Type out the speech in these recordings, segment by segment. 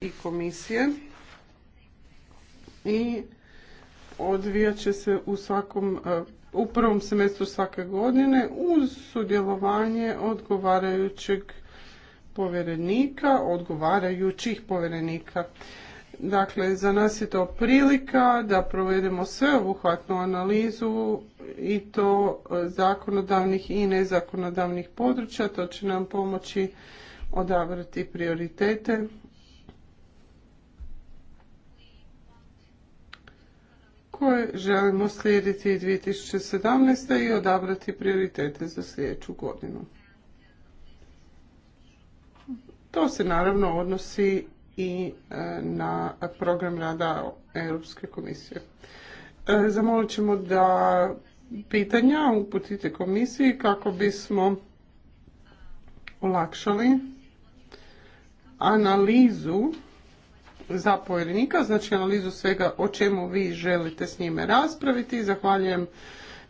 i komisije i odvijat će se u svakom e, u prvom semestru svake godine uz sudjelovanje odgovarajućeg povjerenika, odgovarajućih povjerenika. Dakle, za nas je to prilika da provedemo sveobuhvatnu analizu i to zakonodavnih i nezakonodavnih područja. To će nam pomoći odabrati prioritete koje želimo slijediti 2017. i odabrati prioritete za sljedeću godinu. To se naravno odnosi i e, na program rada Europske komisije. E, zamolit ćemo da pitanja uputite komisiji kako bismo olakšali analizu za povjerenika, znači analizu svega o čemu vi želite s njime raspraviti. Zahvaljujem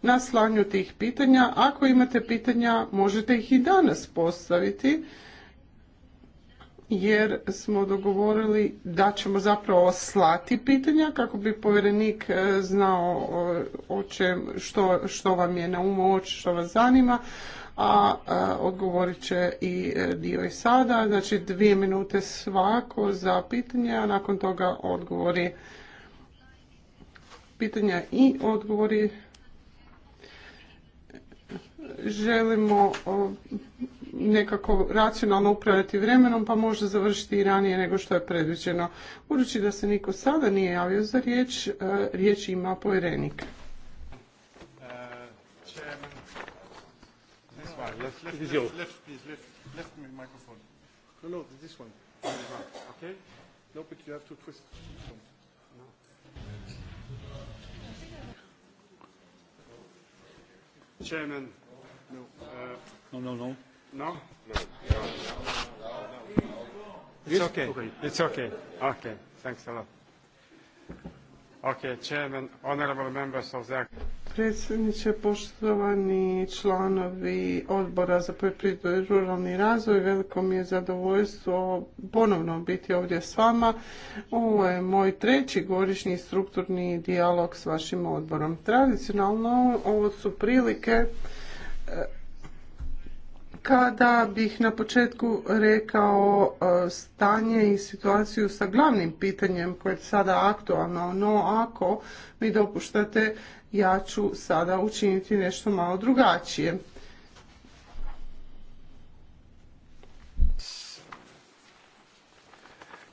na slanju tih pitanja. Ako imate pitanja, možete ih i danas postaviti jer smo dogovorili da ćemo zapravo slati pitanja kako bi povjerenik e, znao e, o što, što vam je na umu, što vas zanima, a odgovorit će i e, dio i sada. Znači dvije minute svako za pitanje, a nakon toga odgovori pitanja i odgovori. Želimo nekako racionalno upravljati vremenom, pa možda završiti i ranije nego što je predviđeno. Budući da se niko sada nije javio za riječ, e, riječ ima povjerenik. left, left, left, left, left, please, left, left microphone. No, no, this one. Okay? No, but you have to twist this one. No. Chairman. No. Uh, no, no, no. No? No. no. It's okay. okay. It's okay. Okay. Thanks a lot. Okay, Chairman, honorable members of the predsjedniče, poštovani članovi odbora za poljoprivredu i ruralni razvoj. Veliko mi je zadovoljstvo ponovno biti ovdje s vama. Ovo je moj treći godišnji strukturni dijalog s vašim odborom. Tradicionalno ovo su prilike e, kada bih na početku rekao e, stanje i situaciju sa glavnim pitanjem koje je sada aktualno, no ako mi dopuštate, ja ću sada učiniti nešto malo drugačije.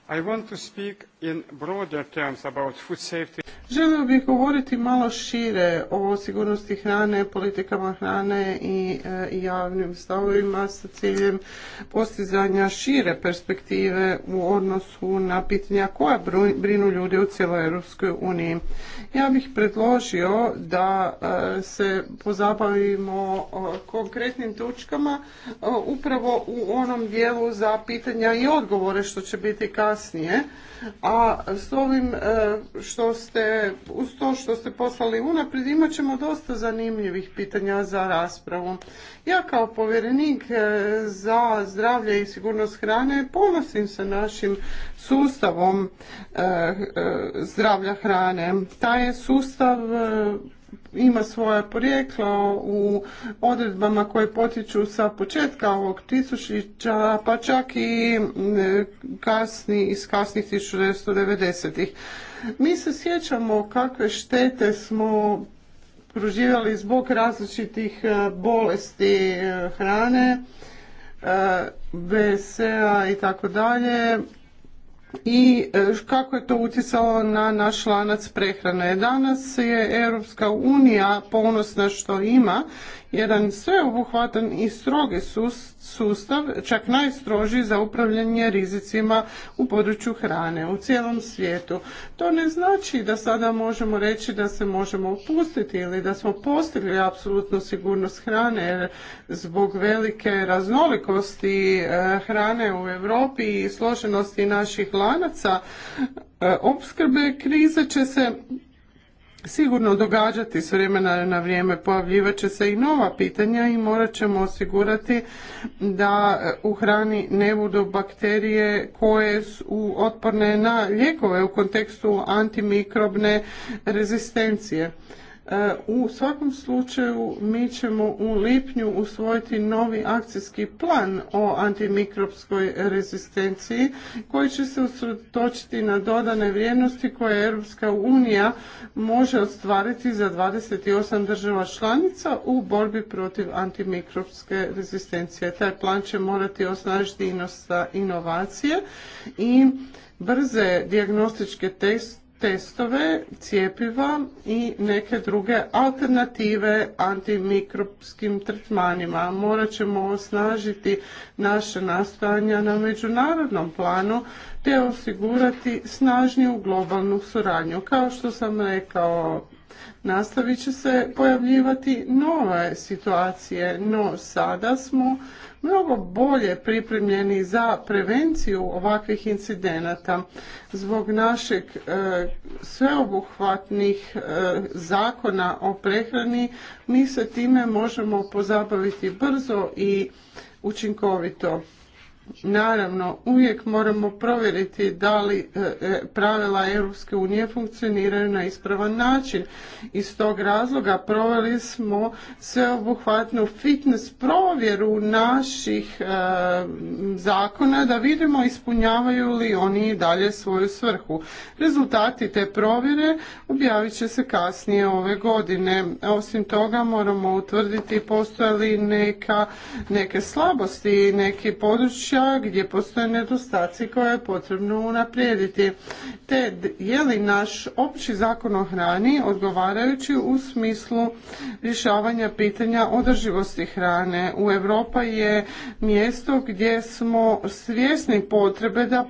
I want to speak Želio bih govoriti malo šire o sigurnosti hrane, politikama hrane e, i javnim stavovima sa ciljem postizanja šire perspektive u odnosu na pitanja koja brinu ljudi u cijeloj Europskoj uniji. Ja bih predložio da e, se pozabavimo konkretnim točkama upravo u onom dijelu za pitanja i odgovore što će biti kasnije, a s ovim e, što ste, uz to što ste poslali unaprijed, imat ćemo dosta zanimljivih pitanja za raspravu. Ja kao povjerenik e, za zdravlje i sigurnost hrane ponosim se našim sustavom e, zdravlja hrane. Taj je sustav ima svoje porijeklo u odredbama koje potiču sa početka ovog tisućića, pa čak i mm, kasni, iz kasnih 1990-ih. Mi se sjećamo kakve štete smo proživjeli zbog različitih e, bolesti e, hrane, BSE-a e, i tako dalje i e, kako je to utjecalo na naš lanac prehrane. Danas je Europska unija ponosna što ima jedan sveobuhvatan i strogi sustav, čak najstroži za upravljanje rizicima u području hrane u cijelom svijetu. To ne znači da sada možemo reći da se možemo opustiti ili da smo postigli apsolutnu sigurnost hrane jer zbog velike raznolikosti eh, hrane u Europi i složenosti naših lanaca eh, opskrbe krize će se sigurno događati s vremena na vrijeme, pojavljivat će se i nova pitanja i morat ćemo osigurati da e, u hrani ne budu bakterije koje su otporne na lijekove u kontekstu antimikrobne rezistencije. E, u svakom slučaju mi ćemo u lipnju usvojiti novi akcijski plan o antimikropskoj rezistenciji koji će se usredotočiti na dodane vrijednosti koje Europska unija može ostvariti za 28 država članica u borbi protiv antimikropske rezistencije. Taj plan će morati osnažiti inovacije i brze dijagnostičke test, testove cijepiva i neke druge alternative antimikropskim tretmanima. Morat ćemo osnažiti naše nastojanja na međunarodnom planu te osigurati snažniju globalnu suradnju. Kao što sam rekao, nastavit će se pojavljivati nove situacije, no sada smo mnogo bolje pripremljeni za prevenciju ovakvih incidenata zbog našeg e, sveobuhvatnih e, zakona o prehrani mi se time možemo pozabaviti brzo i učinkovito Naravno, uvijek moramo provjeriti da li e, e, pravila Europske unije funkcioniraju na ispravan način. Iz tog razloga proveli smo sveobuhvatnu fitness provjeru naših e, zakona da vidimo ispunjavaju li oni dalje svoju svrhu. Rezultati te provjere objavit će se kasnije ove godine. Osim toga moramo utvrditi postoje li neka, neke slabosti i neki područje gdje postoje nedostaci koje je potrebno unaprijediti. Te je li naš opći zakon o hrani odgovarajući u smislu rješavanja pitanja održivosti hrane. U Europa je mjesto gdje smo svjesni potrebe da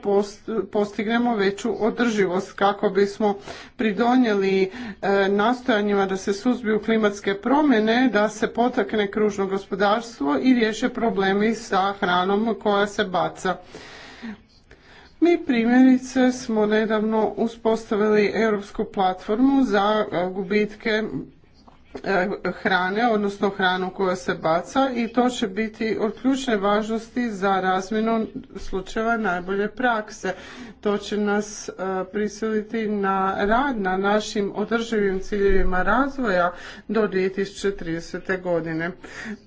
postignemo veću održivost kako bismo pridonijeli e, nastojanjima da se suzbiju klimatske promjene, da se potakne kružno gospodarstvo i riješe problemi sa hranom koja se baca. Mi primjerice smo nedavno uspostavili europsku platformu za e, gubitke E, hrane, odnosno hranu koja se baca i to će biti od ključne važnosti za razmjenu slučajeva najbolje prakse. To će nas e, prisiliti na rad na našim održivim ciljevima razvoja do 2030. godine.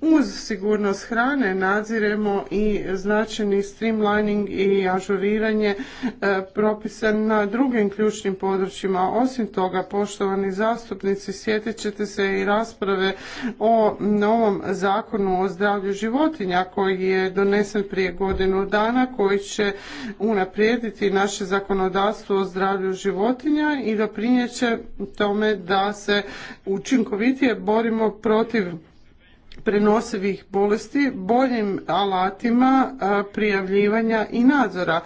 Uz sigurnost hrane nadziremo i značajni streamlining i ažuriranje e, propisa na drugim ključnim područjima. Osim toga, poštovani zastupnici, sjetit ćete se i rasprave o novom zakonu o zdravlju životinja koji je donesen prije godinu dana koji će unaprijediti naše zakonodavstvo o zdravlju životinja i doprinijet će tome da se učinkovitije borimo protiv prenosivih bolesti boljim alatima prijavljivanja i nadzora.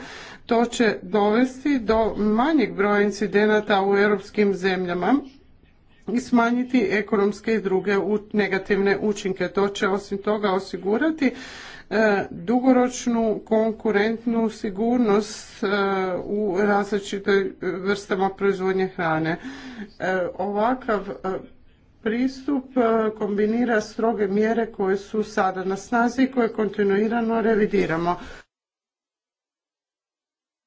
To će dovesti do manjeg broja incidenata u europskim zemljama i smanjiti ekonomske i druge negativne učinke. To će osim toga osigurati e, dugoročnu konkurentnu sigurnost e, u različitoj vrstama proizvodnje hrane. E, ovakav pristup kombinira stroge mjere koje su sada na snazi i koje kontinuirano revidiramo.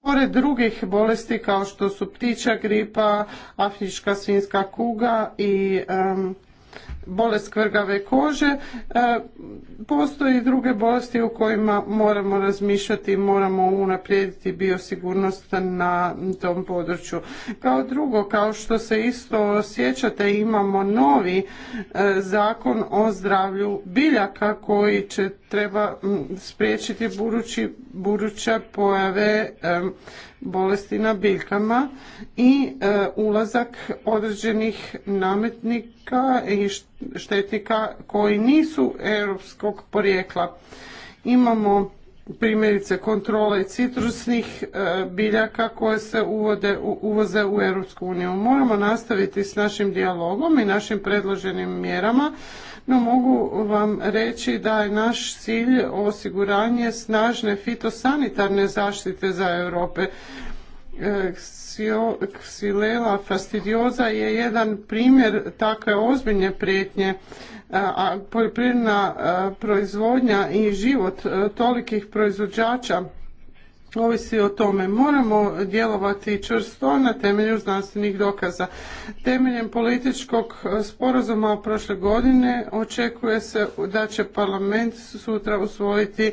Pored drugih bolesti kao što su ptičja gripa, afrička svinska kuga i bolest kvrgave kože. E, postoji i druge bolesti u kojima moramo razmišljati, i moramo unaprijediti biosigurnost na tom području. Kao drugo, kao što se isto sjećate, imamo novi e, zakon o zdravlju biljaka koji će treba spriječiti buduće pojave e, bolesti na biljkama i e, ulazak određenih nametnika i štetnika koji nisu europskog porijekla. Imamo primjerice kontrole citrusnih e, biljaka koje se uvoze u Europsku uniju. Moramo nastaviti s našim dijalogom i našim predloženim mjerama no mogu vam reći da je naš cilj osiguranje snažne fitosanitarne zaštite za Europe. Xylella e, fastidioza je jedan primjer takve ozbiljne prijetnje e, a poljoprivredna e, proizvodnja i život tolikih proizvođača ovisi o tome. Moramo djelovati čvrsto na temelju znanstvenih dokaza. Temeljem političkog sporazuma prošle godine očekuje se da će parlament sutra usvojiti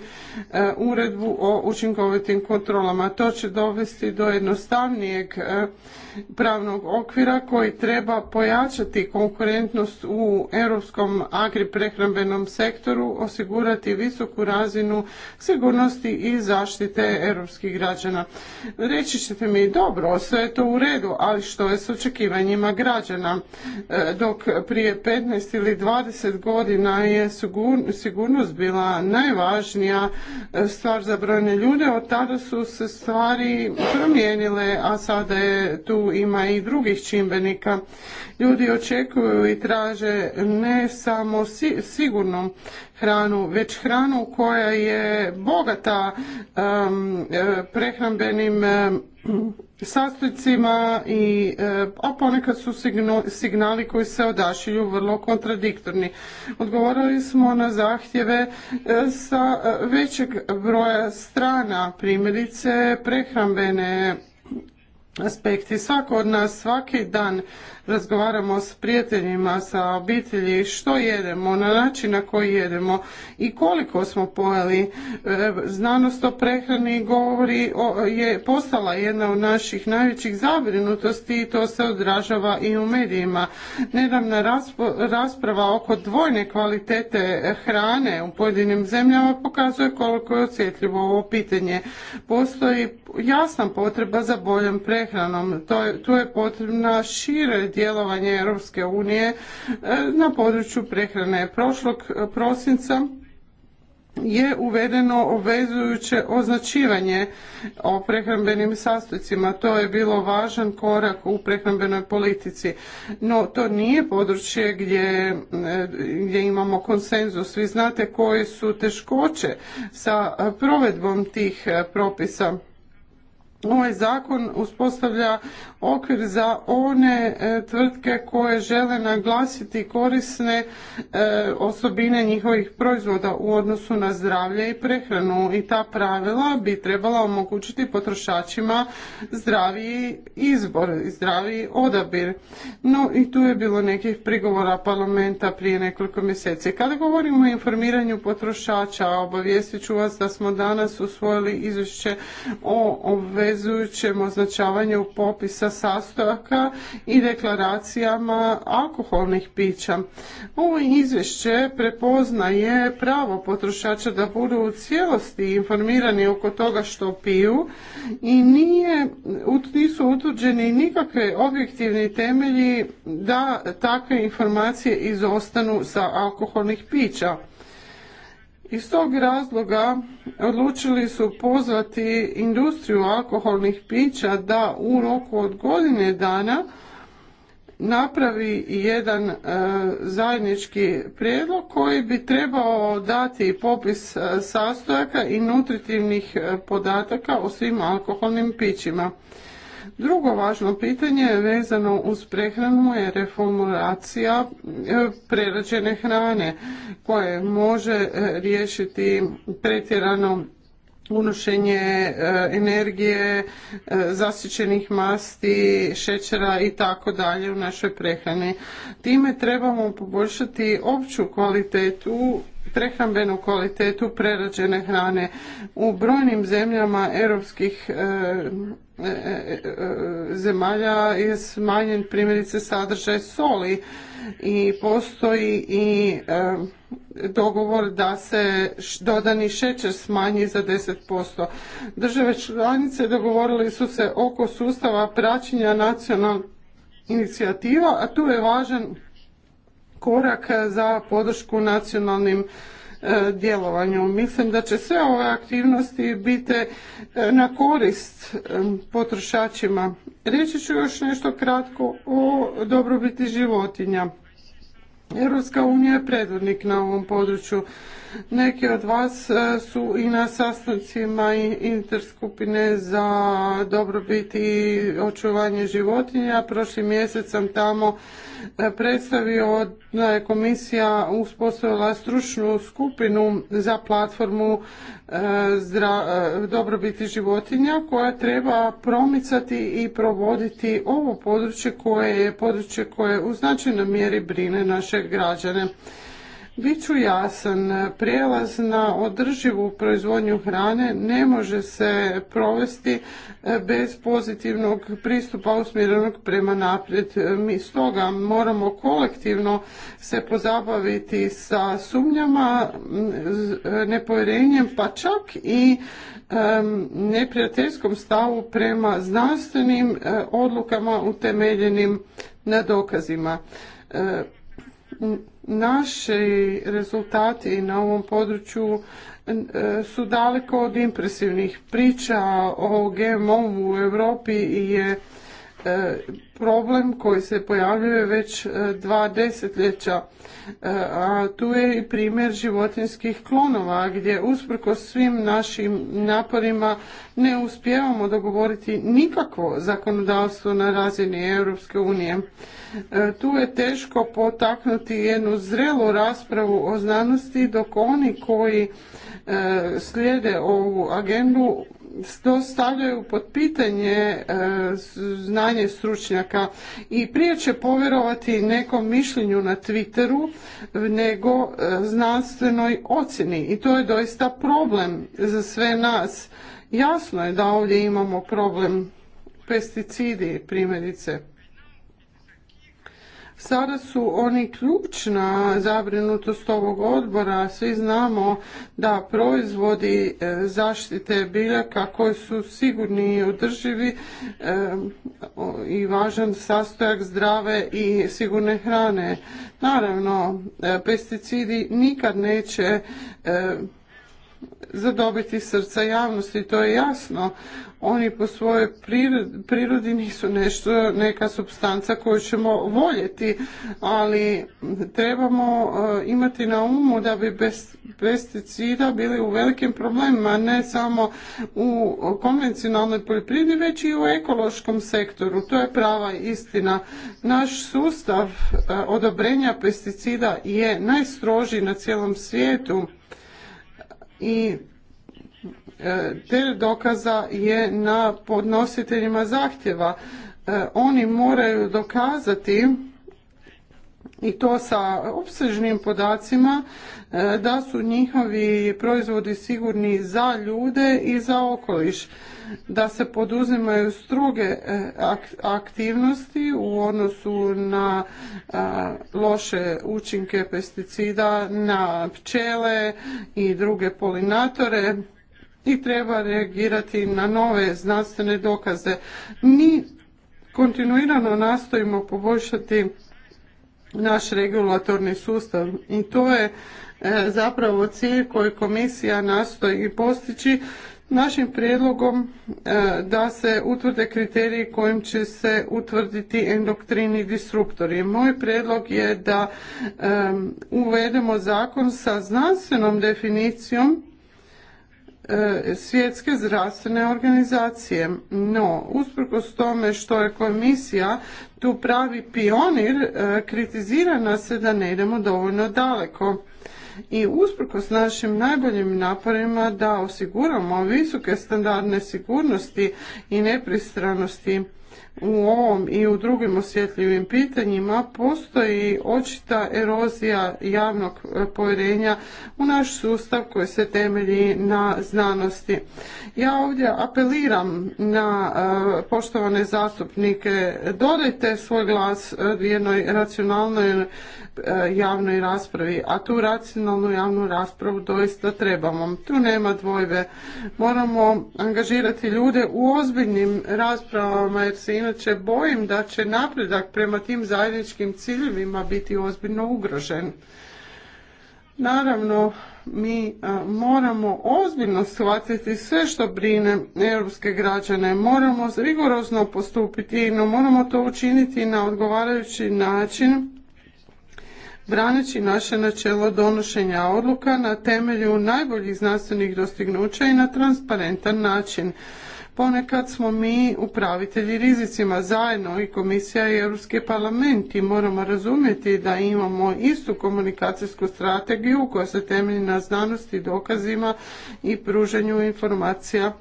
e, uredbu o učinkovitim kontrolama. To će dovesti do jednostavnijeg e, pravnog okvira koji treba pojačati konkurentnost u europskom agriprehrambenom sektoru, osigurati visoku razinu sigurnosti i zaštite EU građana. Reći ćete mi, dobro, sve je to u redu, ali što je s očekivanjima građana? E, dok prije 15 ili 20 godina je sigurnost bila najvažnija e, stvar za brojne ljude, od tada su se stvari promijenile, a sada tu ima i drugih čimbenika. Ljudi očekuju i traže ne samo sigurno hranu, već hranu koja je bogata prehrambenim sastojcima i eh, a ponekad su signali koji se odašilju vrlo kontradiktorni. Odgovorili smo na zahtjeve eh, sa eh, većeg broja strana, primjerice prehrambene aspekti. Svako od nas svaki dan razgovaramo s prijateljima, sa obitelji, što jedemo, na način na koji jedemo i koliko smo pojeli. E, znanost o prehrani govori, je postala jedna od naših najvećih zabrinutosti i to se odražava i u medijima. Nedavna rasprava oko dvojne kvalitete hrane u pojedinim zemljama pokazuje koliko je osjetljivo ovo pitanje. Postoji jasna potreba za boljom prehranom. To je, tu je potrebna šire djelovanje Europske unije e, na području prehrane prošlog e, prosinca je uvedeno obvezujuće označivanje o prehrambenim sastojcima. To je bilo važan korak u prehrambenoj politici. No, to nije područje gdje, e, gdje imamo konsenzus. Vi znate koje su teškoće sa provedbom tih propisa ovaj zakon uspostavlja okvir za one e, tvrtke koje žele naglasiti korisne e, osobine njihovih proizvoda u odnosu na zdravlje i prehranu i ta pravila bi trebala omogućiti potrošačima zdraviji izbor i zdraviji odabir. No i tu je bilo nekih prigovora parlamenta prije nekoliko mjeseci. Kada govorimo o informiranju potrošača, obavijestit ću vas da smo danas usvojili izvješće o ove obvezujućem označavanju popisa sastojaka i deklaracijama alkoholnih pića. Ovo izvješće prepoznaje pravo potrošača da budu u cijelosti informirani oko toga što piju i nije, nisu utvrđeni nikakve objektivni temelji da takve informacije izostanu sa alkoholnih pića. Iz tog razloga odlučili su pozvati industriju alkoholnih pića da u roku od godine dana napravi jedan e, zajednički prijedlog koji bi trebao dati popis e, sastojaka i nutritivnih e, podataka o svim alkoholnim pićima. Drugo važno pitanje vezano uz prehranu je reformulacija e, prerađene hrane koje može e, riješiti pretjerano unošenje e, energije, zasićenih masti, šećera i tako dalje u našoj prehrani. Time trebamo poboljšati opću kvalitetu prehrambenu kvalitetu prerađene hrane. U brojnim zemljama europskih e, e, e, zemalja je smanjen primjerice sadržaj soli i postoji i dogovor da se dodani šećer smanji za 10%. Države članice dogovorili su se oko sustava praćenja nacionalnih inicijativa, a tu je važan korak e, za podršku nacionalnim e, djelovanju. Mislim da će sve ove aktivnosti biti e, na korist potrošačima. Reći ću još nešto kratko o dobrobiti životinja. Europska unija je predvodnik na ovom području. Neki od vas e, su i na sastancima interskupine za dobrobit i očuvanje životinja. Prošli mjesec sam tamo e, predstavio da je komisija uspostavila stručnu skupinu za platformu e, dobrobiti životinja koja treba promicati i provoditi ovo područje koje je područje koje u značajnoj mjeri brine naše građane. Bit ću jasan, prijelaz na održivu proizvodnju hrane ne može se provesti e, bez pozitivnog pristupa usmjerenog prema naprijed. Mi stoga moramo kolektivno se pozabaviti sa sumnjama, e, nepovjerenjem, pa čak i e, neprijateljskom stavu prema znanstvenim odlukama utemeljenim na dokazima naši rezultati na ovom području e, su daleko od impresivnih priča o GMO u Europi je E, problem koji se pojavljuje već e, dva desetljeća, e, a tu je i primjer životinskih klonova gdje usprkos svim našim naporima ne uspijevamo dogovoriti nikakvo zakonodavstvo na razini Europske unije. Tu je teško potaknuti jednu zrelu raspravu o znanosti dok oni koji slijede ovu agendu to stavljaju pod pitanje e, znanje stručnjaka i prije će povjerovati nekom mišljenju na Twitteru nego e, znanstvenoj ocjeni i to je doista problem za sve nas. Jasno je da ovdje imamo problem pesticidi primjerice sada su oni ključna zabrinutost ovog odbora. Svi znamo da proizvodi e, zaštite biljaka koji su sigurni i održivi e, i važan sastojak zdrave i sigurne hrane. Naravno, e, pesticidi nikad neće zadobiti srca javnosti, to je jasno. Oni po svojoj prirodi nisu nešto, neka substanca koju ćemo voljeti, ali trebamo e, imati na umu da bi pesticida bili u velikim problemima, ne samo u konvencionalnoj poljoprivredi, već i u ekološkom sektoru. To je prava istina. Naš sustav e, odobrenja pesticida je najstrožiji na cijelom svijetu i e, ter dokaza je na podnositeljima zahtjeva. E, oni moraju dokazati i to sa opsežnim podacima e, da su njihovi proizvodi sigurni za ljude i za okoliš da se poduzimaju struge e, aktivnosti u odnosu na e, loše učinke pesticida na pčele i druge polinatore i treba reagirati na nove znanstvene dokaze. Mi kontinuirano nastojimo poboljšati naš regulatorni sustav i to je e, zapravo cilj koji komisija nastoji postići našim prijedlogom e, da se utvrde kriteriji kojim će se utvrditi endokrini disruptori. Moj prijedlog je da uvedemo zakon sa znanstvenom definicijom e, svjetske zdravstvene organizacije. No, usprkos tome što je komisija tu pravi pionir, e, kritizira nas se da ne idemo dovoljno daleko i usprkos našim najboljim naporima da osiguramo visoke standardne sigurnosti i nepristranosti u ovom i u drugim osjetljivim pitanjima postoji očita erozija javnog e, povjerenja u naš sustav koji se temelji na znanosti. Ja ovdje apeliram na e, poštovane zastupnike, dodajte svoj glas jednoj racionalnoj e, javnoj raspravi, a tu racionalnu javnu raspravu doista trebamo. Tu nema dvojbe. Moramo angažirati ljude u ozbiljnim raspravama jer se inače bojim da će napredak prema tim zajedničkim ciljevima biti ozbiljno ugrožen. Naravno, mi moramo ozbiljno shvatiti sve što brine europske građane, moramo rigorozno postupiti, no moramo to učiniti na odgovarajući način braneći naše načelo donošenja odluka na temelju najboljih znanstvenih dostignuća i na transparentan način. Ponekad smo mi upravitelji rizicima zajedno i komisija i Europski parlament i moramo razumjeti da imamo istu komunikacijsku strategiju koja se temelji na znanosti, dokazima i pruženju informacija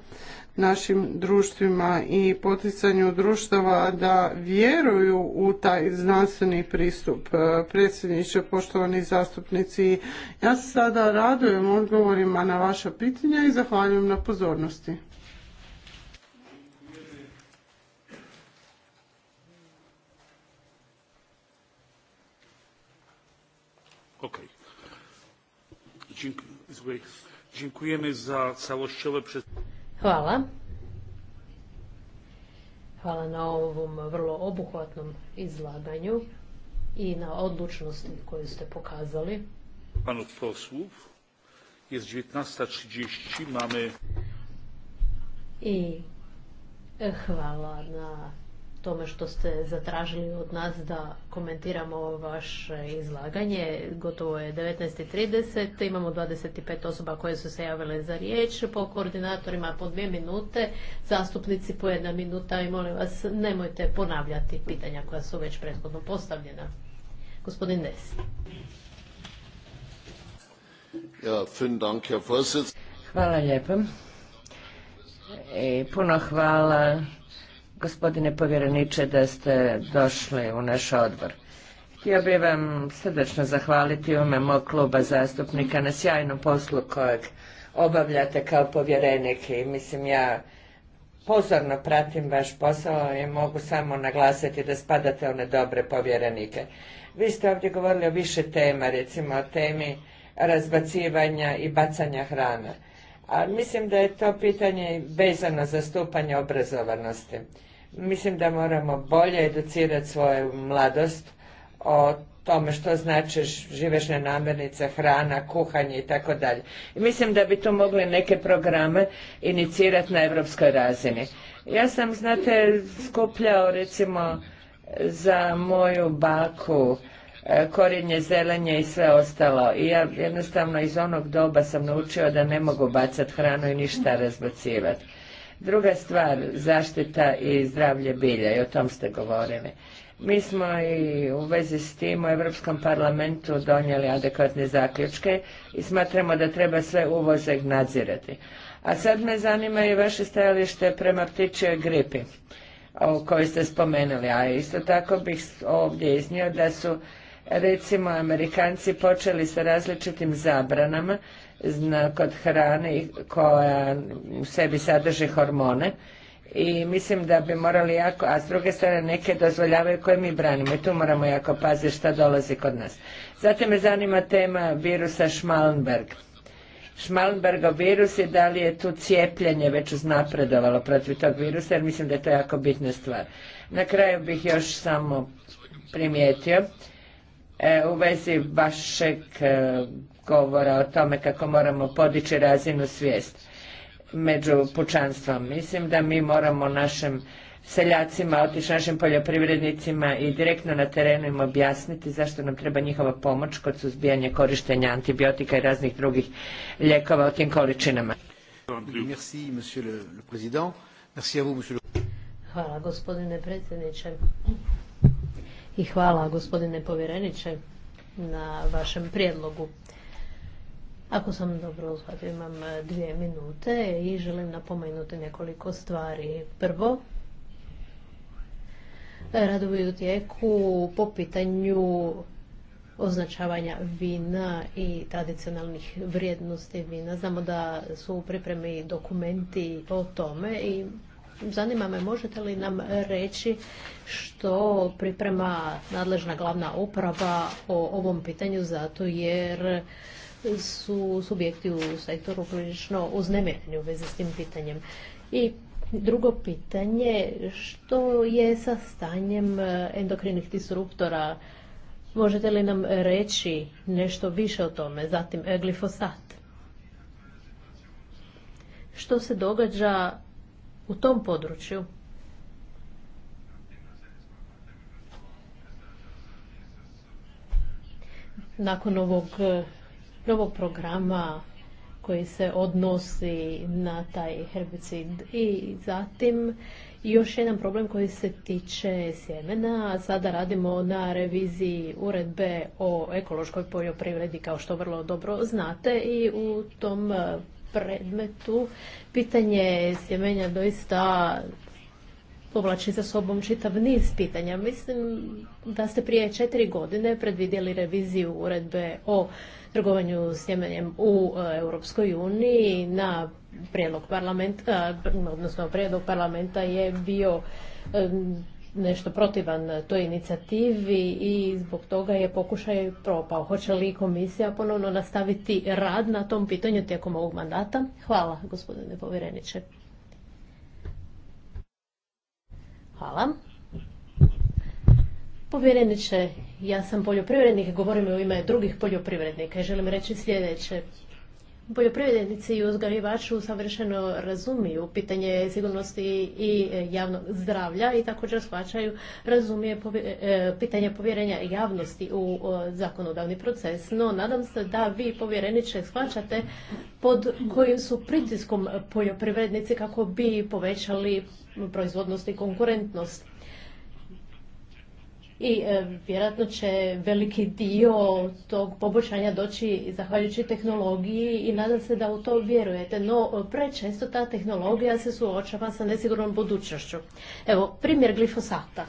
našim društvima i poticanju društava da vjeruju u taj znanstveni pristup. E, predsjedniče, poštovani zastupnici, ja se sada radujem odgovorima na vaša pitanja i zahvaljujem na pozornosti. Dziękujemy za całościowe Hvala. Hvala na ovom vrlo obuhvatnom izlaganju i na odlučnosti koju ste pokazali. Panu posłów jest 19.30, mamy... I hvala na tome što ste zatražili od nas da komentiramo vaše izlaganje. Gotovo je 19.30, imamo 25 osoba koje su se javile za riječ, po koordinatorima po dvije minute, zastupnici po jedna minuta i molim vas nemojte ponavljati pitanja koja su već prethodno postavljena. Gospodin Hvala lijepo. E, puno hvala gospodine povjereniče da ste došli u naš odbor. Htio bih vam srdečno zahvaliti u ime mog kluba zastupnika na sjajnom poslu kojeg obavljate kao povjerenik i mislim ja pozorno pratim vaš posao i mogu samo naglasiti da spadate one dobre povjerenike. Vi ste ovdje govorili o više tema, recimo o temi razbacivanja i bacanja hrane, A mislim da je to pitanje vezano za stupanje obrazovanosti. Mislim da moramo bolje educirati svoju mladost o tome što znači živešne namirnice, hrana, kuhanje i tako dalje. Mislim da bi tu mogli neke programe inicirati na europskoj razini. Ja sam, znate, skupljao recimo za moju baku e, korijenje zelenje i sve ostalo. I ja jednostavno iz onog doba sam naučio da ne mogu bacati hranu i ništa razbacivati. Druga stvar, zaštita i zdravlje bilja, i o tom ste govorili. Mi smo i u vezi s tim u Europskom parlamentu donijeli adekvatne zaključke i smatramo da treba sve uvoze nadzirati. A sad me zanima i vaše stajalište prema ptičjoj gripi o kojoj ste spomenuli, a isto tako bih ovdje iznio da su recimo Amerikanci počeli sa različitim zabranama kod hrane koja u sebi sadrži hormone i mislim da bi morali jako, a s druge strane neke dozvoljavaju koje mi branimo i tu moramo jako paziti što dolazi kod nas. Zatim me zanima tema virusa Schmallenberg. Schmallenbergov virus i da li je tu cijepljenje već uznapredovalo protiv tog virusa jer mislim da je to jako bitna stvar. Na kraju bih još samo primijetio e, u vezi vašeg e, govora o tome kako moramo podići razinu svijest među pučanstvom. Mislim da mi moramo našim seljacima, otići našim poljoprivrednicima i direktno na terenu im objasniti zašto nam treba njihova pomoć kod suzbijanja korištenja antibiotika i raznih drugih lijekova u tim količinama. Hvala gospodine predsjedniče i hvala gospodine povjereniče na vašem prijedlogu. Ako sam dobro uzvati, imam e, dvije minute i želim napomenuti nekoliko stvari. Prvo, radovi u tijeku po pitanju označavanja vina i tradicionalnih vrijednosti vina. Znamo da su u pripremi dokumenti o tome i zanima me možete li nam reći što priprema nadležna glavna uprava o ovom pitanju zato jer su subjekti u sektoru prilično uznemireni u vezi s tim pitanjem. I drugo pitanje, što je sa stanjem e, endokrinih disruptora? Možete li nam reći nešto više o tome? Zatim e, glifosat. Što se događa u tom području? Nakon ovog e, novog programa koji se odnosi na taj herbicid. I zatim još jedan problem koji se tiče sjemena. Sada radimo na reviziji uredbe o ekološkoj poljoprivredi, kao što vrlo dobro znate. I u tom predmetu pitanje sjemenja doista povlači za sobom čitav niz pitanja. Mislim da ste prije četiri godine predvidjeli reviziju uredbe o trgovanju njemenjem u e, Europskoj uniji na prijedlog parlamenta, odnosno prijedlog parlamenta je bio e, nešto protivan toj inicijativi i zbog toga je pokušaj propao. Hoće li komisija ponovno nastaviti rad na tom pitanju tijekom ovog mandata? Hvala, gospodine povjereniče. Hvala. Povjereniče, ja sam poljoprivrednik, govorim u ime drugih poljoprivrednika i želim reći sljedeće. Poljoprivrednici i uzgajivaču savršeno razumiju pitanje sigurnosti i e, javnog zdravlja i također shvaćaju razumije e, pitanje povjerenja javnosti u zakonodavni proces. No, nadam se da vi povjereniče shvaćate pod kojim su pritiskom poljoprivrednici kako bi povećali proizvodnost i konkurentnost i e, vjerojatno će veliki dio tog poboljšanja doći zahvaljujući tehnologiji i nadam se da u to vjerujete. No, prečesto ta tehnologija se suočava sa nesigurnom budućnošću. Evo, primjer glifosata.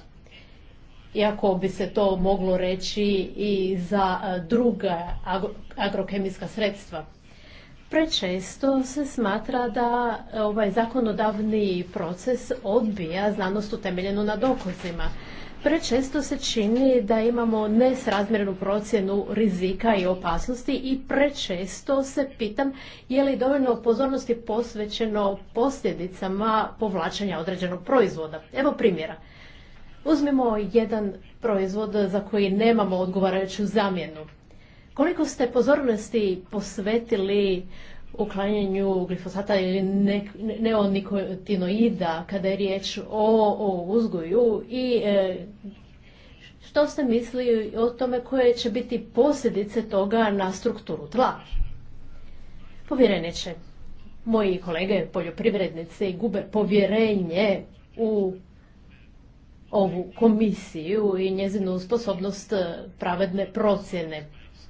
Iako bi se to moglo reći i za e, druga agrokemijska sredstva. Prečesto se smatra da e, ovaj zakonodavni proces odbija znanost utemeljenu na dokazima. Prečesto se čini da imamo nesrazmjernu procjenu rizika i opasnosti i prečesto se pitam je li dovoljno pozornosti posvećeno posljedicama povlačenja određenog proizvoda. Evo primjera. Uzmimo jedan proizvod za koji nemamo odgovarajuću zamjenu. Koliko ste pozornosti posvetili uklanjanju glifosata ili neonikotinoida kada je riječ o, uzgoju i e, što ste mislili o tome koje će biti posljedice toga na strukturu tla? Povjereniče, moji kolege poljoprivrednici gube povjerenje u ovu komisiju i njezinu sposobnost pravedne procjene.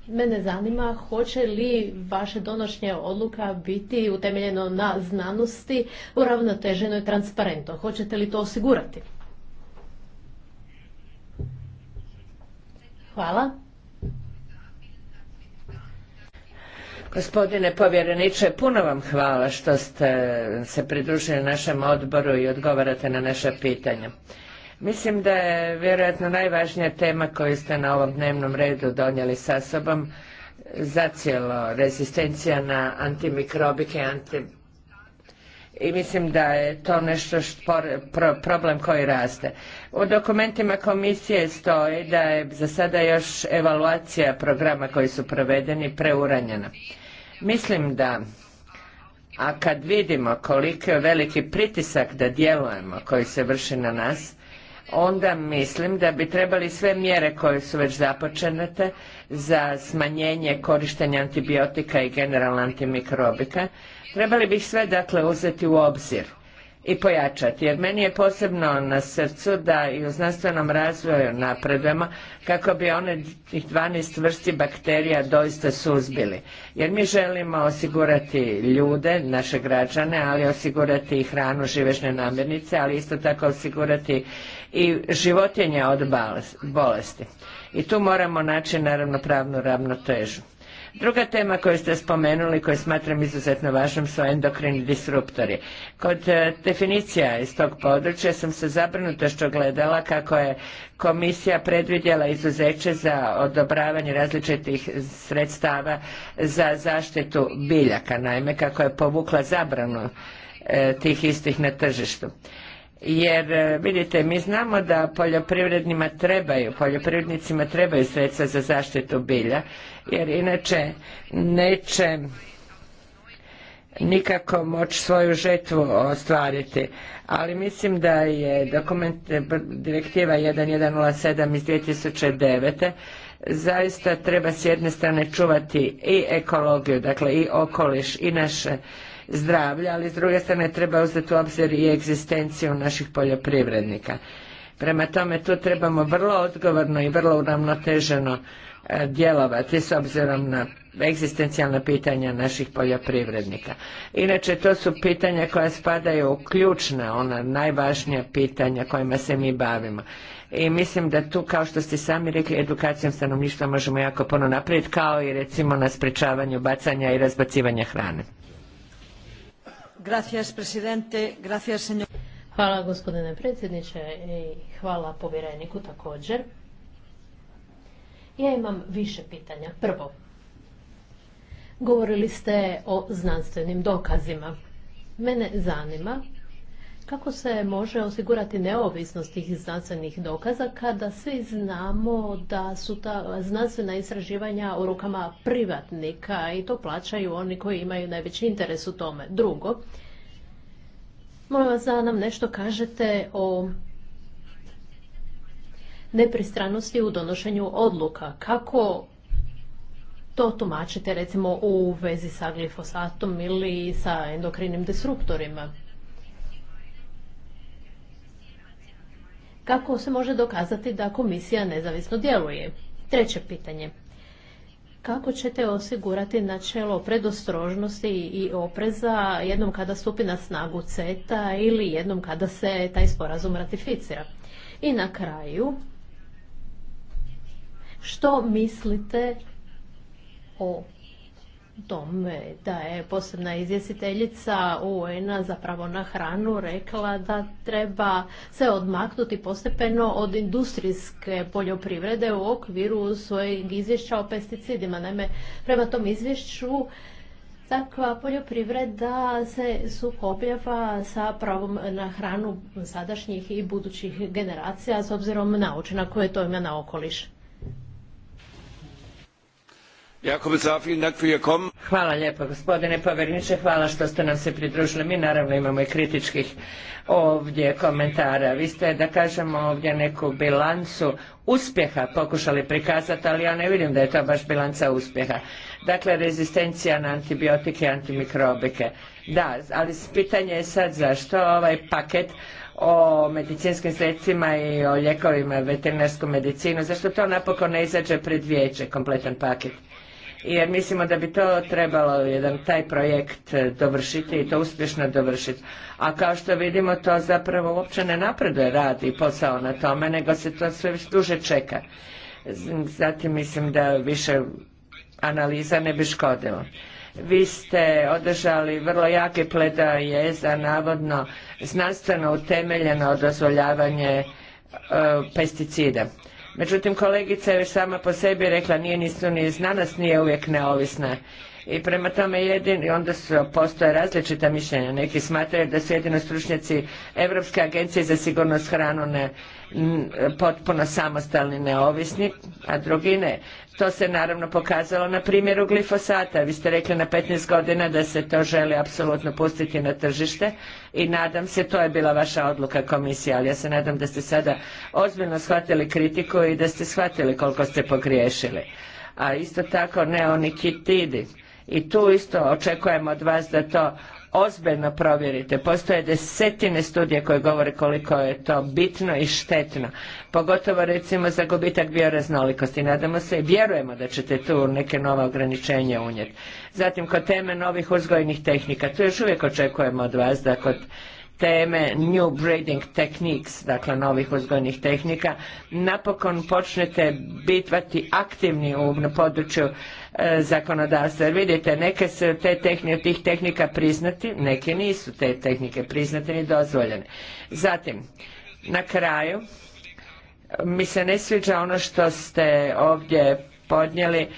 Mene zanima hoće li vaše donošnje odluka biti utemeljeno na znanosti, uravnoteženo i transparentno. Hoćete li to osigurati? Hvala. Gospodine povjereniče, puno vam hvala što ste se pridružili našem odboru i odgovarate na naša pitanja. Mislim da je vjerojatno najvažnija tema koju ste na ovom dnevnom redu donijeli sa sobom zacijelo rezistencija na antimikrobike anti... i mislim da je to nešto problem koji raste. U dokumentima komisije stoji da je za sada još evaluacija programa koji su provedeni preuranjena. Mislim da a kad vidimo koliko je veliki pritisak da djelujemo koji se vrši na nas, onda mislim da bi trebali sve mjere koje su već započete za smanjenje korištenja antibiotika i generalno antimikrobika, trebali bi sve dakle uzeti u obzir i pojačati. Jer meni je posebno na srcu da i u znanstvenom razvoju napredujemo kako bi one 12 vrsti bakterija doista suzbili. Jer mi želimo osigurati ljude, naše građane, ali osigurati i hranu, živežne namirnice, ali isto tako osigurati i životinje od bolesti. I tu moramo naći naravno pravnu ravnotežu. Druga tema koju ste spomenuli, koju smatram izuzetno važnom, su endokrini disruptori. Kod e, definicija iz tog područja sam se što gledala kako je komisija predvidjela izuzeće za odobravanje različitih sredstava za zaštitu biljaka, naime kako je povukla zabranu e, tih istih na tržištu jer e, vidite mi znamo da poljoprivrednima trebaju poljoprivrednicima trebaju sredstva za zaštitu bilja jer inače neće nikako moći svoju žetvu ostvariti. Ali mislim da je dokument direktiva 1107 iz 2009. zaista treba s jedne strane čuvati i ekologiju, dakle i okoliš i naše zdravlje, ali s druge strane treba uzeti u obzir i egzistenciju naših poljoprivrednika. Prema tome tu trebamo vrlo odgovorno i vrlo uravnoteženo E, djelovati s obzirom na egzistencijalna pitanja naših poljoprivrednika. Inače, to su pitanja koja spadaju u ključna, ona najvažnija pitanja kojima se mi bavimo. I mislim da tu, kao što ste sami rekli, edukacijom stanovništva možemo jako puno napraviti, kao i recimo na sprečavanju bacanja i razbacivanja hrane. Gracias, presidente. Gracias, Hvala gospodine predsjedniče i hvala povjereniku također. Ja imam više pitanja. Prvo, govorili ste o znanstvenim dokazima. Mene zanima kako se može osigurati neovisnost tih znanstvenih dokaza kada svi znamo da su ta znanstvena istraživanja u rukama privatnika i to plaćaju oni koji imaju najveći interes u tome. Drugo, molim vas da nam nešto kažete o nepristranosti u donošenju odluka. Kako to tumačite recimo u vezi sa glifosatom ili sa endokrinim disruptorima? Kako se može dokazati da komisija nezavisno djeluje? Treće pitanje. Kako ćete osigurati načelo predostrožnosti i opreza jednom kada stupi na snagu CETA ili jednom kada se taj sporazum ratificira? I na kraju, što mislite o tome da je posebna izvjestiteljica UN-a za pravo na hranu rekla da treba se odmaknuti postepeno od industrijske poljoprivrede u okviru svojeg izvješća o pesticidima. Naime, prema tom izvješću takva poljoprivreda se sukobljava sa pravom na hranu sadašnjih i budućih generacija s obzirom na učinak koje to ima na okoliš. Hvala lijepo gospodine povjereniče, hvala što ste nam se pridružili. Mi naravno imamo i kritičkih ovdje komentara. Vi ste da kažemo ovdje neku bilancu uspjeha pokušali prikazati, ali ja ne vidim da je to baš bilanca uspjeha. Dakle, rezistencija na antibiotike i antimikrobike. Da, ali pitanje je sad zašto ovaj paket o medicinskim sredstvima i o lijekovima veterinarsku medicinu, zašto to napokon ne izađe pred vijeće, kompletan paket? jer mislimo da bi to trebalo jedan taj projekt e, dovršiti i to uspješno dovršiti. A kao što vidimo to zapravo uopće ne napreduje rad i posao na tome, nego se to sve duže čeka. Zatim mislim da više analiza ne bi škodilo. Vi ste održali vrlo jake pledaje za navodno znanstveno utemeljeno dozvoljavanje e, pesticida Međutim, kolegica je već sama po sebi rekla, nije nisu ni znanost, nije uvijek neovisna. I prema tome i onda su, postoje različita mišljenja. Neki smatraju da su jedino stručnjaci Europske agencije za sigurnost hranu potpuno samostalni neovisni, a drugi ne. To se naravno pokazalo na primjeru glifosata. Vi ste rekli na 15 godina da se to želi apsolutno pustiti na tržište i nadam se, to je bila vaša odluka komisija, ali ja se nadam da ste sada ozbiljno shvatili kritiku i da ste shvatili koliko ste pogriješili. A isto tako neonikitidi. I tu isto očekujemo od vas da to ozbiljno provjerite. Postoje desetine studija koje govore koliko je to bitno i štetno. Pogotovo recimo za gubitak bioraznolikosti. Nadamo se i vjerujemo da ćete tu neke nova ograničenja unijeti. Zatim kod teme novih uzgojnih tehnika. Tu još uvijek očekujemo od vas da kod teme New Breeding Techniques, dakle novih uzgojnih tehnika, napokon počnete bitvati aktivni u području E, zakonodavstva. Jer vidite, neke se te tih tehnika priznati, neke nisu te tehnike priznate ni dozvoljene. Zatim, na kraju, mi se ne sviđa ono što ste ovdje podnijeli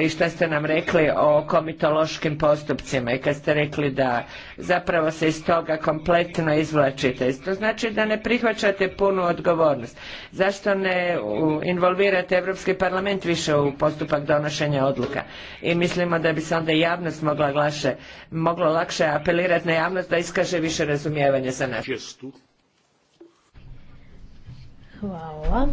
i šta ste nam rekli o komitološkim postupcima i kad ste rekli da zapravo se iz toga kompletno izvlačite. To znači da ne prihvaćate punu odgovornost. Zašto ne involvirate Europski parlament više u postupak donošenja odluka? I mislimo da bi se onda javnost mogla moglo lakše apelirati na javnost da iskaže više razumijevanja za nas. Hvala.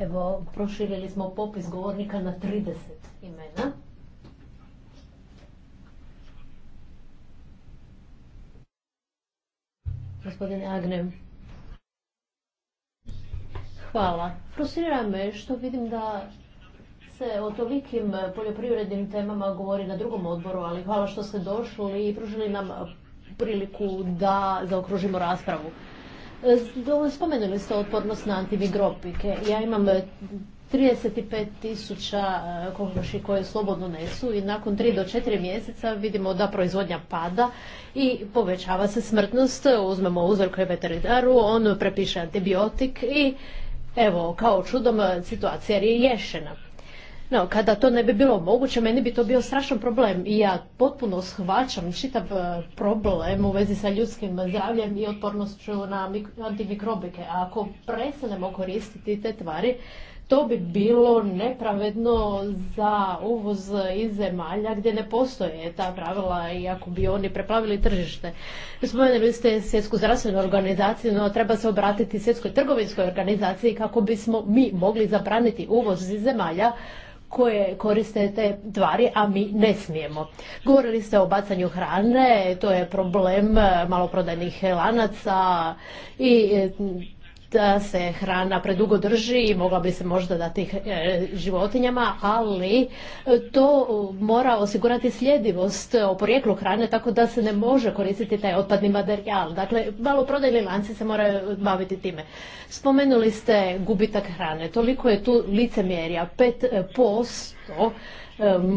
Evo, proširili smo popis govornika na 30 imena. Gospodine Hvala. Frustrira me što vidim da se o tolikim poljoprivrednim temama govori na drugom odboru, ali hvala što ste došli i pružili nam priliku da zaokružimo raspravu. E, spomenuli ste otpornost na antimigropike. Ja imam 35 e, tisuća e, kokoši koje slobodno nesu i nakon 3 do 4 mjeseca vidimo da proizvodnja pada i povećava se smrtnost. Uzmemo uzor koje veterinaru, on prepiše antibiotik i evo, kao čudom situacija je riješena. No, kada to ne bi bilo moguće, meni bi to bio strašan problem i ja potpuno shvaćam čitav e, problem u vezi sa ljudskim zdravljem i otpornošću na antimikrobike. A ako prestanemo koristiti te tvari, to bi bilo nepravedno za uvoz iz zemalja gdje ne postoje ta pravila i ako bi oni preplavili tržište. Spomenuli ste svjetsku zdravstvenu organizaciju, no treba se obratiti svjetskoj trgovinskoj organizaciji kako bismo mi mogli zabraniti uvoz iz zemalja koje koriste te tvari, a mi ne smijemo. Govorili ste o bacanju hrane, to je problem maloprodajnih lanaca i da se hrana predugo drži i mogla bi se možda dati eh, životinjama, ali eh, to mora osigurati sljedivost o porijeklu hrane tako da se ne može koristiti taj otpadni materijal. Dakle, malo prodajni lanci se moraju baviti time. Spomenuli ste gubitak hrane. Toliko je tu licemjerja. 5%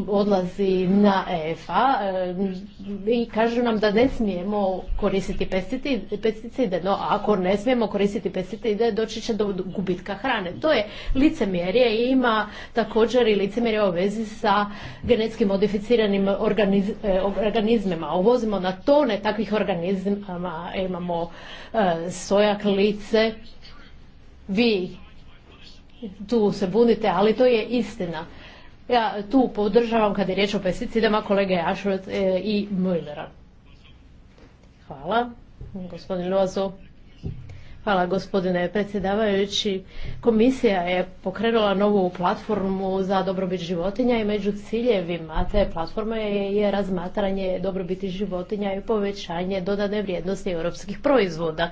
odlazi na EFA i kažu nam da ne smijemo koristiti pesticide. No, ako ne smijemo koristiti pesticide, doći će do gubitka hrane. To je licemjerje i ima također i licemjerje u vezi sa genetski modificiranim e, organizmima. Uvozimo na tone takvih organizama, imamo e, sojak, lice, vi tu se bunite, ali to je istina. Ja tu podržavam kada je riječ o pesticidama kolege Ashworth e, i Mullera. Hvala, gospodin Lozo. Hvala gospodine predsjedavajući. Komisija je pokrenula novu platformu za dobrobit životinja i među ciljevima te platforme je razmatranje dobrobiti životinja i povećanje dodane vrijednosti europskih proizvoda.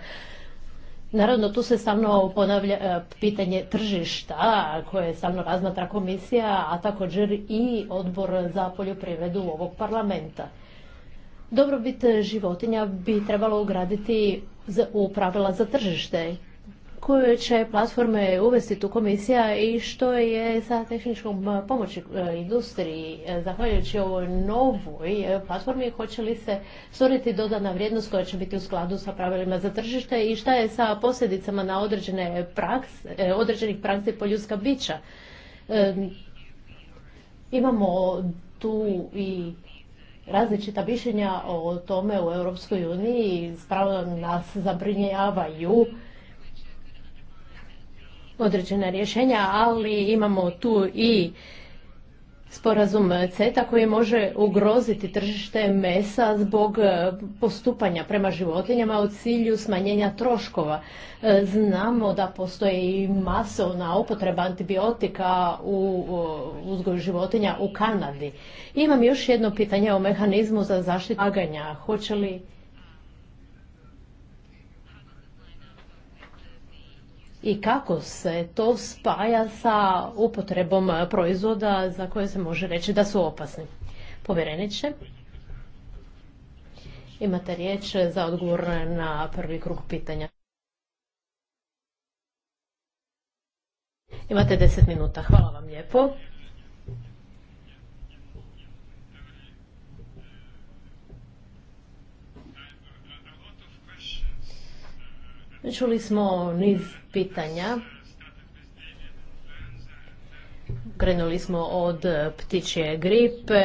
Naravno, tu se stalno ponavlja e, pitanje tržišta koje stalno razmatra komisija, a također i odbor za poljoprivredu ovog parlamenta. Dobrobit životinja bi trebalo ugraditi u pravila za tržište koje će platforme uvesti tu komisija i što je sa tehničkom eh, pomoći eh, industriji eh, zahvaljujući ovoj novoj platformi hoće li se stvoriti dodana vrijednost koja će biti u skladu sa pravilima za tržište i šta je sa posljedicama na određene praks određenih praksi po ljudska bića. Imamo tu i različita mišljenja o tome u Europskoj uniji, spravo nas zabrinjavaju određena rješenja, ali imamo tu i sporazum CETA koji može ugroziti tržište mesa zbog postupanja prema životinjama u cilju smanjenja troškova. Znamo da postoji i masovna upotreba antibiotika u uzgoju životinja u Kanadi. Imam još jedno pitanje o mehanizmu za zaštitu laganja. Hoće li i kako se to spaja sa upotrebom proizvoda za koje se može reći da su opasni. Povjereniče, imate riječ za odgovor na prvi krug pitanja. Imate deset minuta. Hvala vam lijepo. Čuli smo niz pitanja. Krenuli smo od ptičje gripe,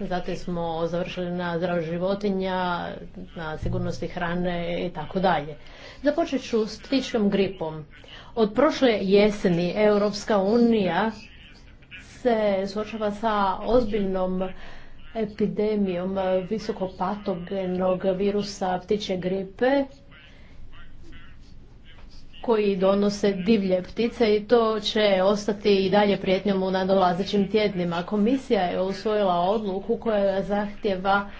zatim smo završili na zdrav životinja, na sigurnosti hrane i tako dalje. Započet ću s ptičkom gripom. Od prošle jeseni Europska unija se suočava sa ozbiljnom epidemijom visokopatogenog virusa ptičje gripe koji donose divlje ptice i to će ostati i dalje prijetnjom u nadolazećim tjednima. Komisija je usvojila odluku koja zahtjeva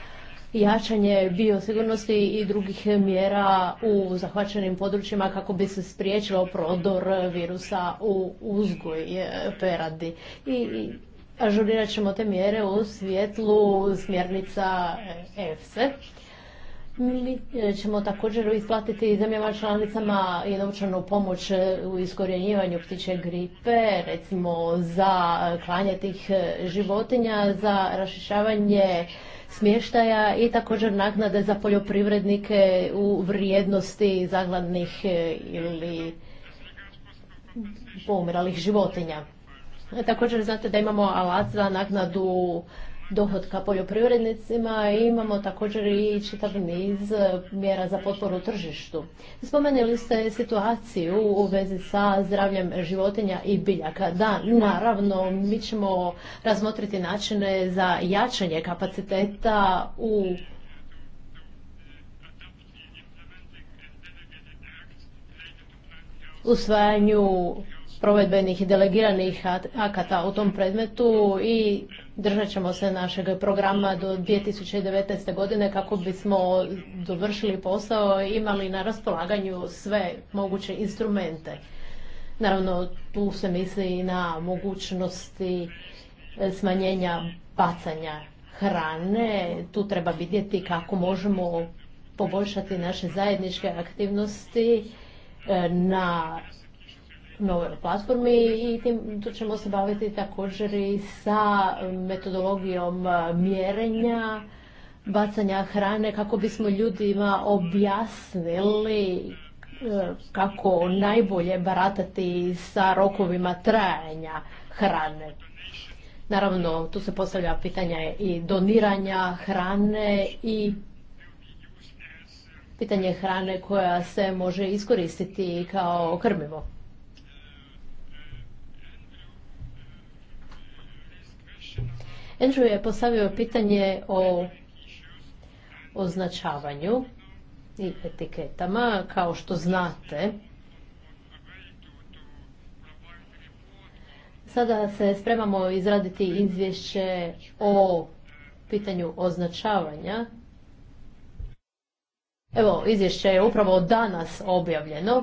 jačanje biosigurnosti i drugih mjera u zahvaćenim područjima kako bi se spriječilo prodor virusa u uzgoj e, peradi. I ažurirat ćemo te mjere u svjetlu smjernica EFSE. Mi e, ćemo također isplatiti zemljama članicama i novčanu pomoć e, u iskorjenjivanju ptiče gripe, recimo za klanje tih e, životinja, za rašišavanje smještaja i također naknade za poljoprivrednike u vrijednosti zagladnih ili pomiralih životinja. Također znate da imamo alat za naknadu dohodka poljoprivrednicima i imamo također i čitav niz e, mjera za potporu tržištu. Spomenuli ste situaciju u vezi sa zdravljem životinja i biljaka. Da, naravno, mi ćemo razmotriti načine za jačanje kapaciteta u usvajanju provedbenih i delegiranih akata u tom predmetu i Držat ćemo se našeg programa do 2019. godine kako bismo dovršili posao i imali na raspolaganju sve moguće instrumente. Naravno, tu se misli i na mogućnosti e, smanjenja bacanja hrane. Tu treba vidjeti kako možemo poboljšati naše zajedničke aktivnosti e, na novoj platformi i tim tu ćemo se baviti također i sa metodologijom e, mjerenja, bacanja hrane kako bismo ljudima objasnili e, kako najbolje baratati sa rokovima trajanja hrane. Naravno, tu se postavlja pitanje i doniranja hrane i pitanje hrane koja se može iskoristiti kao krmivo. Andrew je postavio pitanje o označavanju i etiketama. Kao što znate, sada se spremamo izraditi izvješće o pitanju označavanja. Evo, izvješće je upravo danas objavljeno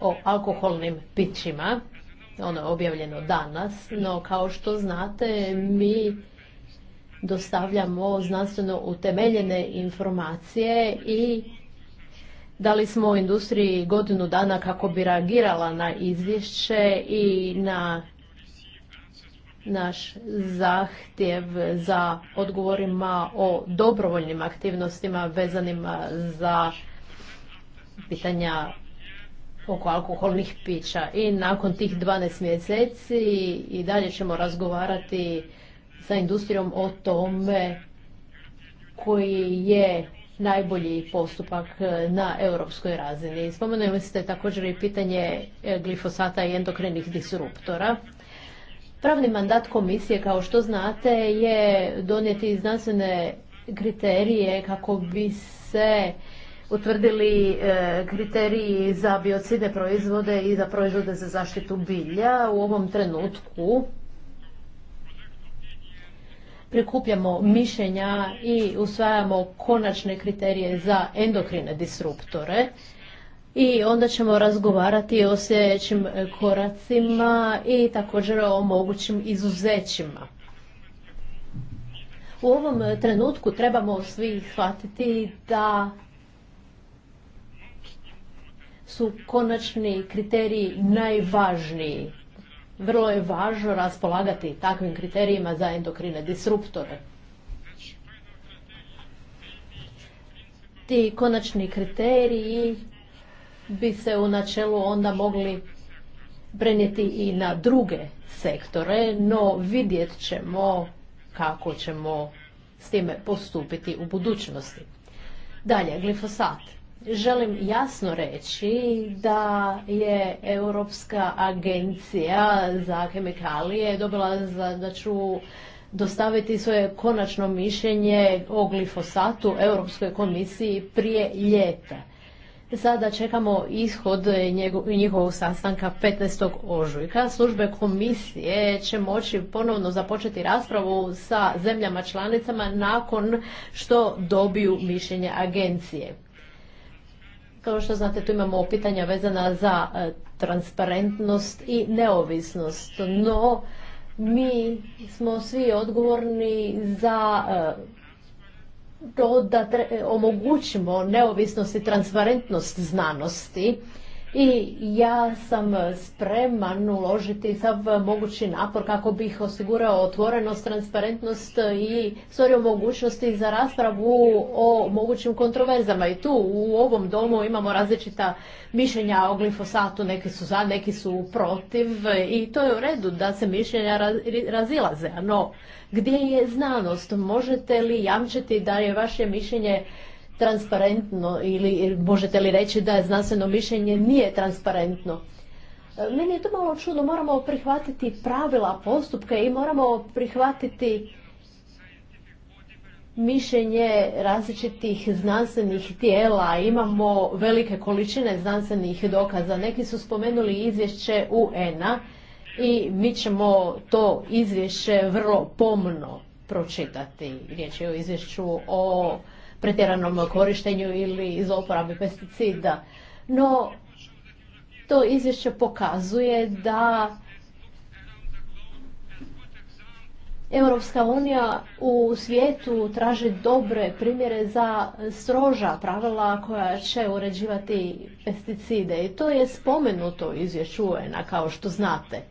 o alkoholnim pićima. Ono je objavljeno danas, no kao što znate mi dostavljamo znanstveno utemeljene informacije i dali smo industriji godinu dana kako bi reagirala na izvješće i na naš zahtjev za odgovorima o dobrovoljnim aktivnostima vezanima za pitanja oko alkoholnih pića. I nakon tih 12 mjeseci i dalje ćemo razgovarati sa industrijom o tome koji je najbolji postupak na europskoj razini. Spomenuli ste također i pitanje e, glifosata i endokrinih disruptora. Pravni mandat komisije, kao što znate, je donijeti znanstvene kriterije kako bi se utvrdili e, kriteriji za biocidne proizvode i za proizvode za zaštitu bilja. U ovom trenutku prikupljamo mišljenja i usvajamo konačne kriterije za endokrine disruptore i onda ćemo razgovarati o sljedećim koracima i također o mogućim izuzećima. U ovom trenutku trebamo svi shvatiti da su konačni kriteriji najvažniji. Vrlo je važno raspolagati takvim kriterijima za endokrine disruptore. Ti konačni kriteriji bi se u načelu onda mogli prenijeti i na druge sektore, no vidjet ćemo kako ćemo s time postupiti u budućnosti. Dalje, glifosat želim jasno reći da je Europska agencija za kemikalije dobila zadaću dostaviti svoje konačno mišljenje o glifosatu Europskoj komisiji prije ljeta. Sada čekamo ishod njihovog sastanka 15. ožujka. Službe komisije će moći ponovno započeti raspravu sa zemljama članicama nakon što dobiju mišljenje agencije. Kao što znate, tu imamo pitanja vezana za e, transparentnost i neovisnost, no mi smo svi odgovorni za e, to da omogućimo neovisnost i transparentnost znanosti i ja sam spreman uložiti sav mogući napor kako bih osigurao otvorenost, transparentnost i stvorio mogućnosti za raspravu o mogućim kontroverzama. I tu u ovom domu imamo različita mišljenja o glifosatu, neki su za, neki su protiv i to je u redu da se mišljenja razilaze. No, gdje je znanost? Možete li jamčiti da je vaše mišljenje transparentno ili možete li reći da znanstveno mišljenje nije transparentno? E, meni je to malo čudno, moramo prihvatiti pravila postupka i moramo prihvatiti mišljenje različitih znanstvenih tijela. Imamo velike količine znanstvenih dokaza. Neki su spomenuli izvješće UN-a i mi ćemo to izvješće vrlo pomno pročitati. Riječ je o izvješću o pretjeranom korištenju ili iz oporabe pesticida. No, to izvješće pokazuje da Europska unija u svijetu traži dobre primjere za stroža pravila koja će uređivati pesticide i to je spomenuto u izvješću kao što znate.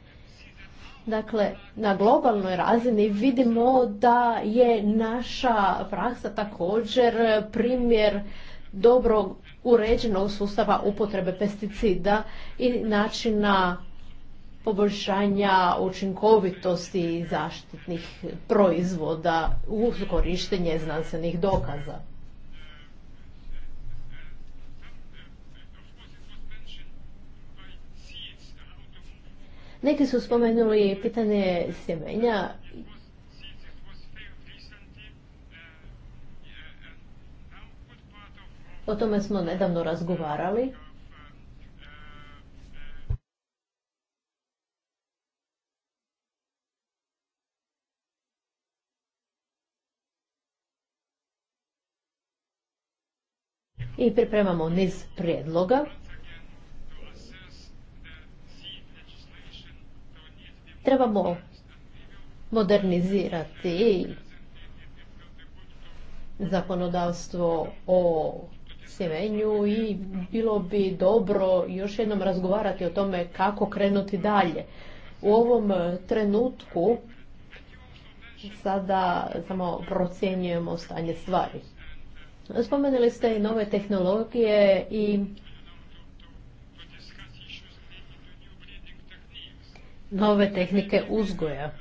Dakle, na globalnoj razini vidimo da je naša praksa također primjer dobro uređenog sustava upotrebe pesticida i načina poboljšanja učinkovitosti zaštitnih proizvoda uz korištenje znanstvenih dokaza. Neki su spomenuli pitanje sjemenja. O tome smo nedavno razgovarali. I pripremamo niz prijedloga. Trebamo modernizirati zakonodavstvo o sjemenju i bilo bi dobro još jednom razgovarati o tome kako krenuti dalje. U ovom trenutku sada samo procjenjujemo stanje stvari. Spomenuli ste i nove tehnologije i nove tehnike uzgoja.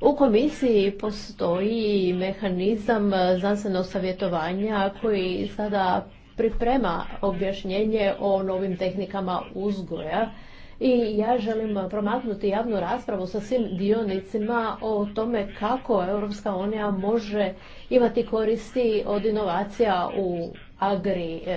U komisiji postoji mehanizam znanstvenog savjetovanja koji sada priprema objašnjenje o novim tehnikama uzgoja i ja želim promaknuti javnu raspravu sa svim dionicima o tome kako Europska unija može imati koristi od inovacija u agri e,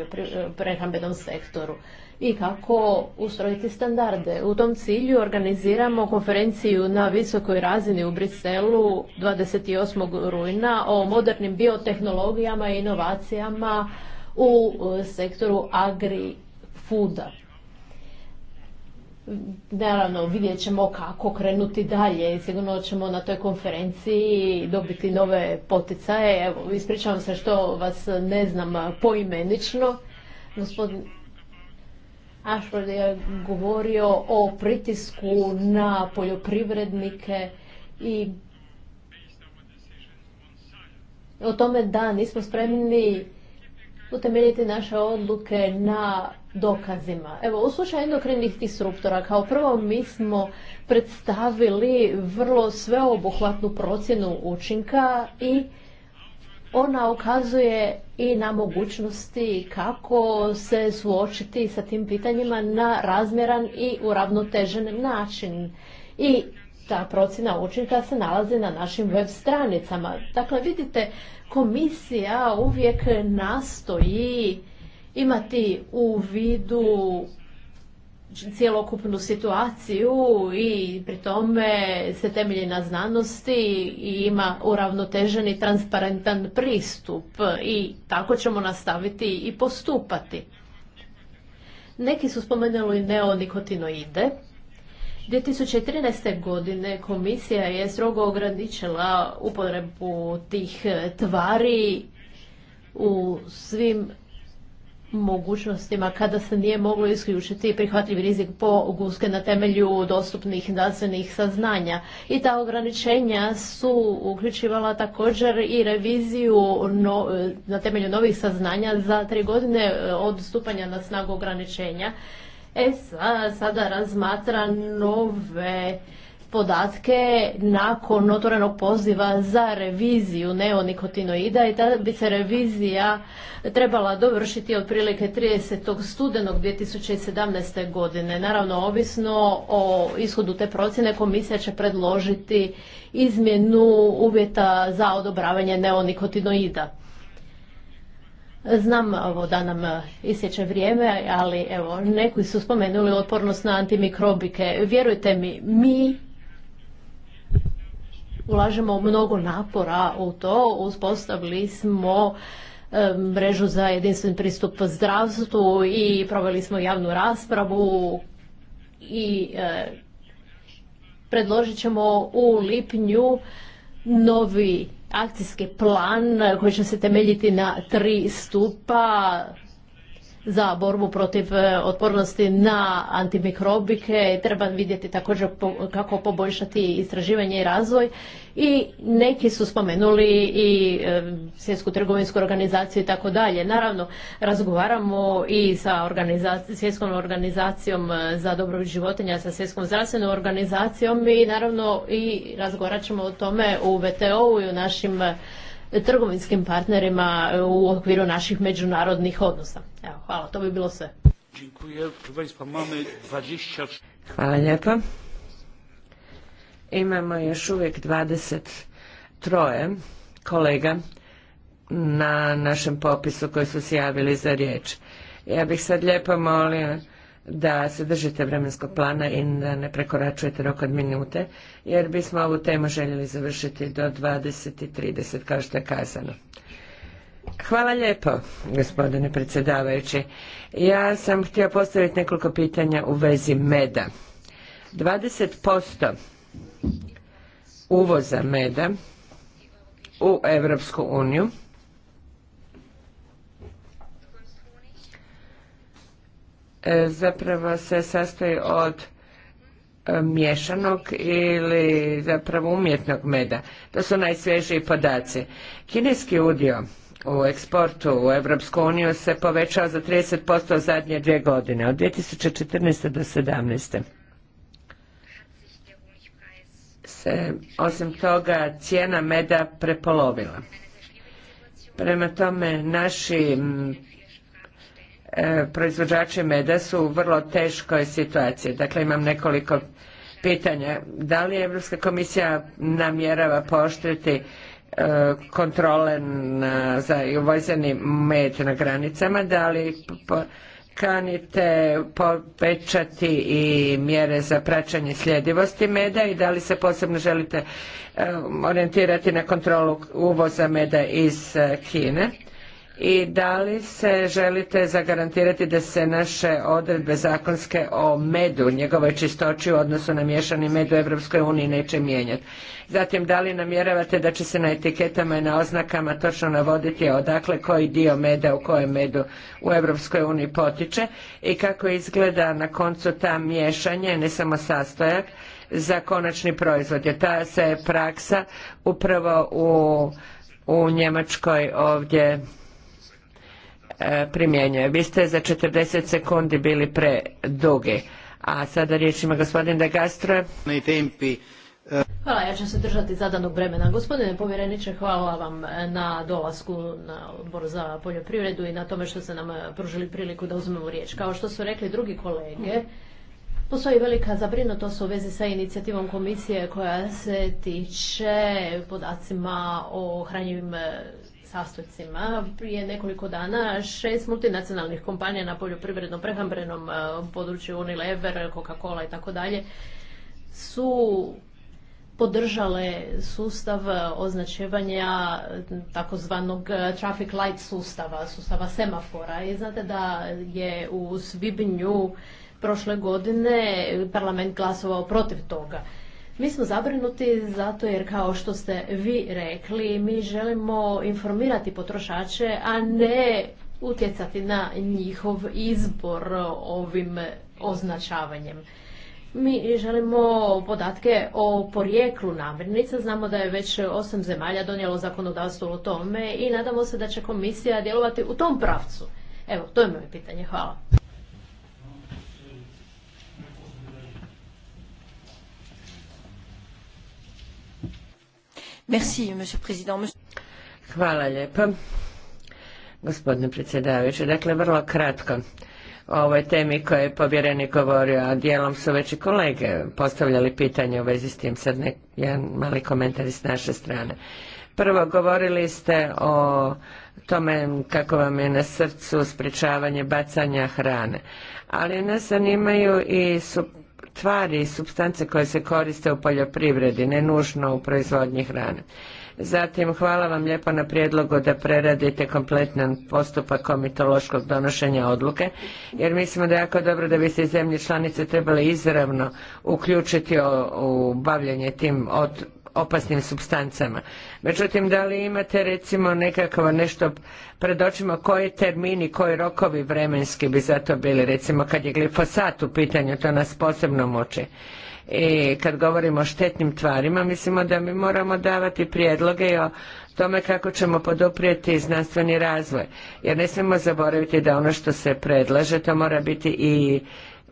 e, prehrambenom sektoru i kako ustrojiti standarde. U tom cilju organiziramo konferenciju na visokoj razini u Briselu 28. rujna o modernim biotehnologijama i inovacijama u e, sektoru agri-fooda. Naravno, vidjet ćemo kako krenuti dalje. Sigurno ćemo na toj konferenciji dobiti nove poticaje. Evo, ispričavam se što vas ne znam poimenično. Gospodin Ashford je govorio o pritisku na poljoprivrednike i o tome da nismo spremni utemeljiti naše odluke na dokazima. Evo, u slučaju endokrinnih disruptora, kao prvo mi smo predstavili vrlo sveobuhvatnu procjenu učinka i ona ukazuje i na mogućnosti kako se suočiti sa tim pitanjima na razmjeran i uravnotežen način. I ta procjena učinka se nalazi na našim web stranicama. Dakle, vidite, komisija uvijek nastoji imati u vidu cijelokupnu situaciju i pri tome se temelji na znanosti i ima uravnoteženi transparentan pristup i tako ćemo nastaviti i postupati. Neki su spomenuli neonikotinoide. 2013. godine komisija je strogo ograničila upotrebu tih e, tvari u svim mogućnostima kada se nije moglo isključiti prihvatljiv rizik po guske na temelju dostupnih znanstvenih saznanja. I ta ograničenja su uključivala također i reviziju e, na temelju novih saznanja za tri godine e, od stupanja na snagu ograničenja E sada razmatra nove podatke nakon otvorenog poziva za reviziju neonikotinoida i tada bi se revizija trebala dovršiti otprilike 30. studenog 2017. godine. Naravno, ovisno o ishodu te procjene, komisija će predložiti izmjenu uvjeta za odobravanje neonikotinoida. Znam ovo, da nam eh, isječe vrijeme, ali evo, neki su spomenuli otpornost na antimikrobike. Vjerujte mi, mi ulažemo mnogo napora u to. Uspostavili smo eh, mrežu za jedinstven pristup zdravstvu i proveli smo javnu raspravu i eh, predložit ćemo u lipnju novi akcijski plan koji će se temeljiti na tri stupa za borbu protiv e, otpornosti na antimikrobike. Treba vidjeti također kako poboljšati istraživanje i razvoj. I neki su spomenuli i e, Svjetsku trgovinsku organizaciju i tako dalje. Naravno, razgovaramo i sa Svjetskom organizacijom e, za dobrobit životinja, sa Svjetskom zdravstvenom organizacijom i naravno i razgovarat ćemo o tome u VTO-u i u našim trgovinskim partnerima e, u okviru naših međunarodnih odnosa. Evo, hvala, to bi bilo sve. Hvala lijepa. Imamo još uvijek 23 kolega na našem popisu koji su se javili za riječ. Ja bih sad lijepo molio da se držite vremenskog plana i da ne prekoračujete rok od minute, jer bismo ovu temu željeli završiti do 20.30, kao što je kazano. Hvala lijepo, gospodine predsjedavajući. Ja sam htio postaviti nekoliko pitanja u vezi meda. 20% uvoza meda u Europsku uniju E, zapravo se sastoji od e, miješanog ili zapravo umjetnog meda. To su najsvježiji podaci. Kineski udio u eksportu u Europsku uniju se povećao za 30% zadnje dvije godine, od 2014. do 2017. Se, osim toga, cijena meda prepolovila. Prema tome, naši E, proizvođači meda su u vrlo teškoj situaciji. Dakle, imam nekoliko pitanja. Da li Europska komisija namjerava pooštriti e, kontrole na, za uvozeni med na granicama, da li kanite povećati i mjere za praćanje sljedivosti meda i da li se posebno želite e, orijentirati na kontrolu uvoza meda iz Kine? i da li se želite zagarantirati da se naše odredbe zakonske o medu, njegovoj čistoći u odnosu na miješani med u Evropskoj uniji neće mijenjati. Zatim, da li namjeravate da će se na etiketama i na oznakama točno navoditi odakle koji dio meda u kojem medu u Evropskoj uniji potiče i kako izgleda na koncu ta miješanje, ne samo sastojak, za konačni proizvod. Jer ta se praksa upravo u, u Njemačkoj ovdje E, primjenjuje. Vi ste za 40 sekundi bili predugi. A sada riječ ima gospodin De Gastro. Hvala, ja ću se držati zadanog vremena. Gospodine povjereniče, hvala vam na dolasku na odbor za poljoprivredu i na tome što ste nam pružili priliku da uzmemo riječ. Kao što su rekli drugi kolege, Postoji velika zabrinutost u vezi sa inicijativom komisije koja se tiče podacima o hranjivim sastojcima. Prije nekoliko dana šest multinacionalnih kompanija na poljoprivrednom prehambrenom e, području Unilever, Coca-Cola i tako dalje su podržale sustav označevanja takozvanog traffic light sustava, sustava semafora. I znate da je u svibnju prošle godine parlament glasovao protiv toga. Mi smo zabrinuti zato jer kao što ste vi rekli, mi želimo informirati potrošače, a ne utjecati na njihov izbor ovim označavanjem. Mi želimo podatke o porijeklu namirnica. Znamo da je već osam zemalja donijelo zakonodavstvo o tome i nadamo se da će komisija djelovati u tom pravcu. Evo, to je moje pitanje. Hvala. Hvala lijepa, gospodine predsjedavajući. Dakle, vrlo kratko o ovoj temi kojoj je povjerenik govorio, a dijelom su već i kolege postavljali pitanje u vezi s tim. Sad jedan mali komentar s naše strane. Prvo, govorili ste o tome kako vam je na srcu sprječavanje bacanja hrane, ali nas zanimaju i su tvari i substance koje se koriste u poljoprivredi, ne nužno u proizvodnji hrane. Zatim, hvala vam lijepo na prijedlogu da preradite kompletan postupak komitološkog donošenja odluke, jer mislimo da je jako dobro da bi se zemlje članice trebale izravno uključiti u bavljanje tim od opasnim substancama. Međutim, da li imate recimo nekakvo nešto pred očima, koji termini, koji rokovi vremenski bi za to bili, recimo kad je glifosat u pitanju, to nas posebno muči. I kad govorimo o štetnim tvarima, mislimo da mi moramo davati prijedloge i o tome kako ćemo poduprijeti znanstveni razvoj. Jer ne smijemo zaboraviti da ono što se predlaže, to mora biti i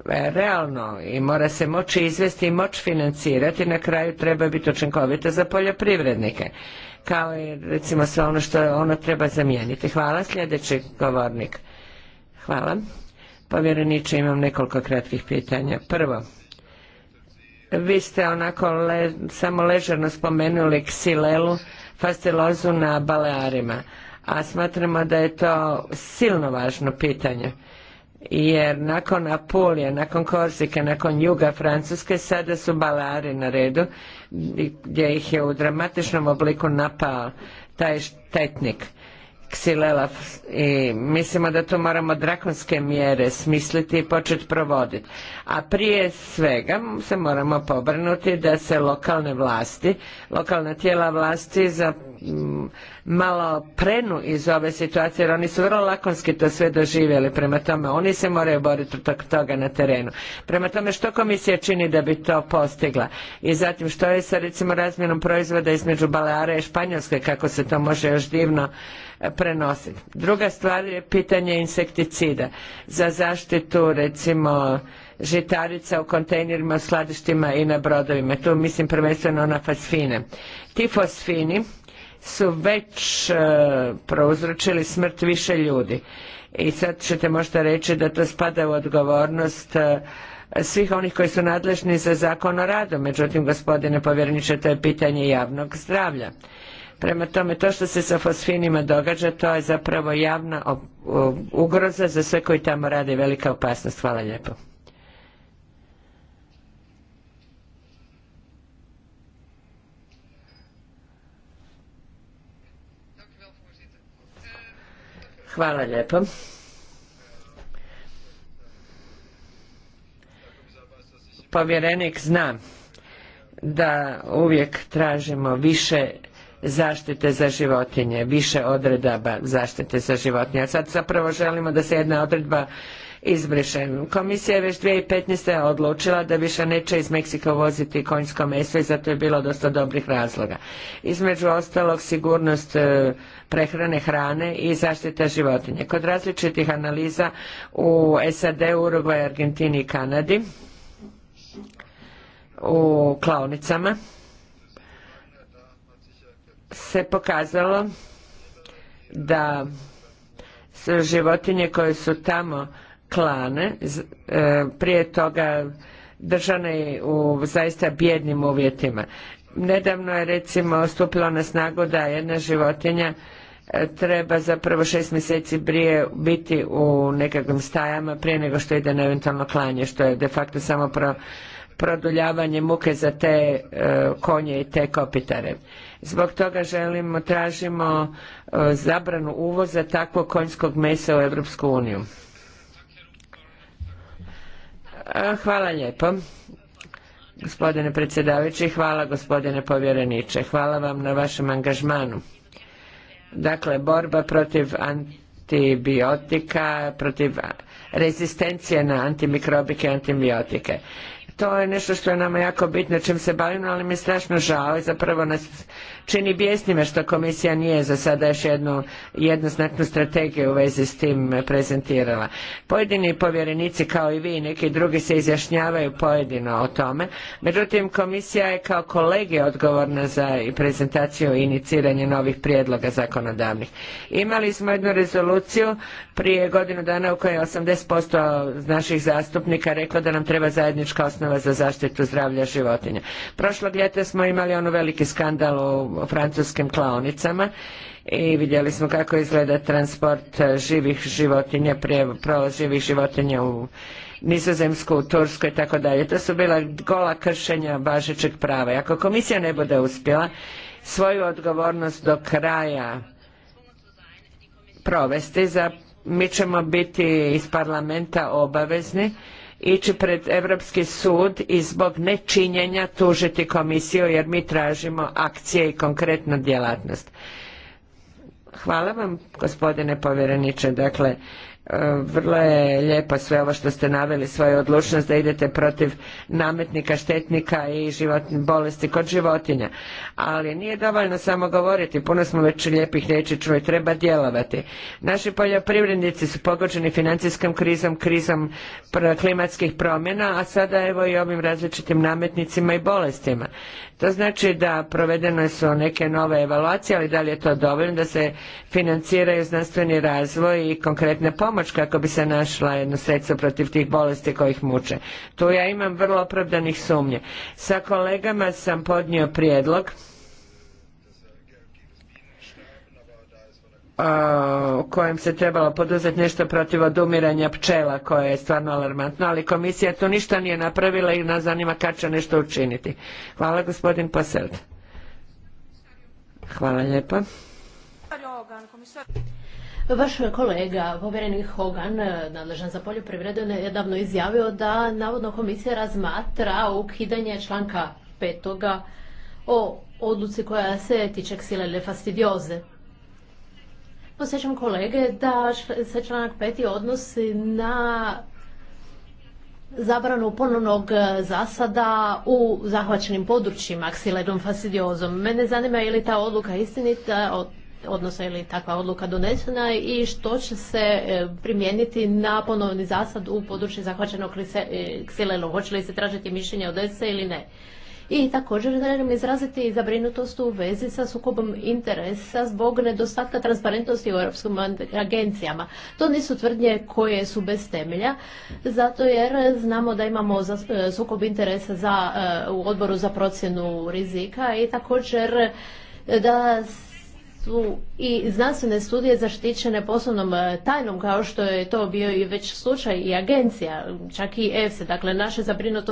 E, realno i mora se moći izvesti i moć financirati, na kraju treba biti učinkovita za poljoprivrednike. Kao i recimo sve ono što ono treba zamijeniti. Hvala sljedeći govornik. Hvala. Povjereniče, imam nekoliko kratkih pitanja. Prvo, vi ste onako le, samo ležerno spomenuli ksilelu, fastelozu na balearima, a smatramo da je to silno važno pitanje jer nakon Apulije, nakon Korsike, nakon juga Francuske sada su balari na redu gdje ih je u dramatičnom obliku napao taj štetnik ksilela i mislimo da tu moramo drakonske mjere smisliti i početi provoditi. A prije svega se moramo pobrnuti da se lokalne vlasti, lokalna tijela vlasti za mm, malo prenu iz ove situacije jer oni su vrlo lakonski to sve doživjeli. Prema tome oni se moraju boriti protiv toga na terenu. Prema tome što komisija čini da bi to postigla? I zatim što je sa recimo razmjenom proizvoda između Baleara i Španjolske kako se to može još divno prenositi. Druga stvar je pitanje insekticida za zaštitu recimo žitarica u kontejnerima, u skladištima i na brodovima. Tu mislim prvenstveno na fosfine. Ti fosfini su već e, prouzročili smrt više ljudi. I sad ćete možda reći da to spada u odgovornost e, svih onih koji su nadležni za zakon o radu. Međutim, gospodine povjerniče, to je pitanje javnog zdravlja. Prema tome, to što se sa fosfinima događa, to je zapravo javna ugroza za sve koji tamo rade velika opasnost. Hvala lijepo. Hvala lijepo. Povjerenik zna da uvijek tražimo više zaštite za životinje, više odredaba zaštite za životinje. sad zapravo želimo da se jedna odredba izbriše. Komisija je već 2015. odlučila da više neće iz Meksika voziti konjsko meso i zato je bilo dosta dobrih razloga. Između ostalog sigurnost e, prehrane hrane i zaštita životinje. Kod različitih analiza u SAD, Urugvaju, Argentini i Kanadi u klaunicama se pokazalo da su životinje koje su tamo klane, e, prije toga držane u zaista bjednim uvjetima. Nedavno je recimo stupilo na snagu da jedna životinja e, treba za prvo šest mjeseci prije biti u nekakvim stajama prije nego što ide na eventualno klanje, što je de facto samo pro produljavanje muke za te e, konje i te kopitare. Zbog toga želimo, tražimo e, zabranu uvoza takvog konjskog mesa u Europsku uniju. E, hvala lijepo. Gospodine predsjedavajući, hvala gospodine povjereniče. Hvala vam na vašem angažmanu. Dakle, borba protiv antibiotika, protiv rezistencije na antimikrobike i antibiotike. To je nešto što je nama jako bitno, čim se bavimo, ali mi je strašno žao i zapravo nas čini bijesnima što komisija nije za sada još jednu jednoznatnu strategiju u vezi s tim prezentirala. Pojedini povjerenici kao i vi i neki drugi se izjašnjavaju pojedino o tome, međutim komisija je kao kolege odgovorna za prezentaciju i iniciranje novih prijedloga zakonodavnih. Imali smo jednu rezoluciju prije godinu dana u kojoj je 80% naših zastupnika reklo da nam treba zajednička osnova za zaštitu zdravlja životinja. Prošlog ljeta smo imali onu veliki skandal u francuskim klaonicama i vidjeli smo kako izgleda transport živih životinja, prolaz živih životinja u Nizozemsku, u Tursku i tako dalje. To su bila gola kršenja važećeg prava. I ako komisija ne bude uspjela svoju odgovornost do kraja provesti, mi ćemo biti iz parlamenta obavezni ići pred Europski sud i zbog nečinjenja tužiti komisiju jer mi tražimo akcije i konkretnu djelatnost. Hvala vam gospodine povjereniče. Dakle, E, vrlo je lijepo sve ovo što ste naveli, svoju odlučnost da idete protiv nametnika, štetnika i bolesti kod životinja. Ali nije dovoljno samo govoriti, puno smo već lijepih riječi čuli, treba djelovati. Naši poljoprivrednici su pogođeni financijskom krizom, krizom klimatskih promjena, a sada evo i ovim različitim nametnicima i bolestima. To znači da provedene su neke nove evaluacije, ali da li je to dovoljno da se financiraju znanstveni razvoj i konkretne pomoći pomoć kako bi se našla jedno sredstvo protiv tih bolesti kojih muče. Tu ja imam vrlo opravdanih sumnje. Sa kolegama sam podnio prijedlog u kojem se trebalo poduzeti nešto protiv odumiranja pčela koje je stvarno alarmantno, ali komisija tu ništa nije napravila i nas zanima kad će nešto učiniti. Hvala gospodin Posert. Hvala lijepa. Vaš kolega, povjereni Hogan, nadležan za poljoprivredu, nedavno izjavio da navodno komisija razmatra ukidanje članka petoga o odluci koja se tiče ksilele fastidioze. Posjećam kolege da se članak peti odnosi na zabranu ponovnog e, zasada u zahvaćenim područjima ksiledom fastidiozom. Mene zanima je li ta odluka istinita, odnosno ili takva odluka donesena i što će se e, primijeniti na ponovni zasad u području zahvaćenog e, ksilelom. Hoće li se tražiti mišljenje od ESE ili ne? I također želim izraziti zabrinutost u vezi sa sukobom interesa zbog nedostatka transparentnosti u europskim agencijama. To nisu tvrdnje koje su bez temelja, zato jer znamo da imamo e, sukob interesa u odboru za procjenu rizika i također da i znanstvene studije zaštićene poslovnom e, tajnom, kao što je to bio i već slučaj i agencija, čak i EFSE. Dakle, naše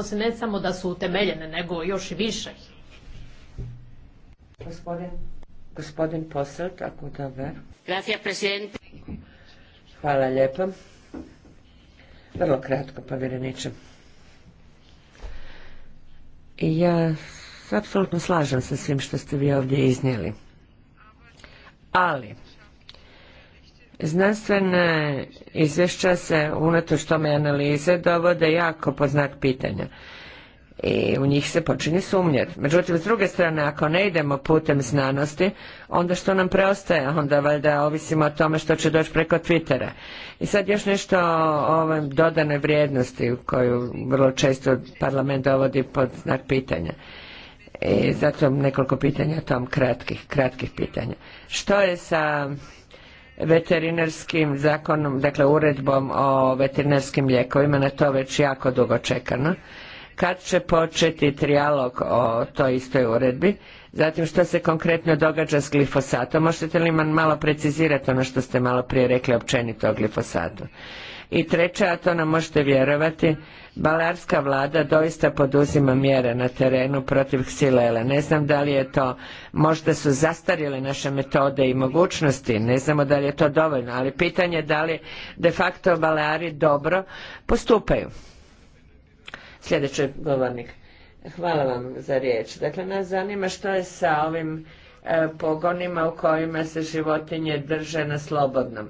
se ne samo da su utemeljene, nego još i više. Gospodin, gospodin tako da dobar. Gracias, presidente. Hvala lijepo. Vrlo kratko, povjereniče. Ja apsolutno slažem sa svim što ste vi ovdje iznijeli ali znanstvene izvješća se unatoč tome analize dovode jako znak pitanja i u njih se počinje sumnjati. Međutim, s druge strane, ako ne idemo putem znanosti, onda što nam preostaje? Onda valjda ovisimo o tome što će doći preko Twittera. I sad još nešto o ovoj dodane vrijednosti koju vrlo često parlament dovodi pod znak pitanja. I e, zato nekoliko pitanja tom, kratkih, kratkih pitanja. Što je sa veterinarskim zakonom, dakle uredbom o veterinarskim lijekovima, na to već jako dugo čekano. Kad će početi trijalog o toj istoj uredbi? Zatim što se konkretno događa s glifosatom? Možete li man malo precizirati ono što ste malo prije rekli općenito o glifosatu? I treće, a to nam možete vjerovati, balarska vlada doista poduzima mjere na terenu protiv ksilele. Ne znam da li je to, možda su zastarjele naše metode i mogućnosti, ne znamo da li je to dovoljno, ali pitanje je da li de facto balari dobro postupaju. Sljedeći govornik. Hvala vam za riječ. Dakle, nas zanima što je sa ovim e, pogonima u kojima se životinje drže na slobodnom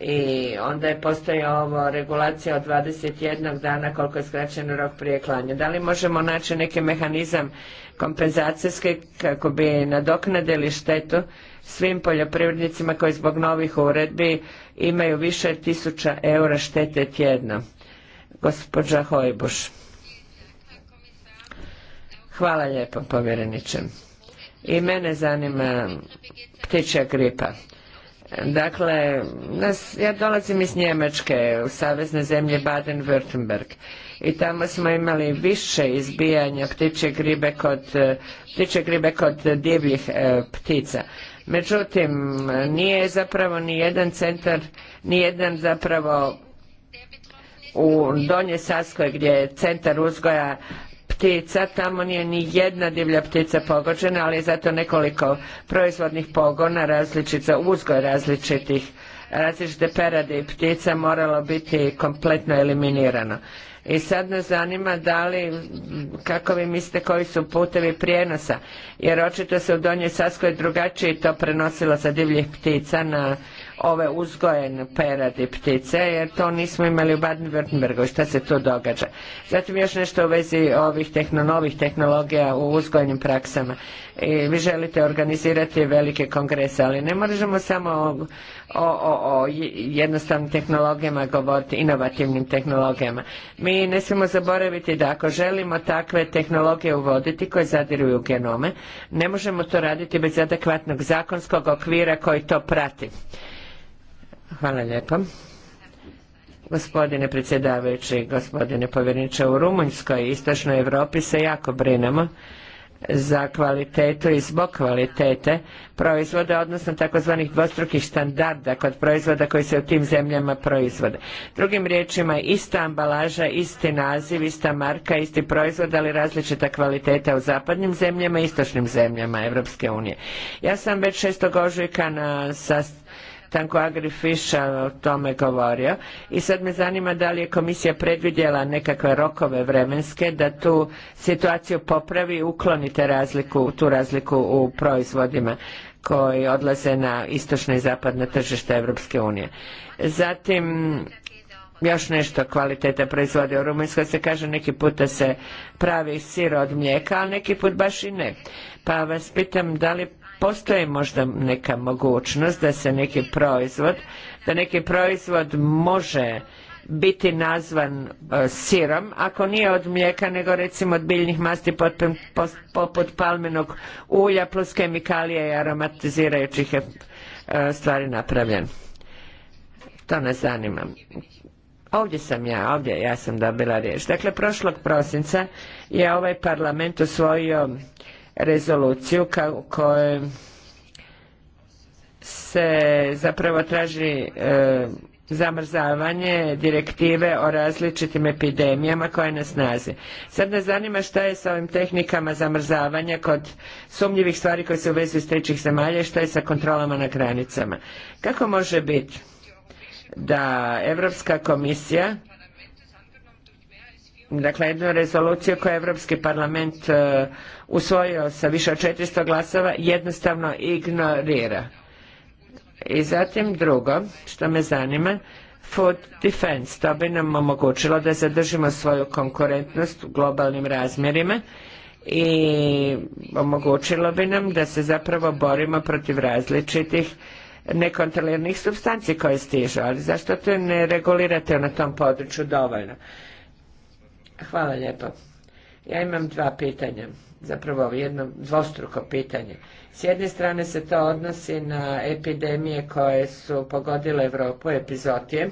i onda je postoje ovo regulacija od 21 dana koliko je skraćen rok prije klanja. Da li možemo naći neki mehanizam kompenzacijski kako bi nadoknadili štetu svim poljoprivrednicima koji zbog novih uredbi imaju više tisuća eura štete tjedno? Gospođa Hojbuš. Hvala lijepo povjereniče. I mene zanima ptičja gripa. Dakle, nas, ja dolazim iz Njemačke, u savezne zemlje Baden-Württemberg i tamo smo imali više izbijanja ptiče gribe kod, gribe kod divljih e, ptica. Međutim, nije zapravo ni jedan centar, ni jedan zapravo u Donje Saskoj gdje je centar uzgoja ptica, tamo nije ni jedna divlja ptica pogođena, ali je zato nekoliko proizvodnih pogona različica, uzgoj različitih, različite perade i ptica moralo biti kompletno eliminirano. I sad nas zanima da li, kako vi mislite, koji su putevi prijenosa, jer očito se u Donjoj Saskoj drugačije to prenosilo sa divljih ptica na ove uzgojene peradi ptice jer to nismo imali u Baden-Württembergu šta se tu događa. Zatim još nešto u vezi ovih novih tehnologija u uzgojenim praksama. vi želite organizirati velike kongrese, ali ne možemo samo o, o, o jednostavnim tehnologijama govoriti, inovativnim tehnologijama. Mi ne smijemo zaboraviti da ako želimo takve tehnologije uvoditi koje zadiruju genome, ne možemo to raditi bez adekvatnog zakonskog okvira koji to prati. Hvala lijepo. Gospodine predsjedavajući, gospodine povjereniče, u Rumunjskoj i Istočnoj Europi se jako brinemo za kvalitetu i zbog kvalitete proizvoda, odnosno takozvanih dvostrukih standarda kod proizvoda koji se u tim zemljama proizvode. Drugim riječima, ista ambalaža, isti naziv, ista marka, isti proizvod, ali različita kvaliteta u zapadnim zemljama i istočnim zemljama Europske unije. Ja sam već šestog ožujka na Tanko Agri Fiša o tome govorio. I sad me zanima da li je komisija predvidjela nekakve rokove vremenske da tu situaciju popravi i uklonite razliku, tu razliku u proizvodima koji odlaze na istočno i zapadno tržište Evropske unije. Zatim, još nešto kvaliteta proizvode u Rumunjskoj se kaže neki puta se pravi sir od mlijeka, ali neki put baš i ne. Pa vas pitam da li postoji možda neka mogućnost da se neki proizvod, da neki proizvod može biti nazvan e, sirom ako nije od mlijeka nego recimo od biljnih masti poput palmenog ulja plus kemikalije i aromatizirajućih je e, stvari napravljen. To nas zanima. Ovdje sam ja, ovdje ja sam dobila riječ. Dakle, prošlog prosinca je ovaj parlament usvojio rezoluciju u kojoj se zapravo traži e, zamrzavanje direktive o različitim epidemijama koja je na snazi. Sad nas zanima šta je sa ovim tehnikama zamrzavanja kod sumnjivih stvari koje se uvezuju s trećih zemalja i šta je sa kontrolama na granicama. Kako može biti da Europska komisija dakle jednu rezoluciju koju je Europski parlament e, usvojio sa više od 400 glasova jednostavno ignorira. I zatim drugo, što me zanima, food defense, to bi nam omogućilo da zadržimo svoju konkurentnost u globalnim razmjerima i omogućilo bi nam da se zapravo borimo protiv različitih nekontroliranih substanci koje stižu, ali zašto to ne regulirate na tom području dovoljno? Hvala lijepo. Ja imam dva pitanja, zapravo jedno dvostruko pitanje. S jedne strane se to odnosi na epidemije koje su pogodile Europu, epizotije.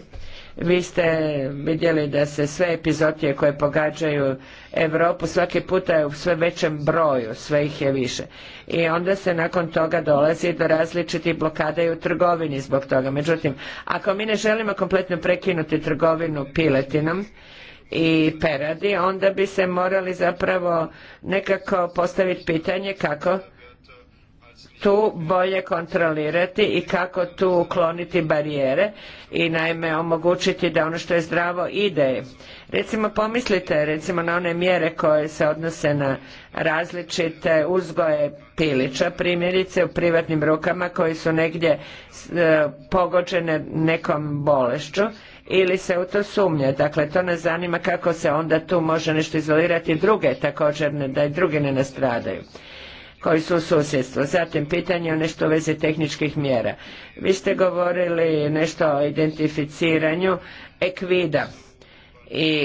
Vi ste vidjeli da se sve epizotije koje pogađaju Europu svaki puta je u sve većem broju, sve ih je više. I onda se nakon toga dolazi do različitih blokada i u trgovini zbog toga. Međutim, ako mi ne želimo kompletno prekinuti trgovinu piletinom, i peradi, onda bi se morali zapravo nekako postaviti pitanje kako tu bolje kontrolirati i kako tu ukloniti barijere i naime omogućiti da ono što je zdravo ide. Recimo pomislite recimo na one mjere koje se odnose na različite uzgoje pilića, primjerice u privatnim rukama koji su negdje e, pogođene nekom bolešću ili se u to sumnja. Dakle, to nas zanima kako se onda tu može nešto izolirati druge također, da i drugi ne nastradaju koji su u susjedstvu. Zatim, pitanje o nešto u vezi tehničkih mjera. Vi ste govorili nešto o identificiranju ekvida i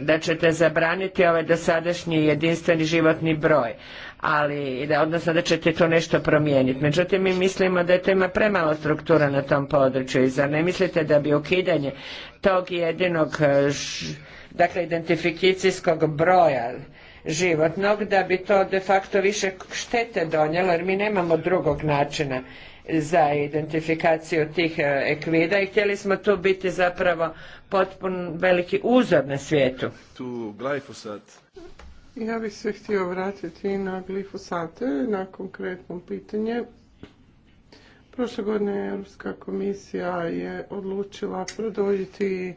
da ćete zabraniti ovaj dosadašnji jedinstveni životni broj ali da, odnosno da ćete to nešto promijeniti. Međutim, mi mislimo da je to ima premalo struktura na tom području i zar ne mislite da bi ukidanje tog jedinog e, dakle identifikacijskog broja životnog da bi to de facto više štete donijelo jer mi nemamo drugog načina za identifikaciju tih e, ekvida i htjeli smo tu biti zapravo potpun veliki uzor na svijetu. Tu ja bih se htio vratiti na glifosate, na konkretno pitanje. Prošle godine Europska komisija je odlučila produljiti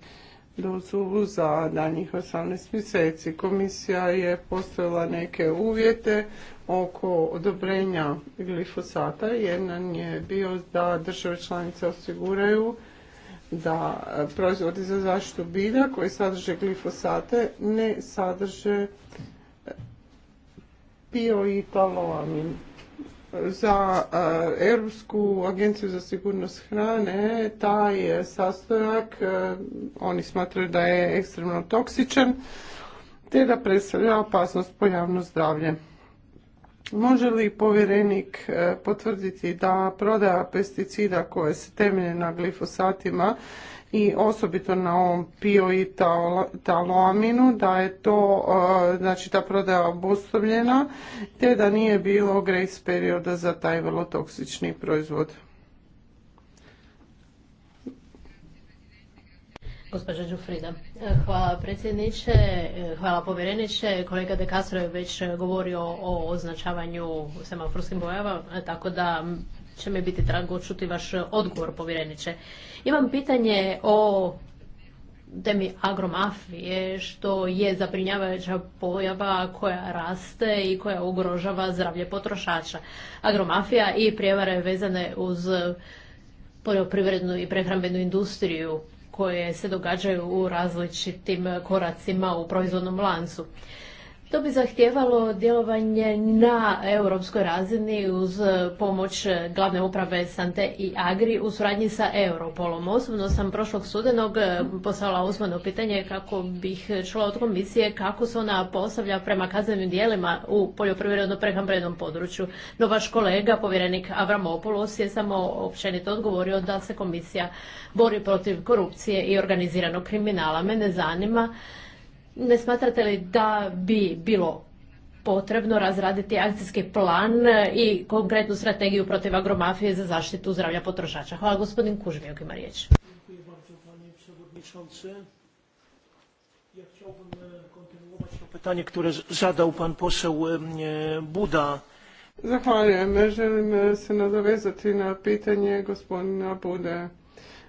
dozu za danjih 18 mjeseci. Komisija je postavila neke uvjete oko odobrenja glifosata. Jedan je bio da države članice osiguraju da proizvodi za zaštitu bilja koji sadrže glifosate ne sadrže i talo, Amin. Za e, Europsku agenciju za sigurnost hrane taj sastojak, e, oni smatraju da je ekstremno toksičan, te da predstavlja opasnost po javno zdravlje. Može li povjerenik e, potvrditi da prodaja pesticida koje se temelje na glifosatima i osobito na ovom pio i taloaminu, da je to, e, znači ta prodaja obustavljena, te da nije bilo grace perioda za taj vrlo toksični proizvod. Gospođa Đufrida. E, hvala predsjedniče, e, hvala povjereniče. Kolega De Castro je već govorio o označavanju semaforskim bojama, tako da će mi biti drago čuti vaš e, odgovor, povjereniče. Imam pitanje o temi agromafije, što je zabrinjavajuća pojava koja raste i koja ugrožava zdravlje potrošača. Agromafija i prijevare vezane uz poljoprivrednu i prehrambenu industriju koje se događaju u različitim koracima u proizvodnom lancu. To bi zahtjevalo djelovanje na europskoj razini uz pomoć glavne uprave Sante i Agri u suradnji sa Europolom. Osobno sam prošlog sudenog eh, poslala usmeno pitanje kako bih čula od komisije kako se ona postavlja prema kaznenim dijelima u poljoprivredno-prehrambenom području. No vaš kolega, povjerenik Avramopoulos, je samo općenito odgovorio da se komisija bori protiv korupcije i organiziranog kriminala. Mene zanima ne smatrate li da bi bilo potrebno razraditi akcijski plan i konkretnu strategiju protiv agromafije za zaštitu zdravlja potrošača? Hvala gospodin Kužmijog ima riječ. Ja chciałbym e, kontynuować to pytanie, e, e, Buda. Zahvaljujem. Želim se nadovezati na pitanje gospodina Bude.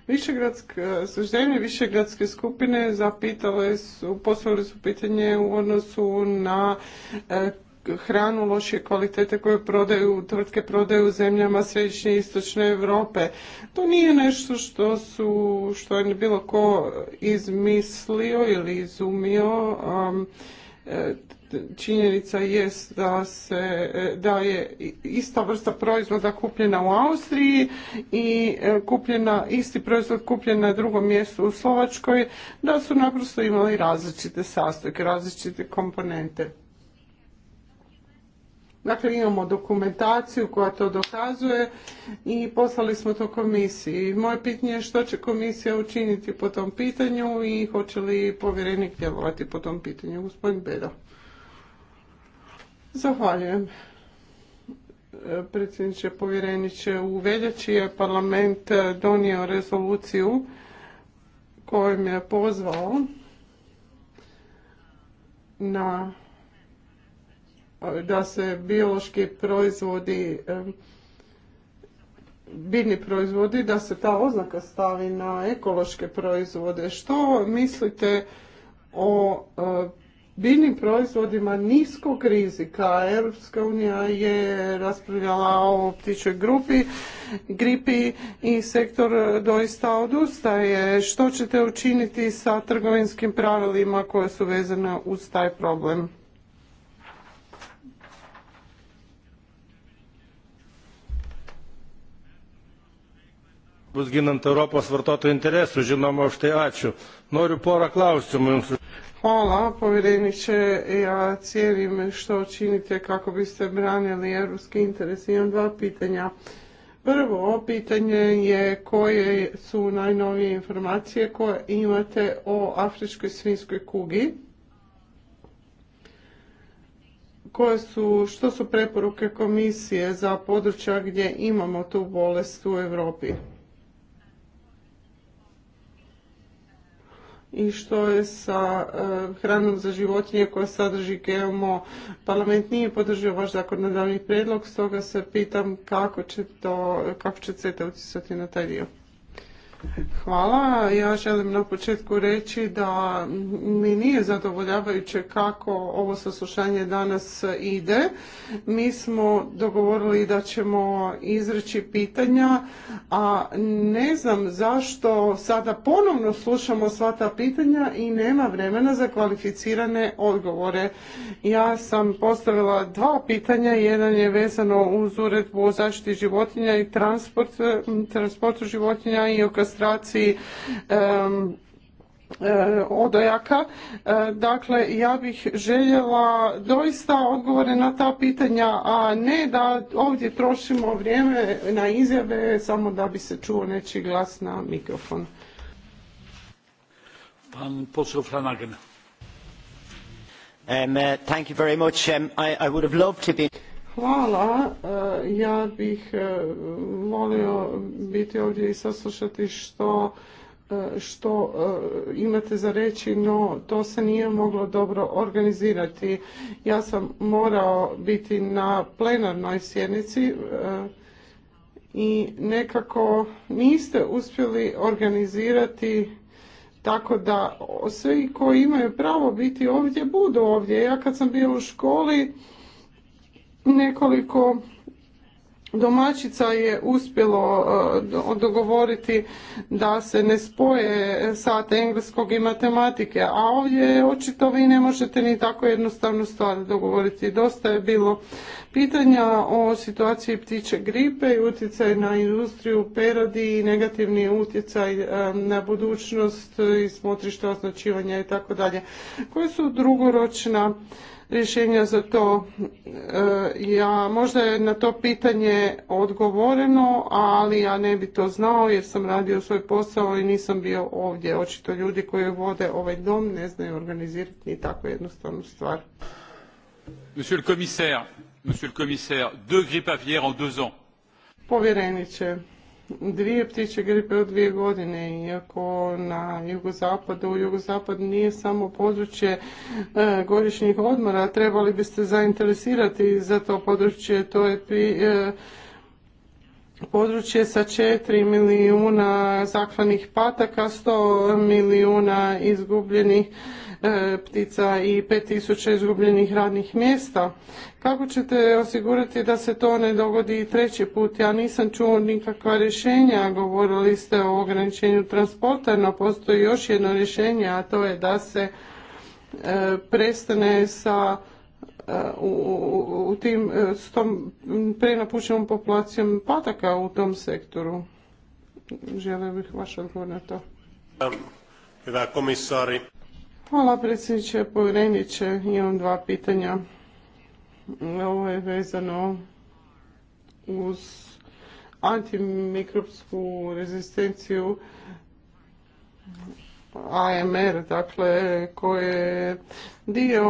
Višegradske, žene Višegradske skupine zapitale su, poslali su pitanje u odnosu na e, hranu lošije kvalitete koju prodaju, tvrtke prodaju u zemljama središnje i istočne Europe. To nije nešto što su, što je bilo ko izmislio ili izumio. E, činjenica jest da se da je ista vrsta proizvoda kupljena u Austriji i e, kupljena isti proizvod kupljen na drugom mjestu u Slovačkoj da su naprosto imali različite sastojke, različite komponente. Dakle, imamo dokumentaciju koja to dokazuje i poslali smo to komisiji. Moje pitanje je što će komisija učiniti po tom pitanju i hoće li povjerenik djelovati po tom pitanju, gospodin Bedo. Zahvaljujem. E, predsjedniče povjereniče, u veljači je parlament e, donio rezoluciju kojom je pozvao na e, da se biološki proizvodi biljni proizvodi, da se ta oznaka stavi na ekološke proizvode. Što mislite o biljnim proizvodima niskog rizika. Europska unija je raspravljala o ptičoj grupi, gripi i sektor doista odustaje. Što ćete učiniti sa trgovinskim pravilima koje su vezane uz taj problem? bus ginant europos vartotojų interesu žinoma už tai ačiū noriu porą klausimų jums Hvala povjereniče, ja cijenim što činite kako biste branili europski interes. Imam dva pitanja. Prvo pitanje je koje su najnovije informacije koje imate o afričkoj svinskoj kugi. Koje su, što su preporuke komisije za područja gdje imamo tu bolest u Europi? i što je sa e, hranom za životinje koja sadrži GMO. Parlament nije podržio vaš zakonodavni prijedlog, stoga se pitam kako će to, kako će CETA utjecati na taj dio. Hvala. Ja želim na početku reći da mi nije zadovoljavajuće kako ovo saslušanje danas ide. Mi smo dogovorili da ćemo izreći pitanja, a ne znam zašto sada ponovno slušamo sva ta pitanja i nema vremena za kvalificirane odgovore. Ja sam postavila dva pitanja, jedan je vezano uz uredbu o zaštiti životinja i transportu životinja i o registraciji eh, odojaka. Eh, dakle, ja bih željela doista odgovore na ta pitanja, a ne da ovdje trošimo vrijeme na izjave samo da bi se čuo nečiji glas na mikrofon. Pan Flanagan. Um, uh, thank you very much. I, I would have loved to be... Hvala. E, ja bih e, molio biti ovdje i saslušati što e, što imate za reći, no to se nije moglo dobro organizirati. Ja sam morao biti na plenarnoj sjednici i nekako niste uspjeli organizirati tako da svi koji imaju pravo biti ovdje budu ovdje. Ja kad sam bio u školi nekoliko domaćica je uspjelo eh, dogovoriti da se ne spoje sat engleskog i matematike, a ovdje očito vi ne možete ni tako jednostavnu stvar dogovoriti. Dosta je bilo pitanja o situaciji ptiče gripe i utjecaj na industriju perodi i negativni utjecaj eh, na budućnost i smotrište označivanja i tako dalje. Koje su drugoročna rješenja za to. E, ja, možda je na to pitanje odgovoreno, ali ja ne bi to znao jer sam radio svoj posao i nisam bio ovdje. Očito ljudi koji vode ovaj dom ne znaju organizirati ni tako jednostavnu stvar. Monsieur le commissaire, monsieur le commissaire, deux en deux ans. Povjereniče, dvije ptiče gripe u dvije godine, iako na jugozapadu, jugozapad nije samo područje e, godišnjih odmora, trebali biste zainteresirati za to područje, to je e, područje sa četiri milijuna zaklanih pataka, sto milijuna izgubljenih E, ptica i 5000 izgubljenih radnih mjesta. Kako ćete osigurati da se to ne dogodi i treći put? Ja nisam čuo nikakva rješenja, govorili ste o ograničenju transporta, no postoji još jedno rješenje, a to je da se e, prestane sa e, u, tim, s tom prenapućenom populacijom pataka u tom sektoru. Želio bih vaš odgovor na to. Hvala predsjedniče povjereniče. Imam dva pitanja. Ovo je vezano uz antimikropsku rezistenciju AMR, dakle, koje je dio,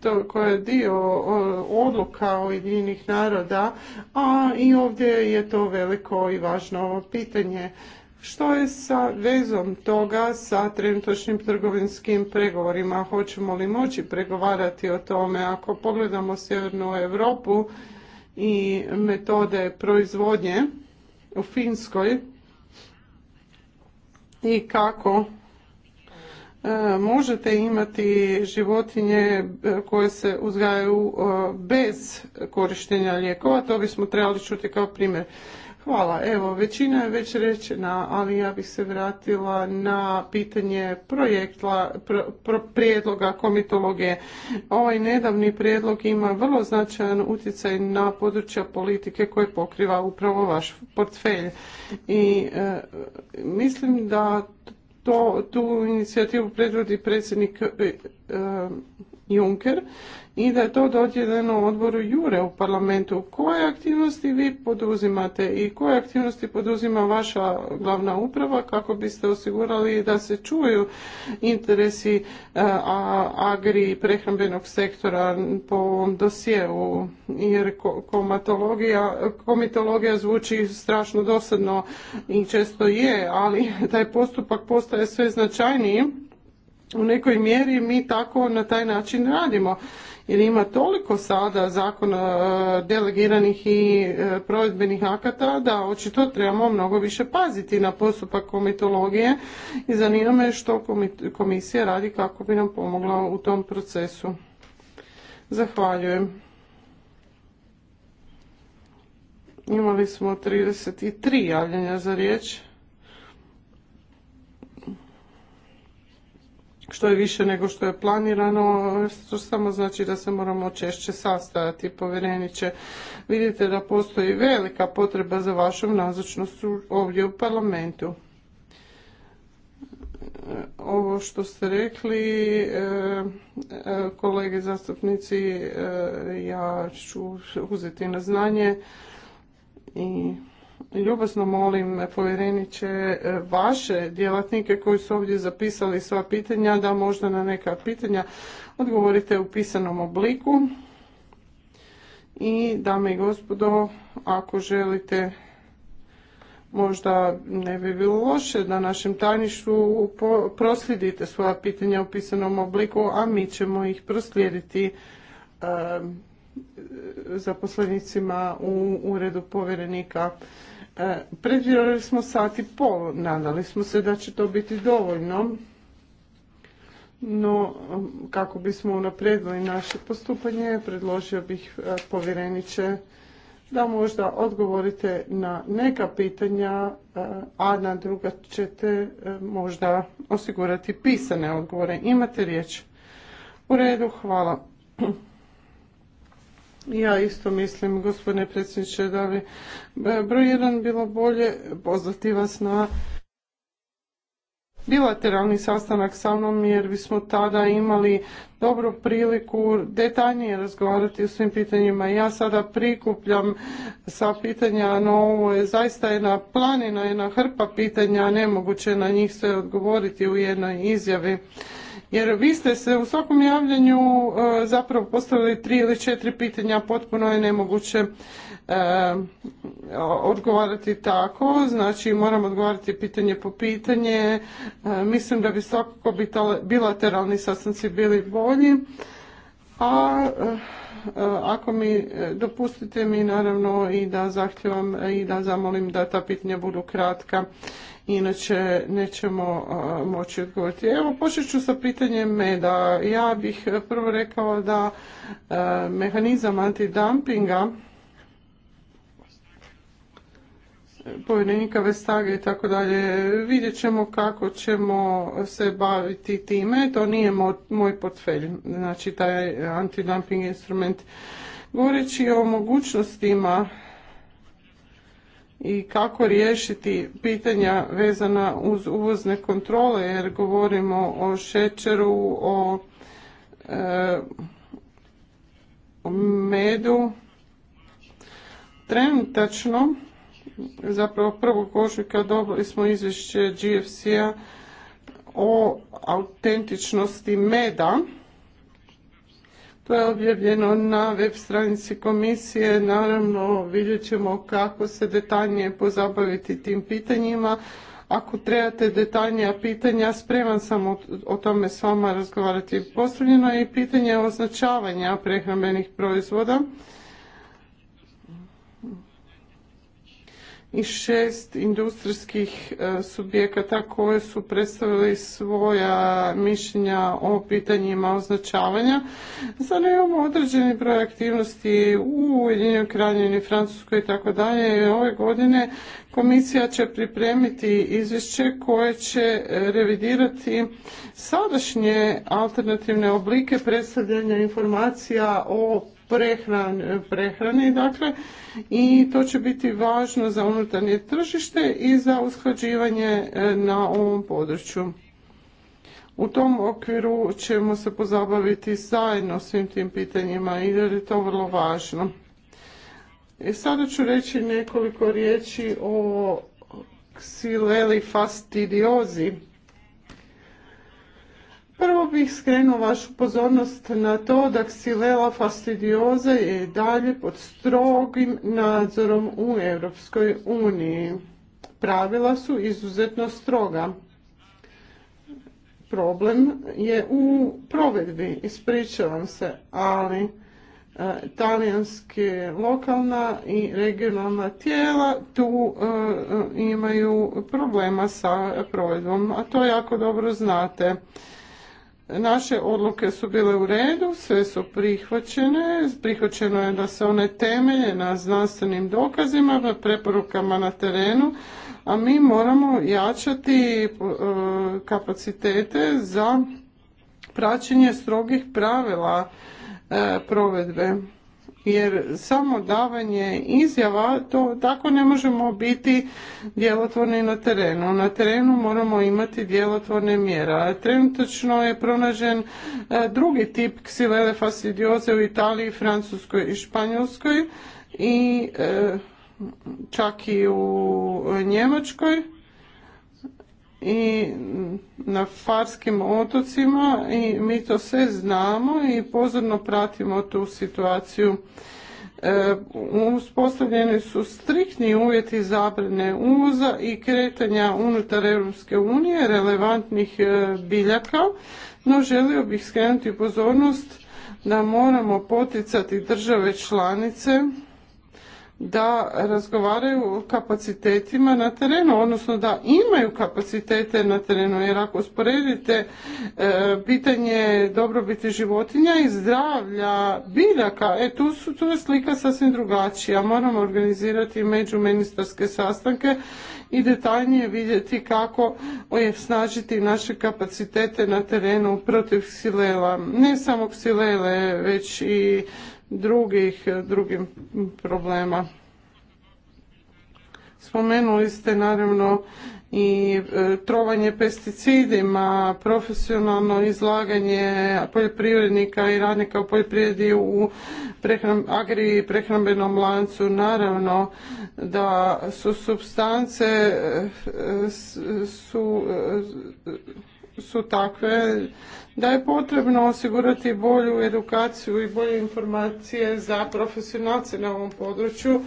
to, koje je dio odluka Ujedinjenih naroda, a i ovdje je to veliko i važno pitanje. Što je sa vezom toga sa trenutačnim trgovinskim pregovorima? Hoćemo li moći pregovarati o tome? Ako pogledamo Sjevernu Europu i metode proizvodnje u Finskoj i kako e, možete imati životinje e, koje se uzgajaju e, bez korištenja lijekova, to bismo trebali čuti kao primjer. Hvala. Evo, većina je već rečena, ali ja bih se vratila na pitanje projekta, prijedloga komitologije. Ovaj nedavni prijedlog ima vrlo značajan utjecaj na područja politike koje pokriva upravo vaš portfelj. I e, mislim da to, tu inicijativu predvodi predsjednik e, e, Juncker i da je to u odboru Jure u parlamentu. Koje aktivnosti vi poduzimate i koje aktivnosti poduzima vaša glavna uprava kako biste osigurali da se čuju interesi e, agri i prehrambenog sektora po ovom dosijevu jer komitologija zvuči strašno dosadno i često je, ali taj postupak postaje sve značajniji u nekoj mjeri mi tako na taj način radimo jer ima toliko sada zakona e, delegiranih i e, provedbenih akata da očito trebamo mnogo više paziti na postupak komitologije i zanima me što komisija radi kako bi nam pomogla u tom procesu. Zahvaljujem. Imali smo 33 javljanja za riječ. što je više nego što je planirano, što samo znači da se moramo češće sastajati. Povjereniče, vidite da postoji velika potreba za vašom nazočnost ovdje u parlamentu. Ovo što ste rekli, e, e, kolege zastupnici, e, ja ću uzeti na znanje i Ljubazno molim e, povjereniče e, vaše djelatnike koji su ovdje zapisali sva pitanja da možda na neka pitanja odgovorite u pisanom obliku. I dame i gospodo, ako želite možda ne bi bilo loše da našem tajništvu proslijedite svoja pitanja u pisanom obliku, a mi ćemo ih proslijediti e, zaposlenicima u uredu povjerenika E, Predvjerali smo sat i pol, nadali smo se da će to biti dovoljno, no kako bismo unaprijedili naše postupanje, predložio bih e, povjereniče da možda odgovorite na neka pitanja, e, a na druga ćete možda osigurati pisane odgovore. Imate riječ. U redu, hvala. Ja isto mislim, gospodine predsjedniče, da bi e, broj jedan bilo bolje pozvati vas na bilateralni sastanak sa mnom jer bismo tada imali dobru priliku detaljnije razgovarati o svim pitanjima. Ja sada prikupljam sa pitanja, no ovo je zaista jedna planina, jedna hrpa pitanja, nemoguće na njih sve odgovoriti u jednoj izjavi. Jer vi ste se u svakom javljanju e, zapravo postavili tri ili četiri pitanja, potpuno je nemoguće e, odgovarati tako, znači moram odgovarati pitanje po pitanje. E, mislim da bi svakako bilateralni sastanci bili bolji. A ako mi dopustite mi naravno i da zahtjevam i da zamolim da ta pitanja budu kratka inače nećemo moći odgovoriti. Evo, počet ću sa pitanjem meda. Ja bih e, prvo rekao da e, mehanizam antidumpinga povjerenika Vestage i tako dalje. Vidjet ćemo kako ćemo se baviti time. To nije moj portfelj, znači taj antidumping instrument. Govoreći o mogućnostima i kako riješiti pitanja vezana uz uvozne kontrole jer govorimo o šećeru, o e, medu. Trenutačno, zapravo prvog ožujka dobili smo izvješće GFC-a o autentičnosti meda to je objavljeno na web stranici komisije. Naravno, vidjet ćemo kako se detaljnije pozabaviti tim pitanjima. Ako trebate detaljnija pitanja, spreman sam o tome s vama razgovarati. Postavljeno je i pitanje označavanja prehrambenih proizvoda. i šest industrijskih e, subjekata koje su predstavili svoja mišljenja o pitanjima označavanja. Sada imamo određeni broj aktivnosti u Ujedinjenoj Kraljevini, Francuskoj i tako dalje. Ove godine komisija će pripremiti izvješće koje će e, revidirati sadašnje alternativne oblike predstavljanja informacija o prehrani, dakle, i to će biti važno za unutarnje tržište i za usklađivanje e, na ovom području. U tom okviru ćemo se pozabaviti zajedno svim tim pitanjima jer je to vrlo važno. I e, sada ću reći nekoliko riječi o ksileli fastidiozi Prvo bih skrenuo vašu pozornost na to da ksilela fastidioza je dalje pod strogim nadzorom u Europskoj uniji. Pravila su izuzetno stroga. Problem je u provedbi, ispričavam se, ali e, talijanske lokalna i regionalna tijela tu e, imaju problema sa provedbom, a to jako dobro znate. Naše odluke su bile u redu, sve su prihvaćene. Prihvaćeno je da se one temelje na znanstvenim dokazima, na preporukama na terenu, a mi moramo jačati e, kapacitete za praćenje strogih pravila e, provedbe jer samo davanje izjava to tako ne možemo biti djelotvorni na terenu. Na terenu moramo imati djelotvorne mjera. Trenutačno je pronađen e, drugi tip ksivele fasidioze u Italiji, Francuskoj i Španjolskoj i e, čak i u Njemačkoj i na Farskim otocima i mi to sve znamo i pozorno pratimo tu situaciju. E, uspostavljeni su striktni uvjeti zabrane uvoza i kretanja unutar Europske unije relevantnih e, biljaka, no želio bih skrenuti pozornost da moramo poticati države članice da razgovaraju o kapacitetima na terenu, odnosno da imaju kapacitete na terenu, jer ako usporedite e, pitanje dobrobiti životinja i zdravlja biljaka, e, tu, su, tu je slika sasvim drugačija. Moramo organizirati međuministarske sastanke i detaljnije vidjeti kako snažiti naše kapacitete na terenu protiv ksilela. Ne samo ksilele, već i drugih, drugim problema. Spomenuli ste naravno i e, trovanje pesticidima, profesionalno izlaganje poljoprivrednika i radnika u poljoprivredi u agri i prehrambenom lancu. Naravno da su substance e, e, su takve da je potrebno osigurati bolju edukaciju i bolje informacije za profesionalce na ovom području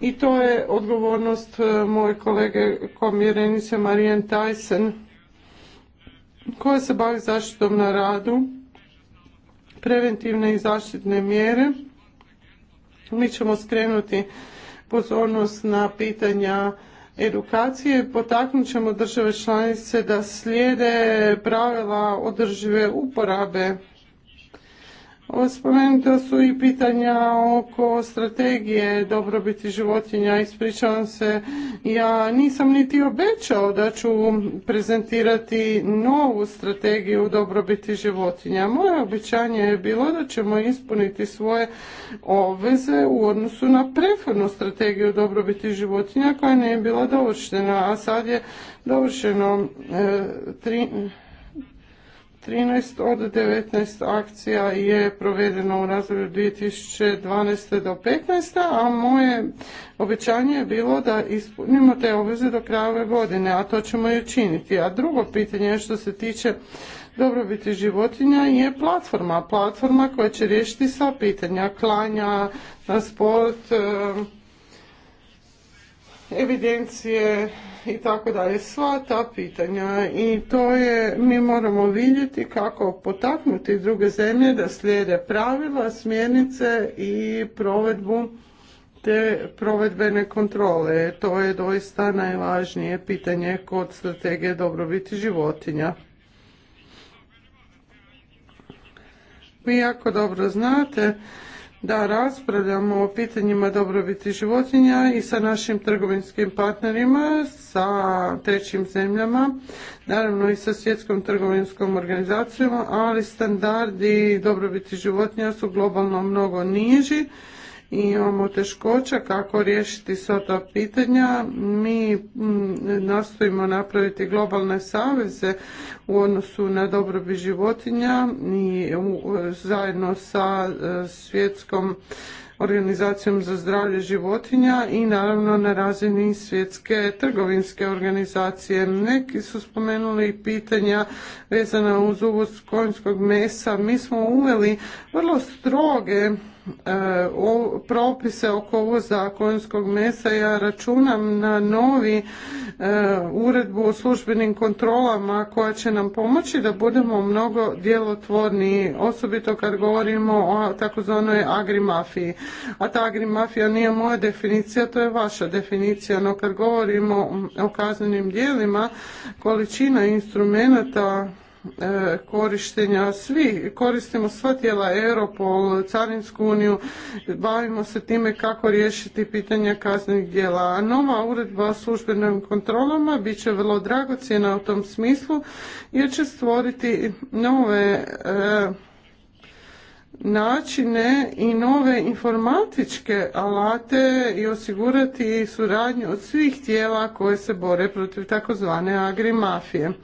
i to je odgovornost e, moje kolege komjerenice Marijan Tyson koja se bavi zaštitom na radu, preventivne i zaštitne mjere. Mi ćemo skrenuti pozornost na pitanja edukacije potaknut ćemo države članice da slijede pravila održive uporabe Spomenuta su i pitanja oko strategije dobrobiti životinja. Ispričavam se, ja nisam niti obećao da ću prezentirati novu strategiju dobrobiti životinja. Moje obećanje je bilo da ćemo ispuniti svoje obveze u odnosu na prethodnu strategiju dobrobiti životinja koja ne je bila dovršena, a sad je dovršeno e, 13 od 19 akcija je provedeno u razdoblju 2012. do 15. a moje obećanje je bilo da ispunimo te obveze do kraja ove godine, a to ćemo i učiniti. A drugo pitanje što se tiče dobrobiti životinja je platforma. Platforma koja će riješiti sva pitanja, klanja, transport, eh, evidencije, i tako dalje. Sva ta pitanja i to je, mi moramo vidjeti kako potaknuti druge zemlje da slijede pravila, smjernice i provedbu te provedbene kontrole. To je doista najvažnije pitanje kod strategije dobrobiti životinja. Vi jako dobro znate da raspravljamo o pitanjima dobrobiti životinja i sa našim trgovinskim partnerima, sa trećim zemljama, naravno i sa svjetskom trgovinskom organizacijom, ali standardi dobrobiti životinja su globalno mnogo niži imamo teškoća kako riješiti sva ta pitanja. Mi nastojimo napraviti globalne saveze u odnosu na dobrobit životinja i zajedno sa e, svjetskom organizacijom za zdravlje životinja i naravno na razini svjetske trgovinske organizacije. Neki su spomenuli pitanja vezana uz uvoz konjskog mesa. Mi smo uveli vrlo stroge propise oko uvoza konjskog mesa ja računam na novi e, uredbu o službenim kontrolama koja će nam pomoći da budemo mnogo djelotvorniji, osobito kad govorimo o takozvanoj agrimafiji. A ta agrimafija nije moja definicija, to je vaša definicija, no kad govorimo o kaznenim djelima, količina instrumenata E, korištenja svi, koristimo sva tijela Europol, Carinsku uniju, bavimo se time kako riješiti pitanja kaznenih djela. A nova uredba o službenim kontrolama bit će vrlo dragocjena u tom smislu jer će stvoriti nove e, načine i nove informatičke alate i osigurati suradnju od svih tijela koje se bore protiv takozvane agrimafije. mafije.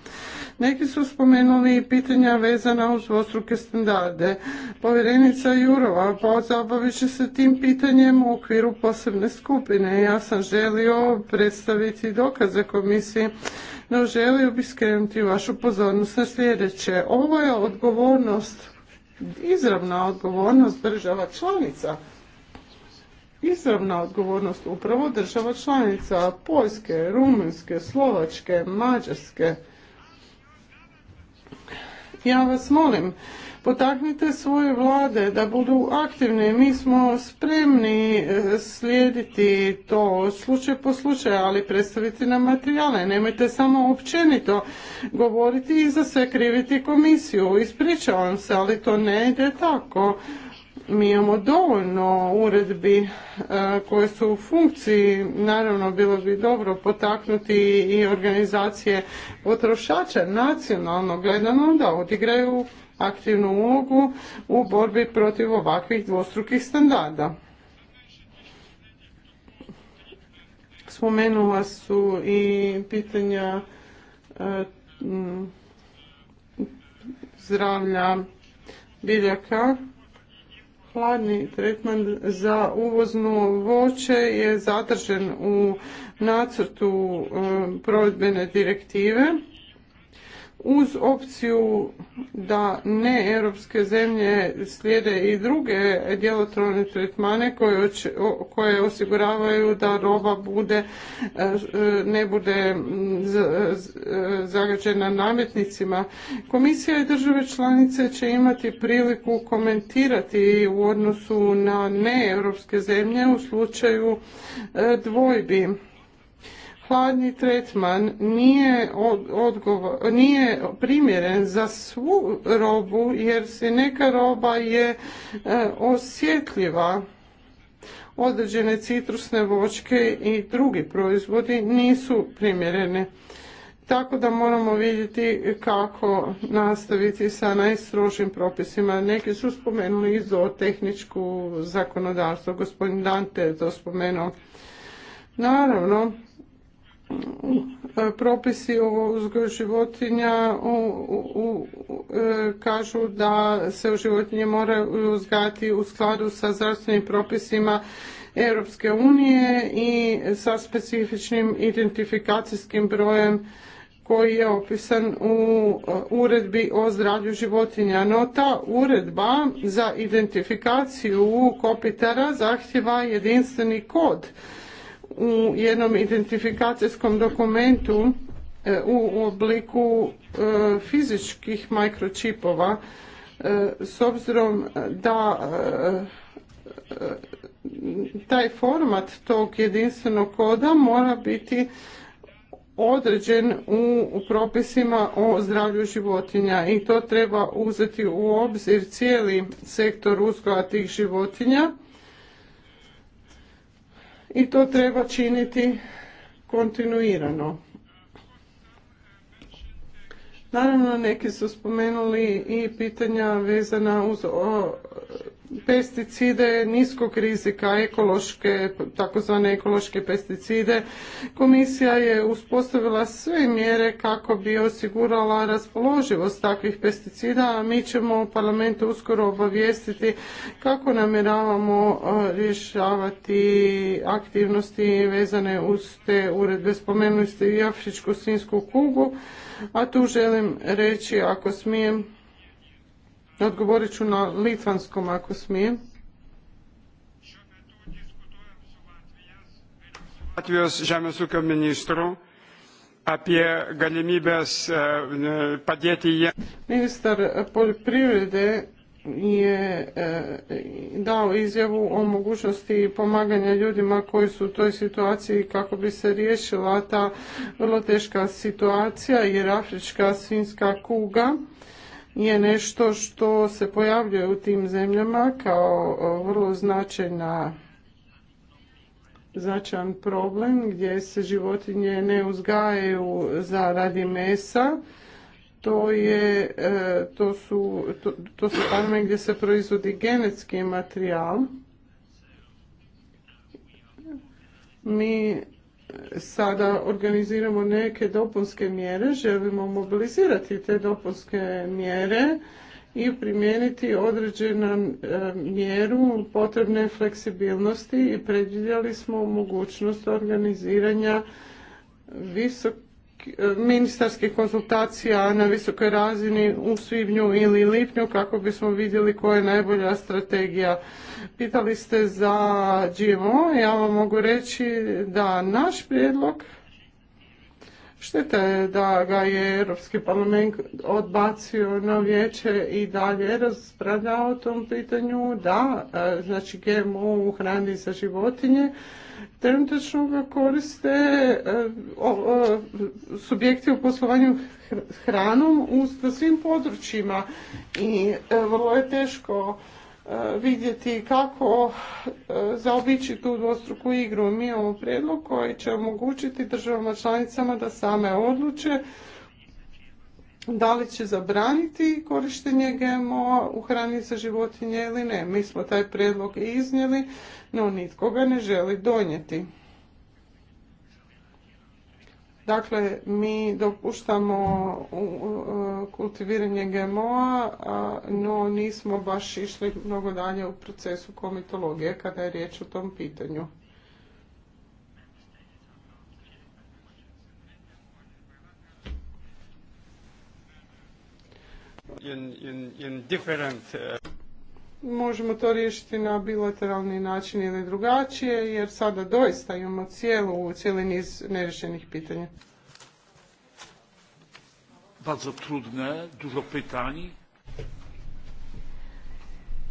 Neki su spomenuli i pitanja vezana uz dvostruke standarde. Povjerenica Jurova pozabavit će se tim pitanjem u okviru posebne skupine. Ja sam želio predstaviti dokaze komisije no želio bih skrenuti vašu pozornost na sljedeće. Ovo je odgovornost, izravna odgovornost država članica. Izravna odgovornost upravo država članica Poljske, Rumunjske, Slovačke, Mađarske, ja vas molim, potaknite svoje vlade da budu aktivni. Mi smo spremni e, slijediti to slučaj po slučaj, ali predstaviti nam materijale. Nemojte samo općenito govoriti i za sve kriviti komisiju. Ispričavam se, ali to ne ide tako mi imamo dovoljno uredbi e, koje su u funkciji. Naravno, bilo bi dobro potaknuti i organizacije potrošača nacionalno gledano da odigraju aktivnu ulogu u borbi protiv ovakvih dvostrukih standarda. Spomenula su i pitanja e, zdravlja biljaka hladni tretman za uvozno voće je zadržen u nacrtu e, provedbene direktive uz opciju da ne europske zemlje slijede i druge djelotrovne tretmane koje, koje osiguravaju da roba bude, e, ne bude zagađena nametnicima. Komisija i države članice će imati priliku komentirati u odnosu na ne europske zemlje u slučaju e, dvojbi hladni tretman nije, nije primjeren za svu robu jer se neka roba je e, osjetljiva određene citrusne vočke i drugi proizvodi nisu primjerene. Tako da moramo vidjeti kako nastaviti sa najstrožim propisima. Neki su spomenuli i tehničku zakonodavstvo. Gospodin Dante je to spomenuo. Naravno, propisi o uzgoju životinja u, e, kažu da se životinje moraju uzgajati u skladu sa zdravstvenim propisima Europske unije i sa specifičnim identifikacijskim brojem koji je opisan u e, uredbi o zdravlju životinja. No ta uredba za identifikaciju kopitara zahtjeva jedinstveni kod u jednom identifikacijskom dokumentu e, u obliku e, fizičkih mikročipova e, s obzirom da taj format tog jedinstvenog koda mora biti određen u propisima o zdravlju životinja i to treba uzeti u obzir cijeli sektor uzgoja tih životinja i to treba činiti kontinuirano. Naravno, neki su spomenuli i pitanja vezana uz pesticide niskog rizika, ekološke, takozvane ekološke pesticide. Komisija je uspostavila sve mjere kako bi osigurala raspoloživost takvih pesticida, a mi ćemo u parlamentu uskoro obavijestiti kako namjeravamo e, rješavati aktivnosti vezane uz te uredbe. Spomenuli ste i Afričku svinsku kugu, a tu želim reći, ako smijem, Odgovorit ću na litvanskom ako smijem. Latvijos žemės ūkio ministru apie galimybės e, e, padėti jie. Ministar poljoprivrede je e, dao izjavu o mogućnosti pomaganja ljudima koji su u toj situaciji kako bi se riješila ta vrlo teška situacija jer afrička svinska kuga je nešto što se pojavljuje u tim zemljama kao e, vrlo značajna značajan problem gdje se životinje ne uzgajaju za radi mesa. To, je, e, to, su, to, to su farme gdje se proizvodi genetski materijal. Mi sada organiziramo neke dopunske mjere, želimo mobilizirati te dopunske mjere i primijeniti određenu e, mjeru potrebne fleksibilnosti i predvidjeli smo mogućnost organiziranja visok ministarskih konsultacija na visokoj razini u svibnju ili lipnju kako bismo vidjeli koja je najbolja strategija. Pitali ste za GMO, ja vam mogu reći da naš prijedlog Šteta je da ga je Europski parlament odbacio na vijeće i dalje raspravljao o tom pitanju. Da, e, znači GMO u hrani za životinje Trenutačno ga koriste e, subjekti u poslovanju hranom u svim područjima i e, vrlo je teško e, vidjeti kako zaobići tu dvostruku igru. Mi imamo prijedlog koji će omogućiti državama članicama da same odluče da li će zabraniti korištenje GMO u hrani za životinje ili ne. Mi smo taj predlog iznijeli, no nitko ga ne želi donijeti. Dakle, mi dopuštamo kultiviranje GMO-a, no nismo baš išli mnogo dalje u procesu komitologije kada je riječ o tom pitanju. Uh, Možemo to riješiti na bilateralni način ili drugačije, jer sada doista imamo cijelu, cijeli niz nerešenih pitanja. Bardzo trudne, dużo pytań.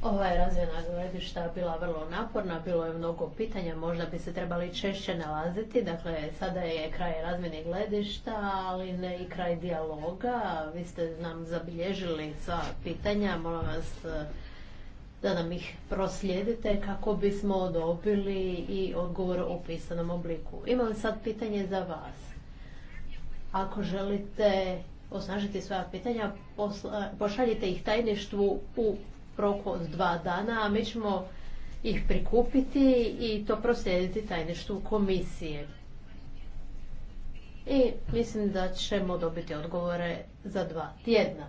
Ova je razvijena gledišta bila vrlo naporna, bilo je mnogo pitanja, možda bi se trebali češće nalaziti. Dakle, sada je kraj razmjene gledišta, ali ne i kraj dijaloga. Vi ste nam zabilježili sva pitanja, molim vas eh, da nam ih proslijedite kako bismo dobili i odgovor u pisanom obliku. Imam sad pitanje za vas. Ako želite osnažiti svoja pitanja, pošaljite ih tajništvu u roku od dva dana, a mi ćemo ih prikupiti i to proslijediti tajništvu komisije. I mislim da ćemo dobiti odgovore za dva tjedna.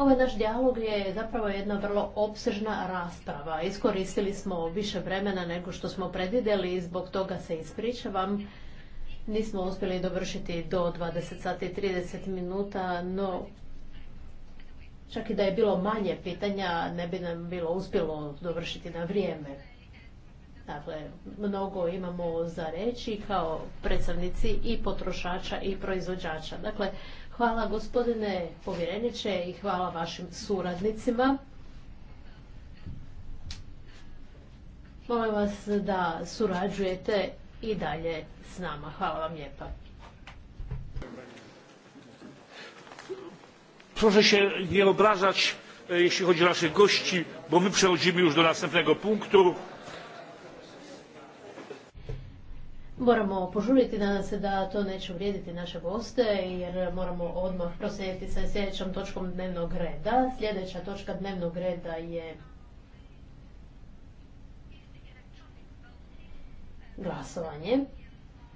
Ovaj naš dijalog je zapravo jedna vrlo opsežna rasprava. Iskoristili smo više vremena nego što smo predvidjeli i zbog toga se ispričavam. Nismo uspjeli dovršiti do 20 sati i 30 minuta, no čak i da je bilo manje pitanja, ne bi nam bilo uspjelo dovršiti na vrijeme. Dakle, mnogo imamo za reći kao predstavnici i potrošača i proizvođača. Dakle, hvala gospodine povjereniče i hvala vašim suradnicima. Molim vas da surađujete i dalje s nama. Hvala vam lijepa. Proszę się nie obrażać, e, jeśli chodzi o naszych gości, bo my przechodzimy już do następnego punktu. Moramo požuriti, nadam se da to neće uvrijediti naše goste, jer moramo odmah proslijediti sa sljedećom točkom dnevnog reda. Sljedeća točka dnevnog reda je glasovanje.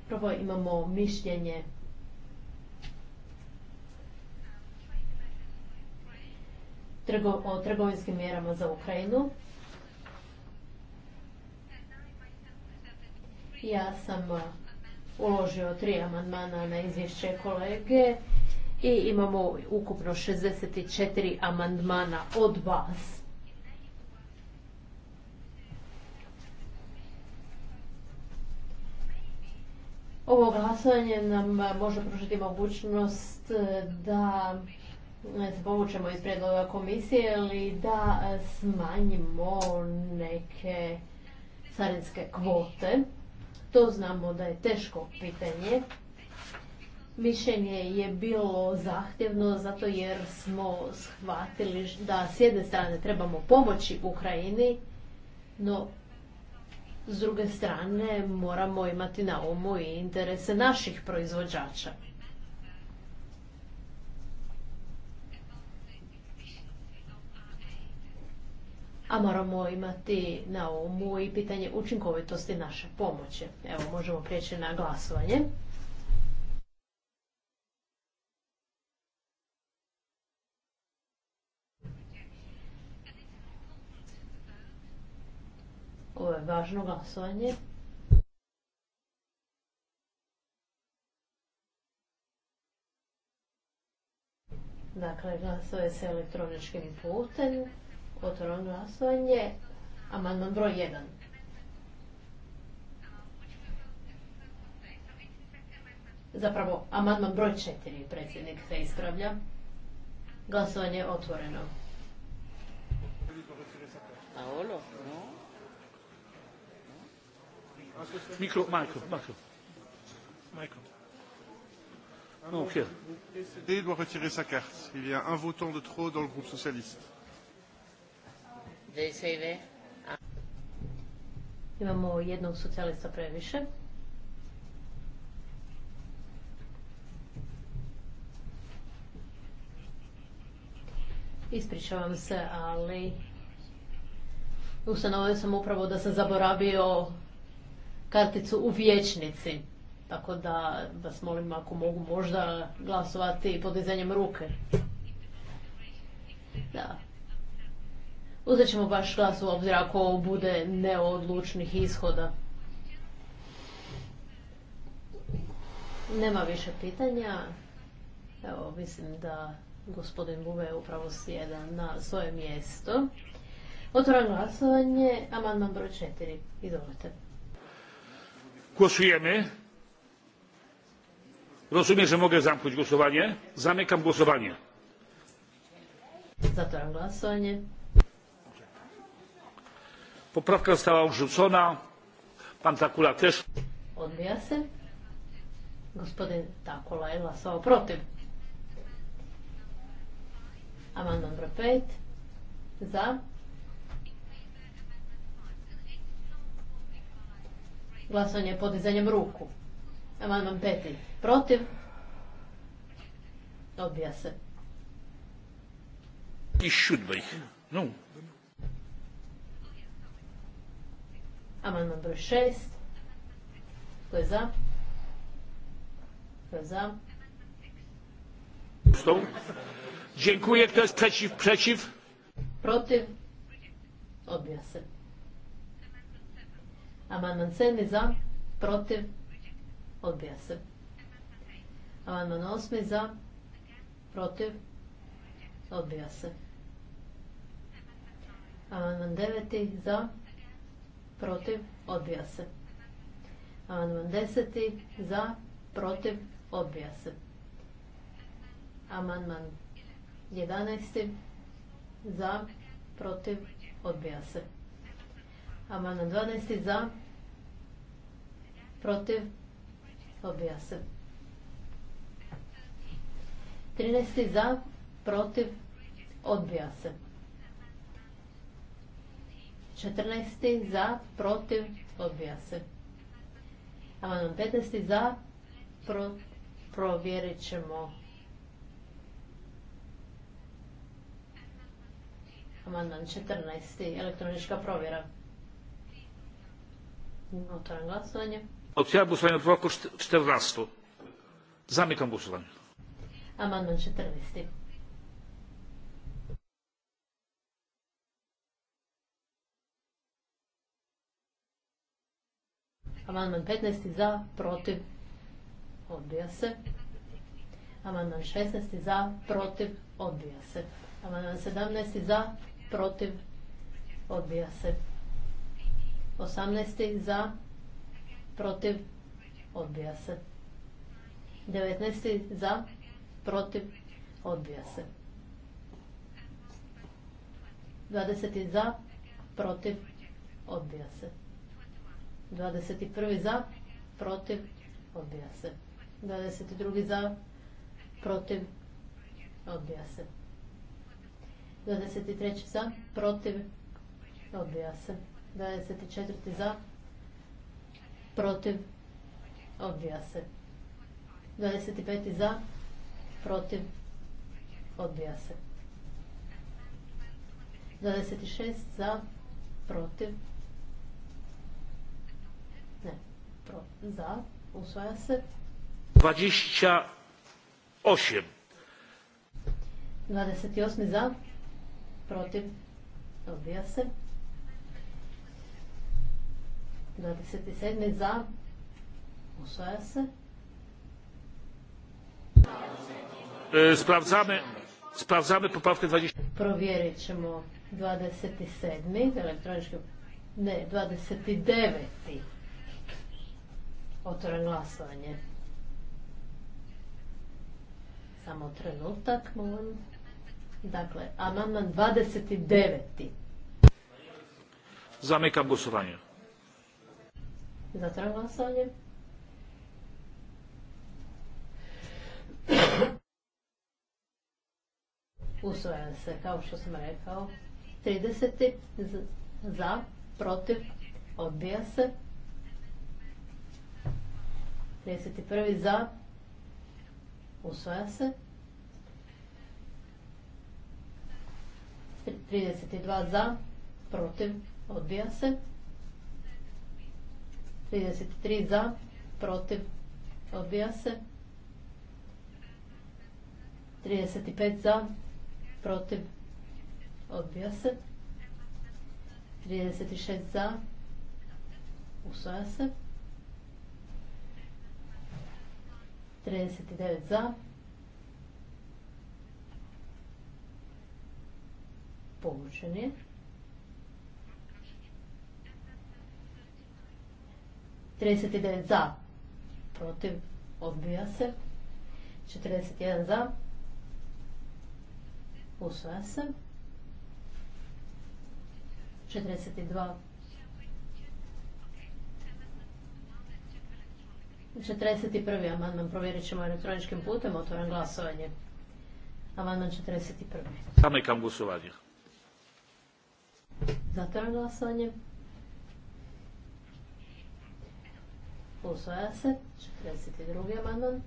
Prvo imamo mišljenje o trgovinskim mjerama za Ukrajinu. Ja sam uh, uložio tri amandmana na izvješće kolege i imamo ukupno 64 amandmana od vas. Ovo glasovanje nam e, može pružiti mogućnost e, da e, se povučemo iz prijedloga komisije ili da smanjimo neke carinske kvote. To znamo da je teško pitanje. Mišljenje je bilo zahtjevno zato jer smo shvatili da s jedne strane trebamo pomoći Ukrajini, no s druge strane moramo imati na umu i interese naših proizvođača. A moramo imati na umu i pitanje učinkovitosti naše pomoći. Evo, možemo prijeći na glasovanje. Ovo je važno glasovanje. Dakle, glasuje se elektroničkim putem. Otvorom glasovanje. Amandman broj 1. Zapravo, amandman broj četiri Predsjednik se ispravlja. Glasovanje je otvoreno. no? Mikro, Marko, Marko. Marko. Non, Pierre. doit retirer sa carte. Il y a un votant de trop dans le groupe socialiste. Imamo jednog socijalista previše. Ispričavam se, ali ustanovio sam upravo da sam zaboravio karticu u vječnici. Tako da vas molim ako mogu možda glasovati podizanjem ruke. Da. Uzet ćemo baš glas u obzir ako bude neodlučnih ishoda. Nema više pitanja. Evo, mislim da gospodin Bube upravo sjeda na svoje mjesto. Otvoram glasovanje, amandman broj 4. Izvolite. Głosujemy. Rozumiem, że mogę zamknąć głosowanie. Zamykam głosowanie. Poprawka została odrzucona. Pan Takula też. Odbija Gospodin Takula je glasovao protiv. Amandman broj Za. Glasanje podizanjem ruku. Amandman peti. Protiv? Dobija se. I šudbaj. No. Amandman broj šest. Ko je za? Ko je za? Dziękuję. Kto jest przeciw? Przeciw? Protiv? Odbija se. Amandman 7. za, protiv, odbija se. Amandman osmi za, protiv, odbija se. Amandman 9. za, protiv, odbija se. Amandman 10. za, protiv, odbija se. Amandman 11. za, protiv, odbija se. Amandman 12. za. Protiv. Odbija se. 13. za. Protiv. Odbija se. 14. za. Protiv. Odbija se. 15. za. Pro, provjerit ćemo. Amandman 14. Elektronička provjera. Otvaram glasovanje. Otvaram glasovanje od roku 14. Zamikam głosowanie. Amandman 14. Amandman 15. za, protiv, odbija se. Amandman 16. za, protiv, odbija se. Amandman 17. za, protiv, odbija se. 18. za, protiv, odbija se. 19. za, protiv, odbija se. 20. za, protiv, odbija se. 21. za, protiv, odbija se. 22. za, protiv, odbija se. 23. za, protiv, odbija se. 24. za, protiv, odbija se. 25. za, protiv, odbija se. 26. za, protiv, ne, pro, za, usvaja se. 28. 28. za, protiv, odbija se. 27. za. Usvaja se. E, sprawdzamy, sprawdzamy poprawkę 20. Provjerit ćemo 27. elektronički, ne, 29. Otvoren glasovanje. Samo trenutak, molim. Dakle, amandman 29. zamykam głosowanie Zatvaram glasovanje. Usvaja se, kao što sam rekao. 30. za, protiv, odbija se. 31. za, usvaja se. 32 za, protiv, odbija se. 33 za, protiv, odbija se. 35 za, protiv, odbija se. 36 za, usvaja se. 39 za. Povučen je. 39 za, protiv, odbija se. 41 za, usvaja se. 42 41. amandman provjerit ćemo elektroničkim putem, otvoram glasovanje. Amandman 41. Zamekam glasovanje. Zatvoram glasovanje. usvaja se. 42. amandman.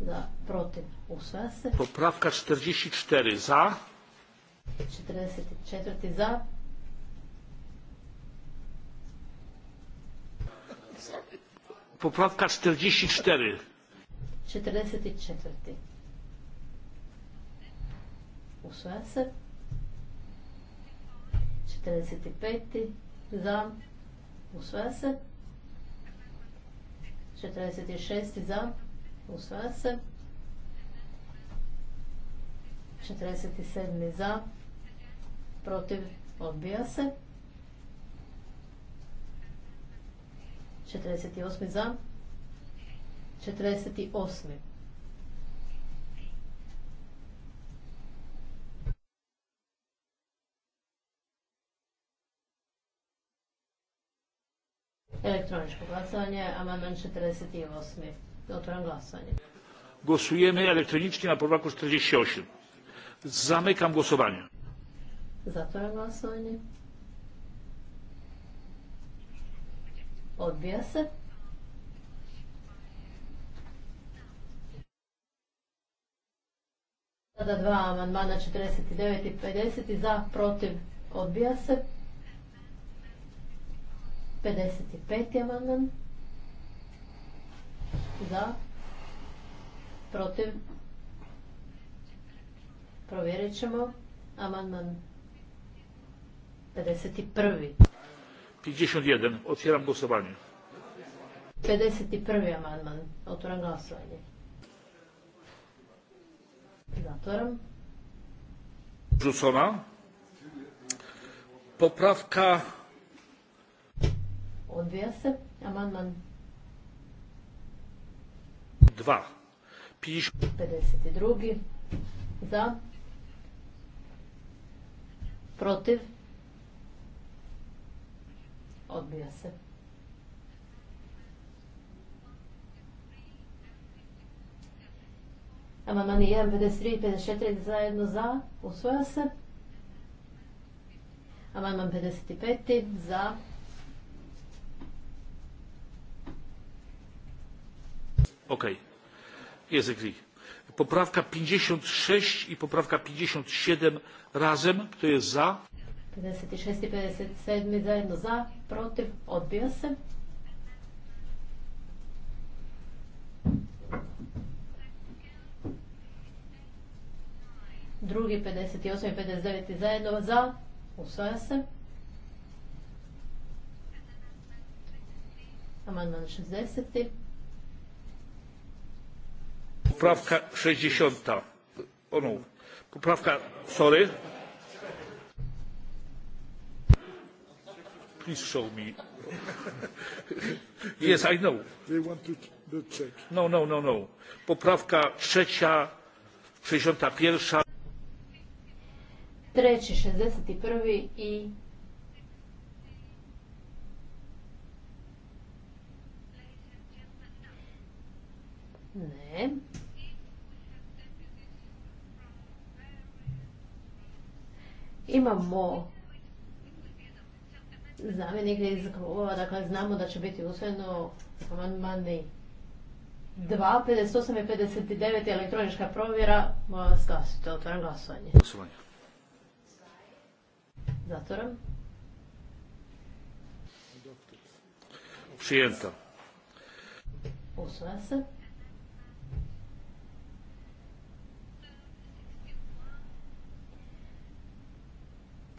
da, protiv, usvaja se. Popravka 44 za. 44 za. Poprawka 44. 44. Usvaja se. 45. Za. Usvaja se. 46 za, usvaja se. 47 za, protiv, odbija se. 48 za, 48 Elektroničko glasovanje, amandman 48. Otvoram glasovanje. Głosujemy elektronicznie na poprawku 48. Zamykam głosowanie. Zatwieram głosowanie. Odbija se. Sada dva amandmana 49 i 50 za, protiv, odbija se. 55. amandman. Za. Protiv. Provjerit ćemo. Amandman 51. 51. Otvaram glasovanje. 51. amandman. Otvaram glasovanje. Zatvaram. Rzucona. Popravka. Odbija se. Amandman 2. 52. Za. Protiv. Odbija se. je 1, 53 54 zajedno za. Usvoja se. Amandman 55. Za. Okej. Okay. Jest agreed. Poprawka 56 i poprawka 57 razem. Kto jest za? 56 i 57 zajedno za, protiv, odbija se. Drugi 58 i 59 zajedno za, usvaja se. Amandman 60 poprawka sześćdziesiąt poprawka sorry please show me yes i know no no no no poprawka trzecia sześćdziesiąt i ne Imamo zamjenike iz klubova, dakle znamo da će biti usvojeno amandmani 2, 2.58.59. elektronička provjera. Molim vas glasite, otvaram glasovanje. Glasovanje. Zatvoram. Prijenta. Usvaja se.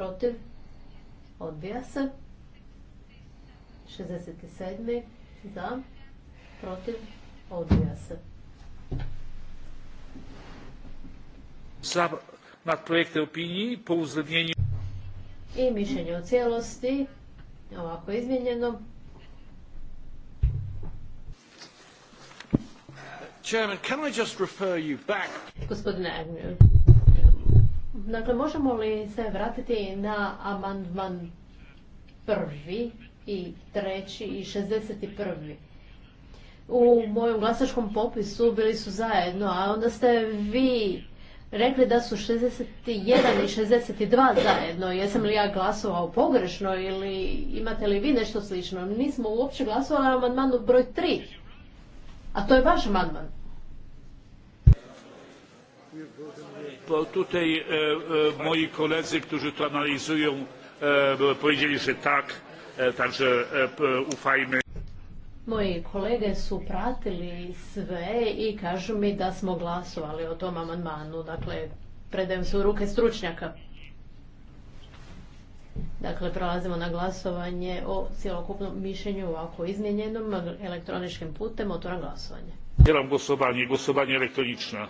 protiv, odbija se. 67. za, protiv, odbija se. Za, nad projekte opiniji po uzrednjenju. I mišljenje o cijelosti, ovako izmjenjeno. Chairman, can I just refer you back? Gospodine Agnew, Dakle, možemo li se vratiti na amandman prvi i treći i 61. U mojem glasačkom popisu bili su zajedno, a onda ste vi rekli da su jedan i dva zajedno. Jesam li ja glasovao pogrešno ili imate li vi nešto slično? Nismo uopće glasovali na amandmanu broj tri. A to je vaš amandman tutaj e, e, moi koledzy którzy to analizują e, powiedzieli że tak także ufajmy moji kolege su pratili sve i kažu mi da smo glasovali o tom amandmanu dakle predajem se u ruke stručnjaka Dakle, prelazimo na glasovanje o cjelokupnom mišljenju ovako izmjenjenom elektroničkim putem. Otvoram glasovanje. Jelam glasovanje, glasovanje elektronično.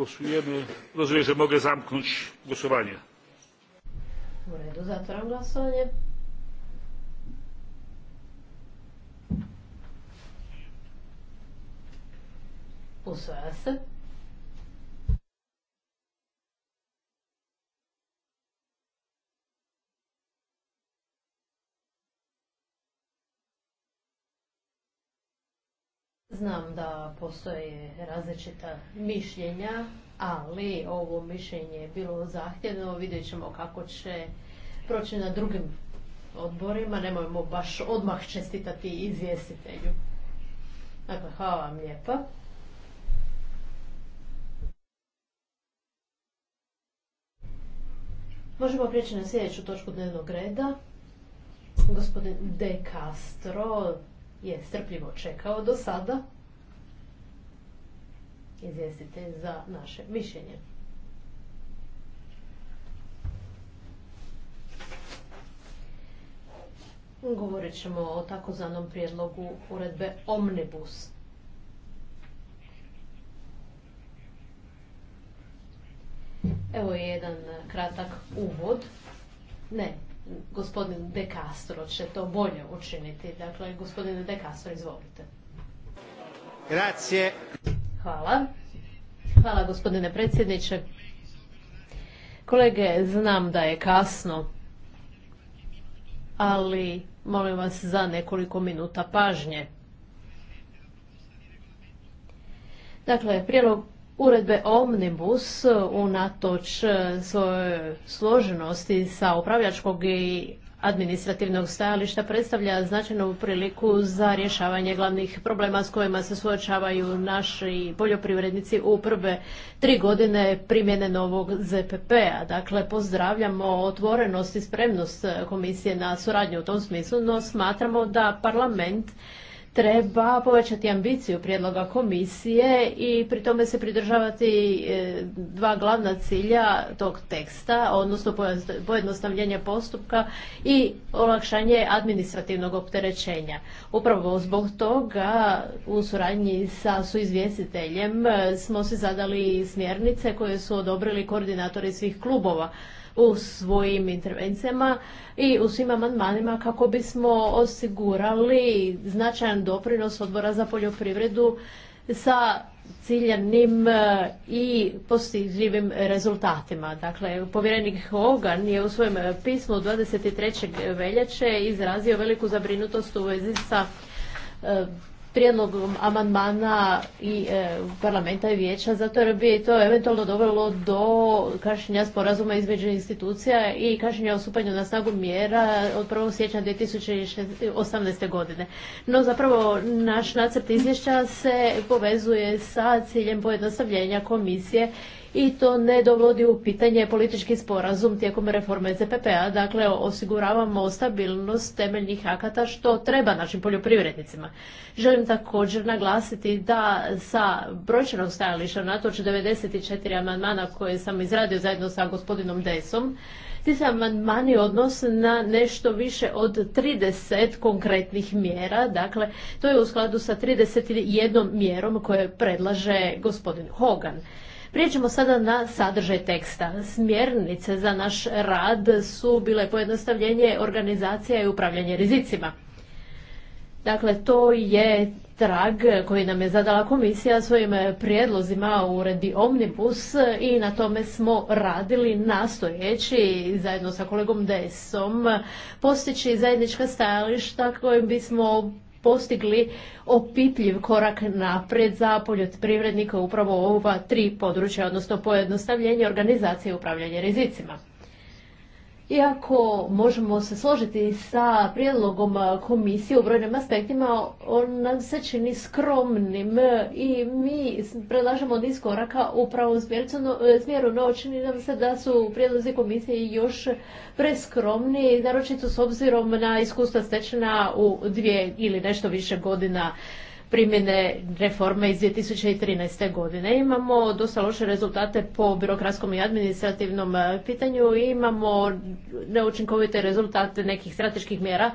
Głosujemy. Rozumiem, że mogę zamknąć głosowanie. U redu zatvaram glasovanje. Usvaja se. Znam da postoje različita mišljenja, ali ovo mišljenje je bilo zahtjevno. Vidjet ćemo kako će proći na drugim odborima. Nemojmo baš odmah čestitati izvjestitelju. Dakle, hvala vam lijepa. Možemo prijeći na sljedeću točku dnevnog reda. Gospodin De Castro je strpljivo čekao do sada izvjestitelj za naše mišljenje. Govorit ćemo o takozvanom prijedlogu uredbe Omnibus. Evo je jedan kratak uvod. Ne, gospodin De Castro će to bolje učiniti. Dakle, gospodine De Castro, izvolite. Grazie. Hvala. Hvala gospodine predsjedniče. Kolege, znam da je kasno, ali molim vas za nekoliko minuta pažnje. Dakle, prijelog uredbe Omnibus uh, unatoč uh, svoje složenosti sa upravljačkog i administrativnog stajališta predstavlja značajnu priliku za rješavanje glavnih problema s kojima se suočavaju naši poljoprivrednici u prve tri godine primjene novog ZPP-a. Dakle, pozdravljamo otvorenost i spremnost komisije na suradnju u tom smislu, no smatramo da parlament treba povećati ambiciju prijedloga komisije i pri tome se pridržavati e, dva glavna cilja tog teksta, odnosno pojednostavljenje postupka i olakšanje administrativnog opterećenja. Upravo zbog toga u suradnji sa suizvjestiteljem e, smo se zadali smjernice koje su odobrili koordinatori svih klubova u svojim intervencijama i u svim amandmanima kako bismo osigurali značajan doprinos odbora za poljoprivredu sa ciljanim e, i postižljivim rezultatima. Dakle, povjerenik Hogan je u svojem pismu 23. veljače izrazio veliku zabrinutost u vezi sa e, prijedlogom amandmana i e, parlamenta i vijeća, zato jer bi to eventualno dovelo do kašnjenja sporazuma između institucija i kašnjenja o na snagu mjera od 1. siječnja 2018. godine. No zapravo naš nacrt izvješća se povezuje sa ciljem pojednostavljenja komisije i to ne dovodi u pitanje politički sporazum tijekom reforme ZPP-a. Dakle, osiguravamo stabilnost temeljnih akata što treba našim poljoprivrednicima. Želim također naglasiti da sa brojčanog stajališta toč 94 amandmana koje sam izradio zajedno sa gospodinom Desom, ti se amandmani odnos na nešto više od 30 konkretnih mjera. Dakle, to je u skladu sa 31 mjerom koje predlaže gospodin Hogan. Prijeđemo sada na sadržaj teksta. Smjernice za naš rad su bile pojednostavljenje organizacija i upravljanje rizicima. Dakle, to je trag koji nam je zadala komisija svojim prijedlozima u uredi Omnibus i na tome smo radili nastojeći zajedno sa kolegom Desom postići zajednička stajališta kojim bismo postigli opipljiv korak naprijed za privrednika upravo ova tri područja, odnosno pojednostavljenje organizacije i upravljanje rizicima. Iako možemo se složiti sa prijedlogom komisije u brojnim aspektima, on nam se čini skromnim i mi predlažemo od koraka u pravom smjeru, no čini nam se da su prijedlozi komisije još preskromni, naročito s obzirom na iskustva stečena u dvije ili nešto više godina primjene reforme iz 2013. godine. Imamo dosta loše rezultate po birokratskom i administrativnom e, pitanju i imamo neučinkovite rezultate nekih strateških mjera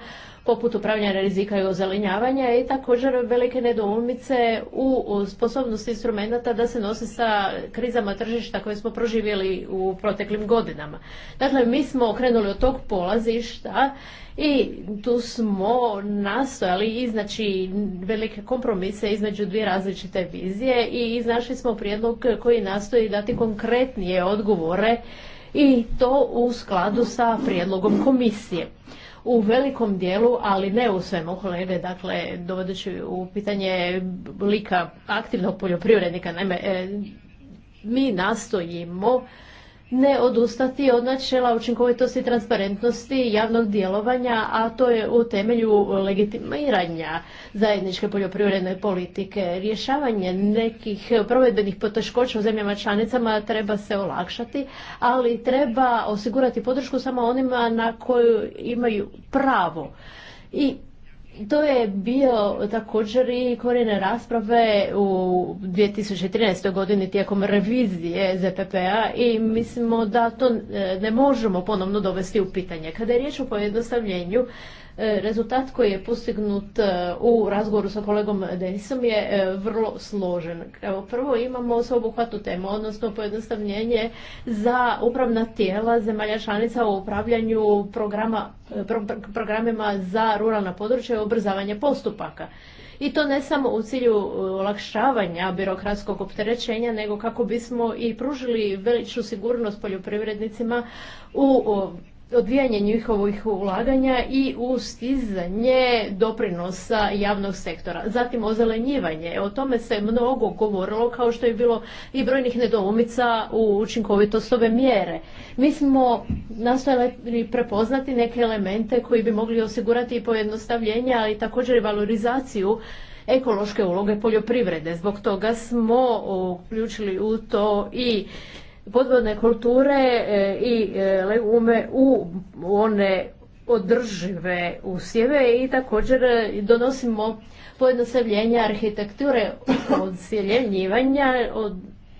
poput upravljanja rizika i ozelenjavanja i također velike nedoumice u sposobnosti instrumenta da se nosi sa krizama tržišta koje smo proživjeli u proteklim godinama. Dakle, mi smo okrenuli od tog polazišta i tu smo nastojali iznaći velike kompromise između dvije različite vizije i iznašli smo prijedlog koji nastoji dati konkretnije odgovore i to u skladu sa prijedlogom komisije u velikom dijelu, ali ne u svemu kolege, dakle dovodeći u pitanje lika aktivnog poljoprivrednika. Naime, e, mi nastojimo ne odustati od načela učinkovitosti i transparentnosti javnog djelovanja, a to je u temelju legitimiranja zajedničke poljoprivredne politike. Rješavanje nekih provedbenih poteškoća u zemljama članicama treba se olakšati, ali treba osigurati podršku samo onima na koju imaju pravo. I to je bio također i korijene rasprave u 2013. godini tijekom revizije ZPP-a i mislimo da to e, ne možemo ponovno dovesti u pitanje. Kada je riječ o pojednostavljenju, E, rezultat koji je postignut e, u razgovoru sa kolegom Denisom je e, vrlo složen. Evo, prvo imamo sveobuhvatnu temu, odnosno pojednostavljenje za upravna tijela zemalja članica u upravljanju programa, programima za ruralna područja i ubrzavanje postupaka. I to ne samo u cilju olakšavanja birokratskog opterećenja, nego kako bismo i pružili veliču sigurnost poljoprivrednicima u odvijanje njihovih ulaganja i u stizanje doprinosa javnog sektora. Zatim ozelenjivanje. O tome se mnogo govorilo kao što je bilo i brojnih nedoumica u učinkovitost ove mjere. Mi smo nastojali prepoznati neke elemente koji bi mogli osigurati i pojednostavljenje, ali također i valorizaciju ekološke uloge poljoprivrede. Zbog toga smo uključili u to i podvodne kulture e, i e, legume u one održive usjeve i također e, donosimo pojednostavljenje arhitekture od sjeljenjivanja od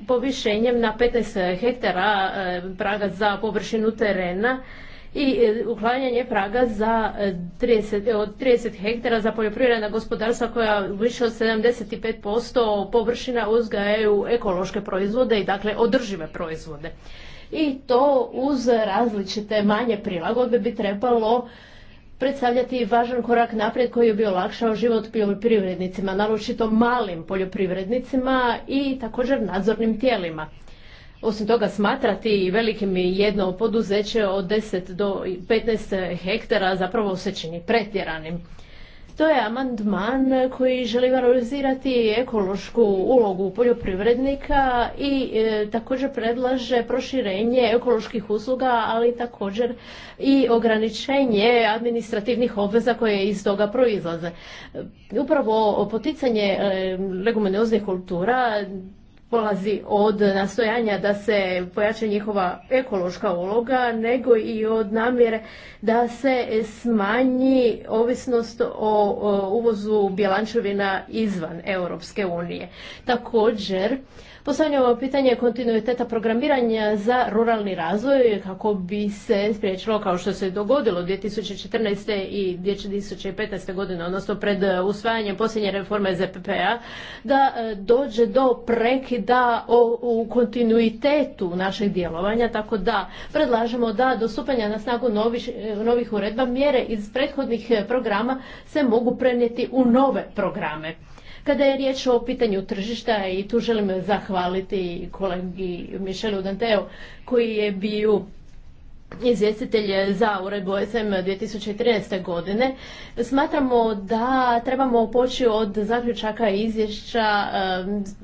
povišenjem na 15 hektara praga za površinu terena i e, uklanjanje praga za 30, e, e, od 30 hektara za poljoprivredna gospodarstva koja više od 75% površina uzgajaju ekološke proizvode i dakle održive proizvode. I to uz različite manje prilagodbe bi trebalo predstavljati važan korak naprijed koji bi olakšao život poljoprivrednicima, naročito malim poljoprivrednicima i također nadzornim tijelima osim toga smatrati velikim jedno poduzeće od 10 do 15 hektara zapravo se čini pretjeranim. To je amandman koji želi valorizirati ekološku ulogu poljoprivrednika i e, također predlaže proširenje ekoloških usluga, ali također i ograničenje administrativnih obveza koje iz toga proizlaze. Upravo poticanje e, kultura polazi od nastojanja da se pojača njihova ekološka uloga, nego i od namjere da se smanji ovisnost o uvozu bjelančevina izvan Europske unije. Također, postavljamo pitanje kontinuiteta programiranja za ruralni razvoj kako bi se spriječilo kao što se dogodilo 2014. i 2015. godine, odnosno pred e, usvajanjem posljednje reforme ZPP-a, da e, dođe do prekida u kontinuitetu našeg djelovanja, tako da predlažemo da do stupanja na snagu e, novih uredba mjere iz prethodnih programa se mogu prenijeti u nove programe. Kada je riječ o pitanju tržišta i tu želim zahvaliti kolegi Mišelu Danteo koji je bio izvjestitelj za uredbu OSM 2013. godine, smatramo da trebamo poći od zaključaka izvješća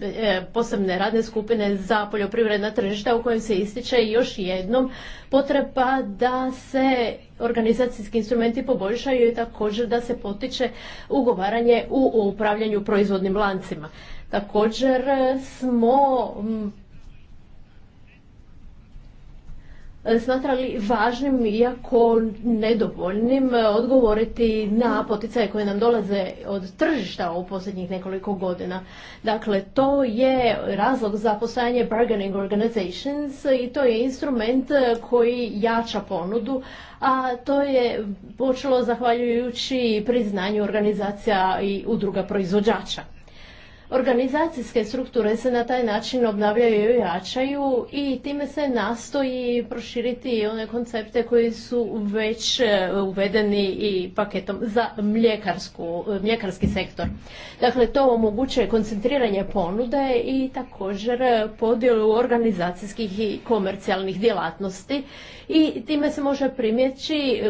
e, posebne radne skupine za poljoprivredna tržišta u kojem se ističe još jednom potreba da se organizacijski instrumenti poboljšaju i također da se potiče ugovaranje u upravljanju proizvodnim lancima. Također smo E, smatrali važnim, iako nedovoljnim, e, odgovoriti na poticaje koje nam dolaze od tržišta u posljednjih nekoliko godina. Dakle, to je razlog za postojanje bargaining organizations i to je instrument e, koji jača ponudu, a to je počelo zahvaljujući priznanju organizacija i udruga proizvođača. Organizacijske strukture se na taj način obnavljaju i jačaju i time se nastoji proširiti one koncepte koji su već e, uvedeni i paketom za mljekarsku, e, mljekarski sektor. Dakle, to omogućuje koncentriranje ponude i također e, podjelu organizacijskih i komercijalnih djelatnosti i time se može primjeći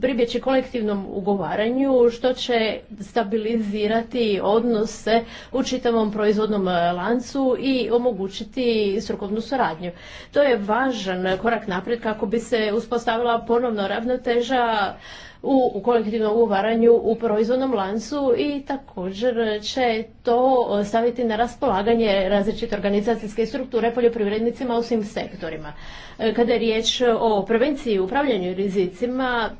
pribjeći kolektivnom ugovaranju što će stabilizirati odnose u čitavom proizvodnom e, lancu i omogućiti strukovnu suradnju. To je važan korak naprijed kako bi se uspostavila ponovno ravnoteža u kolektivnom uvaranju u proizvodnom lancu i također će to staviti na raspolaganje različite organizacijske strukture poljoprivrednicima u svim sektorima. E, kada je riječ o prevenciji i upravljanju rizicima,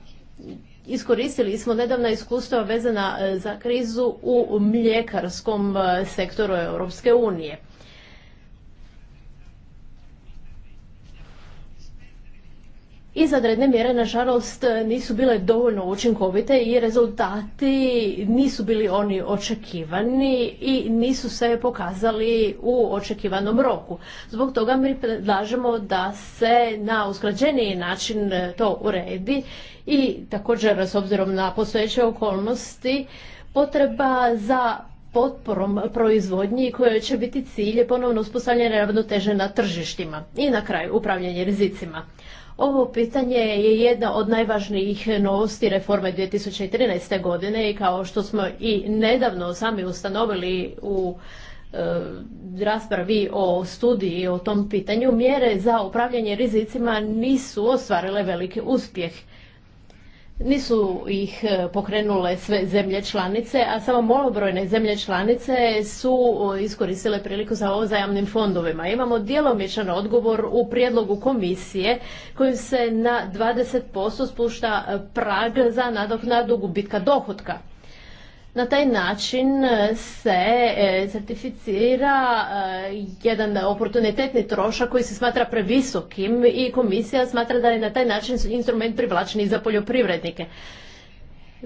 Iskoristili smo nedavna iskustva vezana e, za krizu u mljekarskom e, sektoru Europske unije. izadredne mjere nažalost nisu bile dovoljno učinkovite i rezultati nisu bili oni očekivani i nisu se pokazali u očekivanom roku. Zbog toga mi predlažemo da se na uskrađeniji način to uredi i također s obzirom na postojeće okolnosti potreba za potporom proizvodnji koje će biti cilje ponovno uspostavljanje ravnoteže na tržištima i na kraju upravljanje rizicima. Ovo pitanje je jedna od najvažnijih novosti reforme 2013. godine i kao što smo i nedavno sami ustanovili u e, raspravi o studiji o tom pitanju, mjere za upravljanje rizicima nisu ostvarile veliki uspjeh. Nisu ih e, pokrenule sve zemlje članice, a samo malobrojne zemlje članice su iskoristile priliku za ozajamnim fondovima. Imamo djelomičan odgovor u prijedlogu komisije kojim se na 20% spušta prag za nadoknadu gubitka dohotka. Na taj način e, se e, certificira e, jedan oportunitetni trošak koji se smatra previsokim i komisija smatra da je na taj način instrument privlačniji za poljoprivrednike.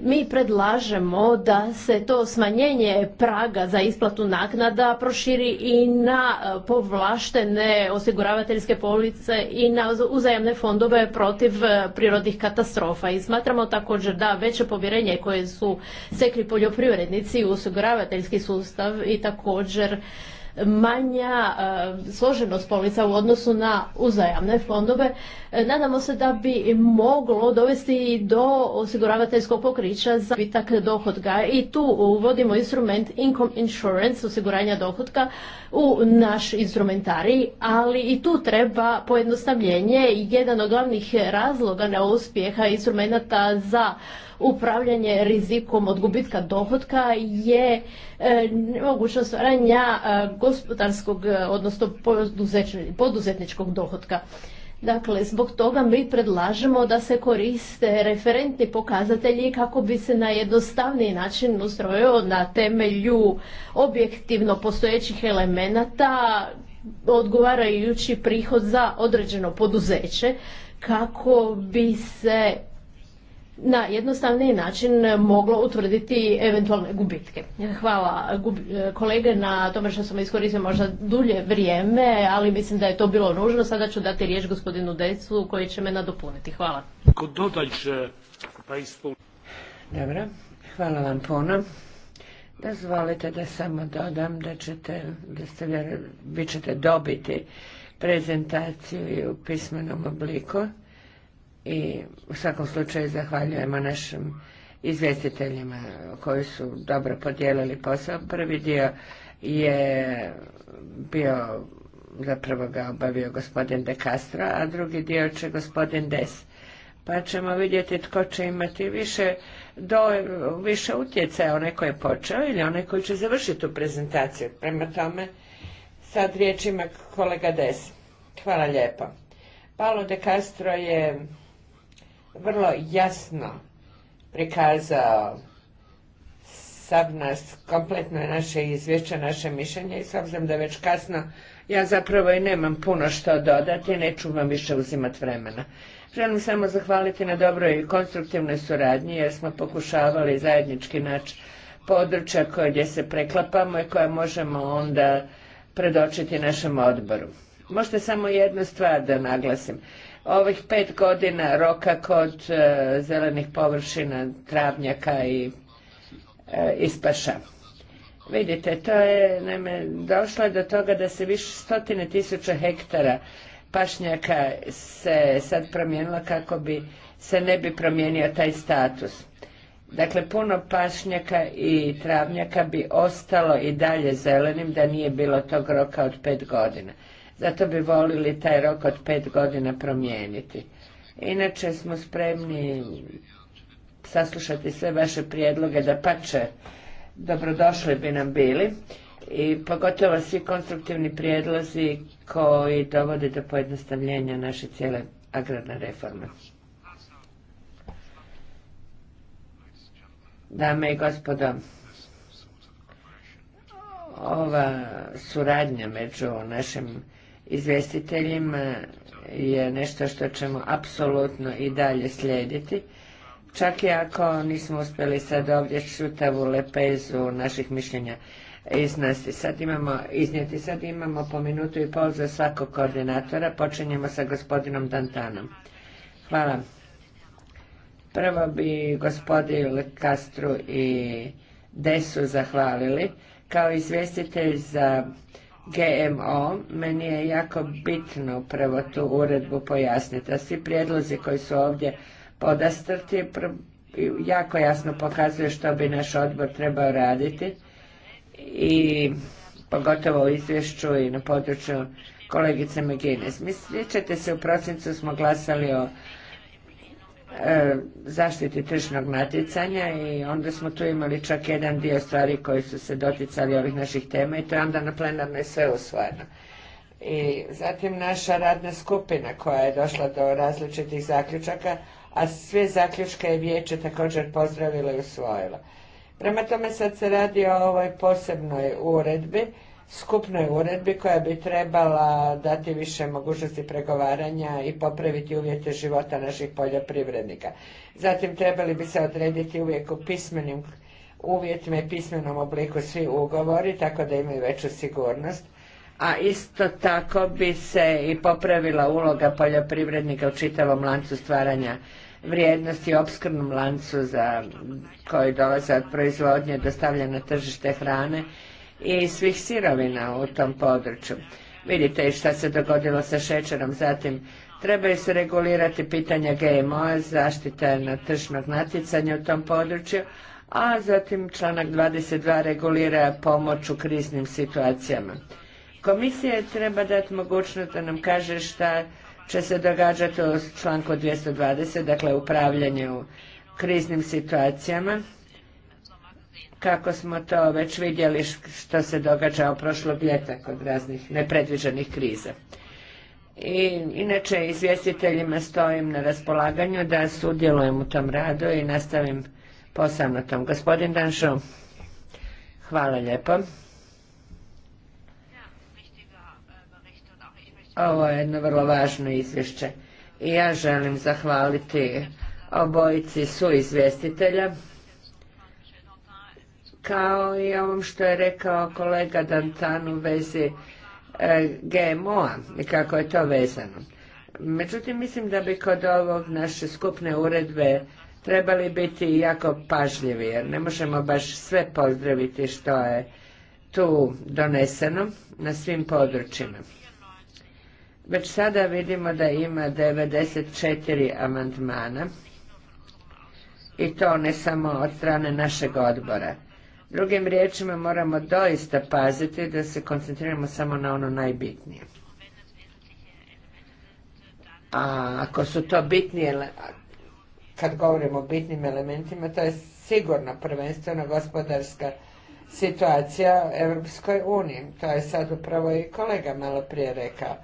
Mi predlažemo da se to smanjenje praga za isplatu naknada proširi i na e, povlaštene osiguravateljske police i na uzajemne fondove protiv e, prirodnih katastrofa. I smatramo također da veće povjerenje koje su stekli poljoprivrednici u osiguravateljski sustav i također manja e, složenost polica u odnosu na uzajamne fondove. E, nadamo se da bi moglo dovesti do osiguravateljskog pokrića za bitak dohodka i tu uvodimo instrument income insurance, osiguranja dohodka u naš instrumentarij, ali i tu treba pojednostavljenje i jedan od glavnih razloga neuspjeha instrumenta za upravljanje rizikom od gubitka dohotka je e, mogućnost stvaranja e, gospodarskog, e, odnosno poduzetničkog dohotka. Dakle, zbog toga mi predlažemo da se koriste referentni pokazatelji kako bi se na jednostavniji način ustrojio na temelju objektivno postojećih elemenata odgovarajući prihod za određeno poduzeće kako bi se na jednostavni način moglo utvrditi eventualne gubitke. Hvala kolege na tome što sam iskoristio možda dulje vrijeme, ali mislim da je to bilo nužno. Sada ću dati riječ gospodinu Decu koji će me nadopuniti. Hvala. Pa Dobro, hvala vam puno. Dozvolite da samo dodam da ćete, da ste, vi ćete dobiti prezentaciju i u pismenom obliku i u svakom slučaju zahvaljujemo našim izvjestiteljima koji su dobro podijelili posao. Prvi dio je bio zapravo ga obavio gospodin De Castro, a drugi dio će gospodin Des. Pa ćemo vidjeti tko će imati više, do, više utjecaja, onaj koji je počeo ili onaj koji će završiti tu prezentaciju. Prema tome, sad riječ ima kolega Des. Hvala lijepo. Paolo De Castro je vrlo jasno prikazao sad nas, kompletno naše izvješće, naše mišljenje i s obzirom da je već kasno, ja zapravo i nemam puno što dodati, neću vam više uzimati vremena. Želim samo zahvaliti na dobroj i konstruktivnoj suradnji jer smo pokušavali zajednički naći područja koje gdje se preklapamo i koja možemo onda predočiti našem odboru. možete samo jednu stvar da naglasim ovih pet godina roka kod e, zelenih površina, travnjaka i e, ispaša. Vidite, to je, naime, došlo do toga da se više stotine tisuća hektara pašnjaka se sad promijenilo kako bi se ne bi promijenio taj status. Dakle, puno pašnjaka i travnjaka bi ostalo i dalje zelenim da nije bilo tog roka od pet godina. Zato bi volili taj rok od pet godina promijeniti. Inače smo spremni saslušati sve vaše prijedloge da pače dobrodošli bi nam bili i pogotovo svi konstruktivni prijedlozi koji dovode do pojednostavljenja naše cijele agrarne reforme. Dame i gospodo, ova suradnja među našim izvjestiteljima je nešto što ćemo apsolutno i dalje slijediti. Čak i ako nismo uspjeli sad ovdje šutavu lepezu naših mišljenja iznesti. Sad imamo, iznijeti sad imamo po minutu i pol za svakog koordinatora. Počinjemo sa gospodinom Dantanom. Hvala. Prvo bi gospodin Kastru i Desu zahvalili kao izvjestitelj za GMO, meni je jako bitno upravo tu uredbu pojasniti, a svi prijedlozi koji su ovdje podastrti jako jasno pokazuje što bi naš odbor trebao raditi i pogotovo u izvješću i na području kolegice McGuinness. Mi sjećate se, u prosincu smo glasali o E, zaštiti tržišnog natjecanja i onda smo tu imali čak jedan dio stvari koji su se doticali ovih naših tema i to je onda na plenarnoj sve usvojeno. I zatim naša radna skupina koja je došla do različitih zaključaka, a sve zaključke je vijeće također pozdravilo i usvojilo. Prema tome sad se radi o ovoj posebnoj uredbi skupnoj uredbi koja bi trebala dati više mogućnosti pregovaranja i popraviti uvjete života naših poljoprivrednika. Zatim trebali bi se odrediti uvijek u pismenim uvjetima i pismenom obliku svi ugovori, tako da imaju veću sigurnost. A isto tako bi se i popravila uloga poljoprivrednika u čitavom lancu stvaranja vrijednosti, opskrbnom lancu za koji dolaze od proizvodnje do stavljanja na tržište hrane i svih sirovina u tom području. Vidite šta se dogodilo sa šećerom, zatim trebaju se regulirati pitanja gmo zaštita na tržnog natjecanja u tom području, a zatim članak 22 regulira pomoć u kriznim situacijama. Komisija treba dati mogućnost da nam kaže šta će se događati u članku 220, dakle upravljanje u kriznim situacijama kako smo to već vidjeli što se događa prošlog ljeta kod raznih nepredviđenih kriza. I inače izvjestiteljima stojim na raspolaganju da sudjelujem u tom radu i nastavim posao na tom. Gospodin Danšo, hvala lijepo. Ovo je jedno vrlo važno izvješće i ja želim zahvaliti obojici su izvjestitelja kao i ovom što je rekao kolega Dantan u vezi e, GMO-a i kako je to vezano. Međutim, mislim da bi kod ovog naše skupne uredbe trebali biti jako pažljivi, jer ne možemo baš sve pozdraviti što je tu doneseno na svim područjima. Već sada vidimo da ima 94 amandmana i to ne samo od strane našeg odbora. Drugim riječima moramo doista paziti da se koncentriramo samo na ono najbitnije. A ako su to bitnije, kad govorimo o bitnim elementima, to je sigurno prvenstveno gospodarska situacija Europskoj uniji. To je sad upravo i kolega malo prije rekao.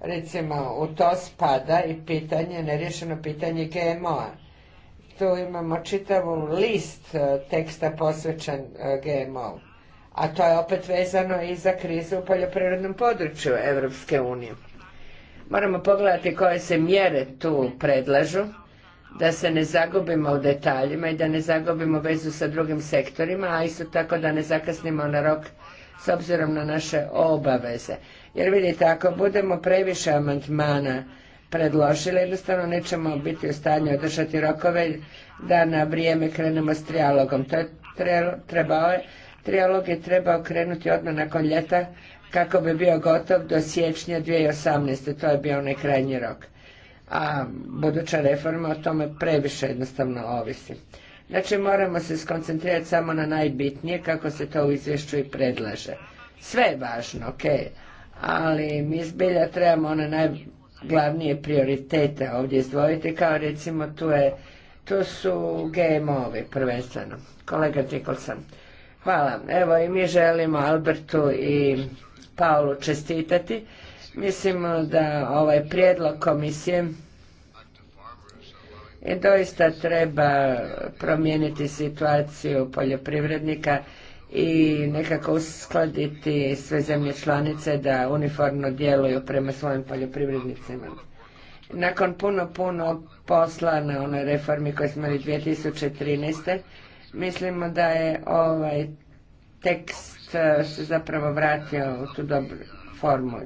Recimo, u to spada i pitanje, nerješeno pitanje GMO-a tu imamo čitavu list e, teksta posvećen e, GMO. A to je opet vezano i za krizu u poljoprivrednom području Evropske unije. Moramo pogledati koje se mjere tu predlažu, da se ne zagubimo u detaljima i da ne zagubimo vezu sa drugim sektorima, a isto tako da ne zakasnimo na rok s obzirom na naše obaveze. Jer vidite, ako budemo previše amantmana predložili, jednostavno nećemo biti u stanju održati rokove da na vrijeme krenemo s trijalogom. To je trebao je, trijalog je trebao krenuti odmah nakon ljeta kako bi bio gotov do siječnja 2018. To je bio onaj krajnji rok. A buduća reforma o tome previše jednostavno ovisi. Znači moramo se skoncentrirati samo na najbitnije kako se to u izvješću i predlaže. Sve je važno, ok, ali mi zbilja trebamo one naj, glavnije prioritete ovdje izdvojiti, kao recimo tu, je, tu su GMO-ovi prvenstveno. Kolega Tikolson, hvala. Evo i mi želimo Albertu i Paulu čestitati. Mislimo da ovaj prijedlog komisije i doista treba promijeniti situaciju poljoprivrednika i nekako uskladiti sve zemlje članice da uniformno djeluju prema svojim poljoprivrednicima. Nakon puno, puno posla na onoj reformi koju smo imali 2013. mislimo da je ovaj tekst e, se zapravo vratio u tu dobru formu.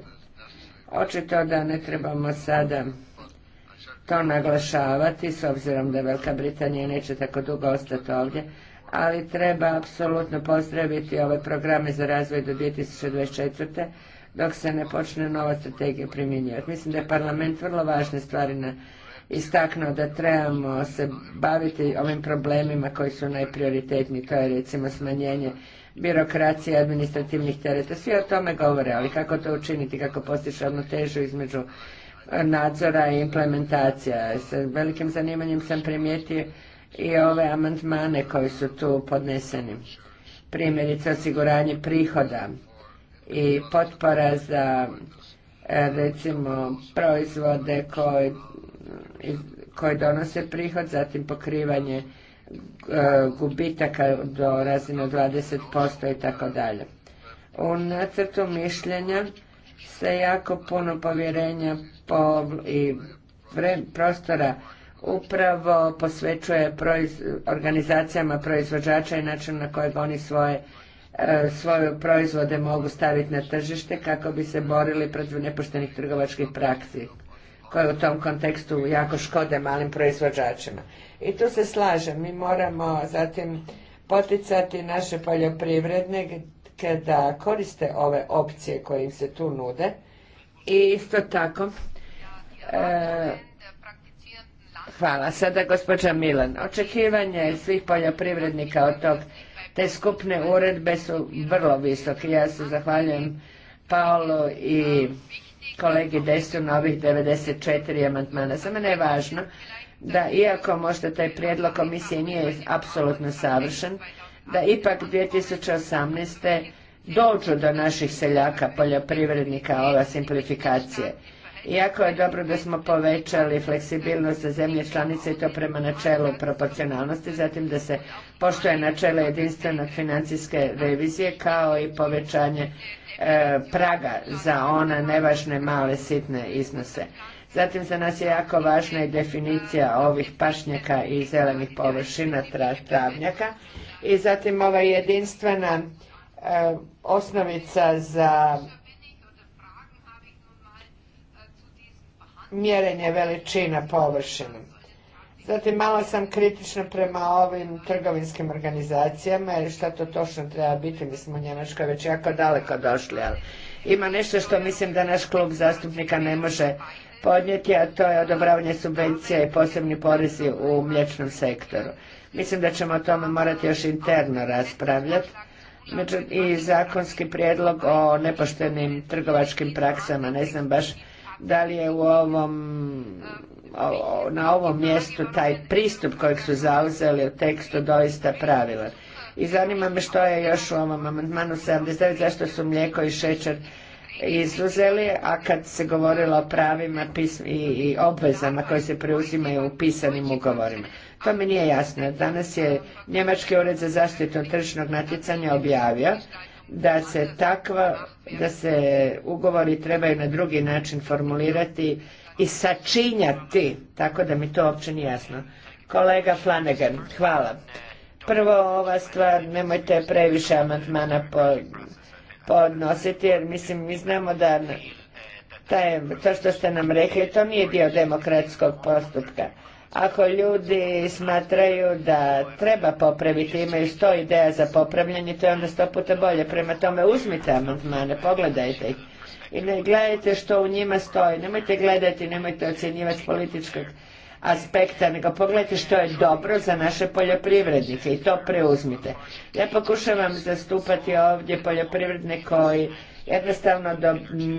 Očito da ne trebamo sada to naglašavati s obzirom da Velika Britanija neće tako dugo ostati ovdje, ali treba apsolutno pozdraviti ove programe za razvoj do 2024. dok se ne počne nova strategija primjenjivati. Mislim da je parlament vrlo važne stvari na istaknuo da trebamo se baviti ovim problemima koji su najprioritetniji, to je recimo smanjenje birokracije, administrativnih tereta, svi o tome govore, ali kako to učiniti, kako postići ravnotežu između nadzora i implementacija. Sa velikim zanimanjem sam primijetio i ove amandmane koji su tu podneseni. Primjerice osiguranje prihoda i potpora za e, recimo proizvode koji, donose prihod, zatim pokrivanje e, gubitaka do razine 20% i tako dalje. U nacrtu mišljenja se jako puno povjerenja i prostora upravo posvećuje organizacijama proizvođača i način na kojeg oni svoje e, svoje proizvode mogu staviti na tržište kako bi se borili protiv nepoštenih trgovačkih praksi koje u tom kontekstu jako škode malim proizvođačima. I tu se slažem, mi moramo zatim poticati naše poljoprivrednike da koriste ove opcije koje im se tu nude i isto tako e, Hvala. Sada gospođa Milan. Očekivanje svih poljoprivrednika od tog te skupne uredbe su vrlo visoke. Ja se zahvaljujem Paolo i kolegi Desu na ovih 94 amantmana. Za mene je važno da iako možda taj prijedlog komisije nije apsolutno savršen, da ipak 2018. dođu do naših seljaka, poljoprivrednika ova simplifikacije. Jako je dobro da smo povećali fleksibilnost za zemlje članice i to prema načelu proporcionalnosti, zatim da se poštoje načelo jedinstvenog financijske revizije kao i povećanje e, praga za ona nevažne male sitne iznose. Zatim za nas je jako važna i definicija ovih pašnjaka i zelenih površina travnjaka i zatim ova jedinstvena e, osnovica za mjerenje veličina površine. Zatim malo sam kritična prema ovim trgovinskim organizacijama jer šta to točno treba biti, mi smo Njemačkoj već jako daleko došli, ali ima nešto što mislim da naš klub zastupnika ne može podnijeti, a to je odobravanje subvencija i posebni porezi u mliječnom sektoru. Mislim da ćemo o tome morati još interno raspravljati. Međutim, i zakonski prijedlog o nepoštenim trgovačkim praksama, ne znam baš da li je u ovom na ovom mjestu taj pristup kojeg su zauzeli u tekstu doista pravila. I zanima me što je još u ovom amandmanu 79, zašto su mlijeko i šećer izuzeli, a kad se govorilo o pravima i obvezama koje se preuzimaju u pisanim ugovorima. To mi nije jasno. Danas je Njemački ured za zaštitu tržišnog natjecanja objavio da se takva, da se ugovori trebaju na drugi način formulirati i sačinjati, tako da mi to uopće nije jasno. Kolega Flanagan, hvala. Prvo ova stvar, nemojte previše amandmana podnositi, jer mislim mi znamo da to što ste nam rekli, to nije dio demokratskog postupka. Ako ljudi smatraju da treba popraviti, imaju sto ideja za popravljanje, to je onda sto puta bolje. Prema tome uzmite amandmane, pogledajte ih i ne gledajte što u njima stoji. Nemojte gledati, nemojte ocjenjivati političkog aspekta, nego pogledajte što je dobro za naše poljoprivrednike i to preuzmite. Ja pokušavam zastupati ovdje poljoprivredne koji jednostavno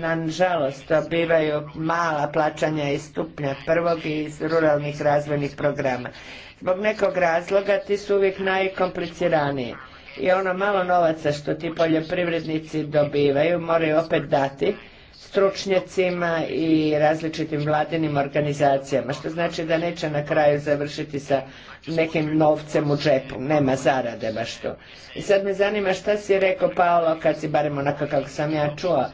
nažalost, dobivaju mala plaćanja iz stupnja prvog i iz ruralnih razvojnih programa. Zbog nekog razloga ti su uvijek najkompliciraniji i ono malo novaca što ti poljoprivrednici dobivaju moraju opet dati stručnjacima i različitim vladinim organizacijama, što znači da neće na kraju završiti sa nekim novcem u džepu, nema zarade baš to. I sad me zanima šta si rekao Paolo, kad si barem onako kako sam ja čuo,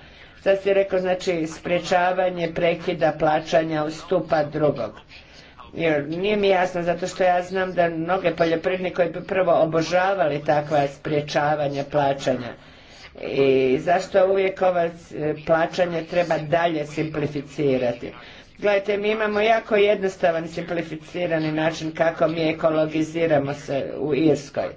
šta si rekao znači sprječavanje prekida plaćanja ustupa drugog. Jer nije mi jasno, zato što ja znam da mnoge poljoprivrednike koji bi prvo obožavali takva sprječavanja plaćanja, i zašto uvijek ova e, plaćanja treba dalje simplificirati. Gledajte, mi imamo jako jednostavan simplificirani način kako mi ekologiziramo se u Irskoj.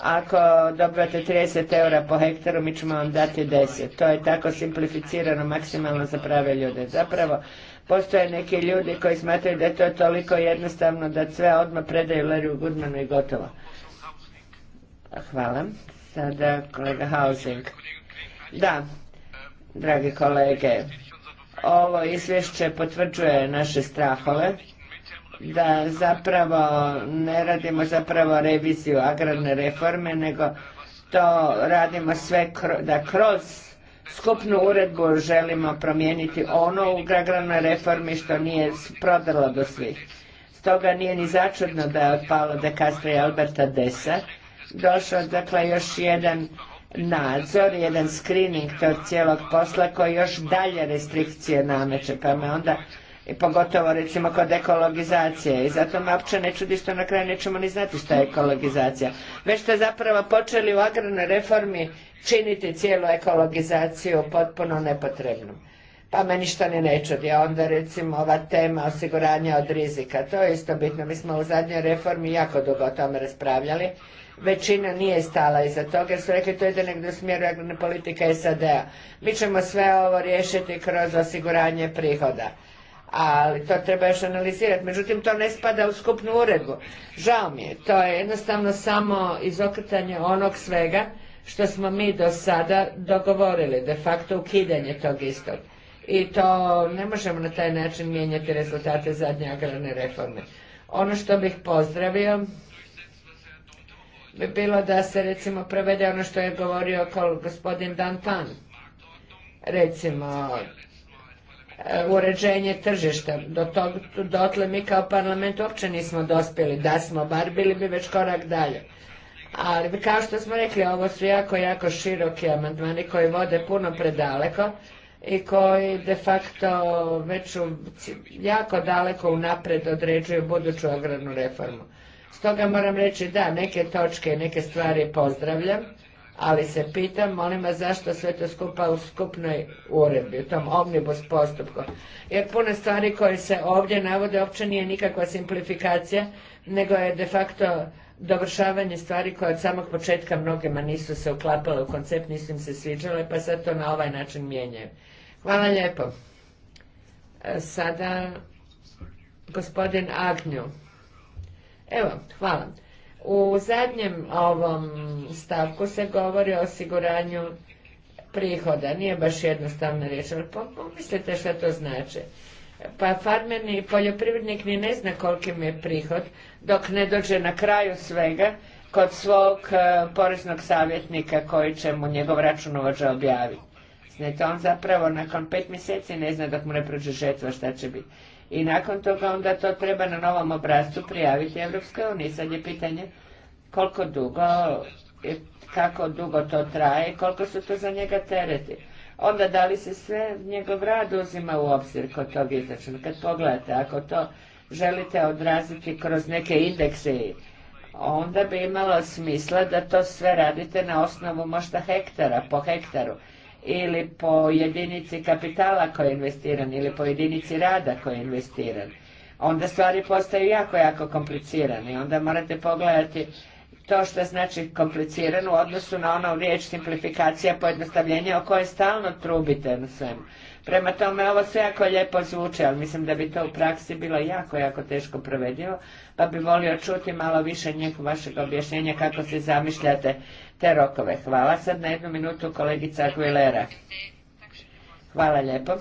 Ako dobivate 30 eura po hektaru, mi ćemo vam dati 10. To je tako simplificirano maksimalno za prave ljude. Zapravo, postoje neki ljudi koji smatraju da je to toliko jednostavno da sve odmah predaju Larry Goodmanu i gotovo. Hvala. Sada kolega Hausing. Da, dragi kolege, ovo izvješće potvrđuje naše strahove da zapravo ne radimo zapravo reviziju agrarne reforme, nego to radimo sve da kroz skupnu uredbu želimo promijeniti ono u agrarnoj reformi što nije prodalo do svih. Stoga nije ni začudno da je od Paolo de Castro i Alberta Desa došao dakle još jedan nadzor, jedan screening tog cijelog posla koji još dalje restrikcije nameće, pa me onda i pogotovo recimo kod ekologizacije i zato me uopće ne čudi što na kraju nećemo ni znati što je ekologizacija. Već ste zapravo počeli u agrarnoj reformi činiti cijelu ekologizaciju potpuno nepotrebnom. Pa me ništa ni ne čudi. A onda recimo ova tema osiguranja od rizika, to je isto bitno. Mi smo u zadnjoj reformi jako dugo o tome raspravljali većina nije stala iza toga jer su rekli to ide negdje u smjeru agrarne politike SAD-a. Mi ćemo sve ovo riješiti kroz osiguranje prihoda. Ali to treba još analizirati. Međutim, to ne spada u skupnu uredbu. Žao mi je. To je jednostavno samo izokretanje onog svega što smo mi do sada dogovorili. De facto ukidanje tog istog i to ne možemo na taj način mijenjati rezultate zadnje agrarne reforme. Ono što bih pozdravio bi bilo da se recimo prevede ono što je govorio gospodin Dantan. Recimo, e, uređenje tržišta. Do tog, dotle mi kao parlament uopće nismo dospjeli. Da smo bar bili bi već korak dalje. Ali kao što smo rekli, ovo su jako, jako široki amandmani koji vode puno predaleko i koji de facto već jako daleko unapred određuju buduću agrarnu reformu. Stoga moram reći da, neke točke, neke stvari pozdravljam, ali se pitam, molim vas, zašto sve to skupa u skupnoj uredbi, u tom omnibus postupku. Jer puno stvari koje se ovdje navode uopće nije nikakva simplifikacija, nego je de facto dovršavanje stvari koje od samog početka mnogima nisu se uklapale u koncept, nisu im se sviđale, pa sad to na ovaj način mijenjaju. Hvala lijepo. E, sada gospodin Agnju. Evo, hvala. U zadnjem ovom stavku se govori o osiguranju prihoda. Nije baš jednostavna riječ, ali pomislite što to znači. Pa farmer i poljoprivrednik ni ne zna koliki mu je prihod dok ne dođe na kraju svega kod svog e, poreznog savjetnika koji će mu njegov računovođa objaviti. Znači, on zapravo nakon pet mjeseci ne zna dok mu ne prođe žetva šta će biti i nakon toga onda to treba na novom obrazcu prijaviti Evropskoj uniji. Sad je pitanje koliko dugo, kako dugo to traje, koliko su to za njega tereti. Onda da li se sve njegov rad uzima u obzir kod tog izračuna. Kad pogledate, ako to želite odraziti kroz neke indekse, onda bi imalo smisla da to sve radite na osnovu možda hektara, po hektaru ili po jedinici kapitala koji je investiran ili po jedinici rada koji je investiran. Onda stvari postaju jako, jako komplicirane. Onda morate pogledati to što znači komplicirano u odnosu na ono riječ simplifikacija, pojednostavljenje o kojoj stalno trubite na svemu. Prema tome, ovo sve jako lijepo zvuče, ali mislim da bi to u praksi bilo jako, jako teško provedivo, pa bi volio čuti malo više njeg vašeg objašnjenja kako se zamišljate te rokove. Hvala. Sad na jednu minutu kolegica Aguilera. Hvala lijepo.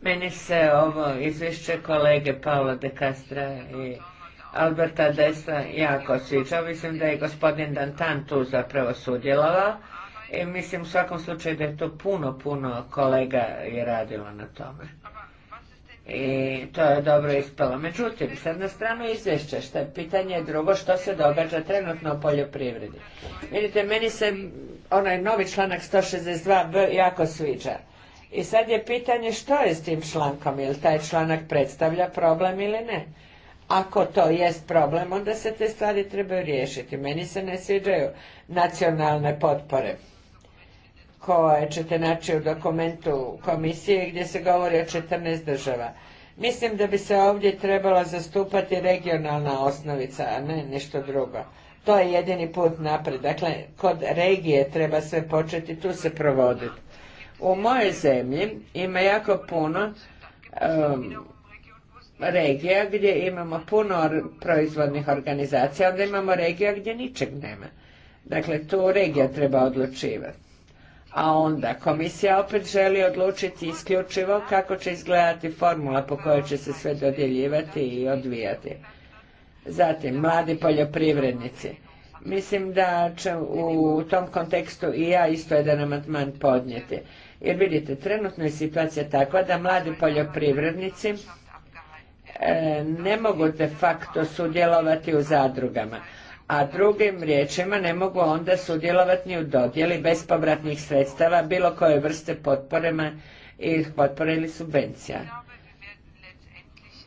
Meni se ovo izvješće kolege Paolo de Castra i Alberta Desa jako sviđa. Mislim da je gospodin Dantan tu zapravo sudjelovao i mislim u svakom slučaju da je to puno, puno kolega je radilo na tome i to je dobro ispalo. Međutim, sad na stranu izvješća, što je pitanje drugo, što se događa trenutno u poljoprivredi. Vidite, meni se onaj novi članak 162b jako sviđa. I sad je pitanje što je s tim člankom, ili taj članak predstavlja problem ili ne. Ako to jest problem, onda se te stvari trebaju riješiti. Meni se ne sviđaju nacionalne potpore koje ćete naći u dokumentu komisije gdje se govori o 14 država. Mislim da bi se ovdje trebala zastupati regionalna osnovica, a ne nešto drugo. To je jedini put naprijed. Dakle, kod regije treba sve početi, tu se provoditi. U mojoj zemlji ima jako puno regija gdje imamo puno proizvodnih organizacija, onda imamo regija gdje ničeg nema. Dakle, tu regija treba odlučivati a onda komisija opet želi odlučiti isključivo kako će izgledati formula po kojoj će se sve dodjeljivati i odvijati. Zatim, mladi poljoprivrednici. Mislim da će u tom kontekstu i ja isto jedan amandman podnijeti. Jer vidite, trenutno je situacija takva da mladi poljoprivrednici e, ne mogu de facto sudjelovati u zadrugama a drugim riječima ne mogu onda sudjelovati ni u dodjeli bespovratnih sredstava bilo koje vrste potporema i potpore ili subvencija.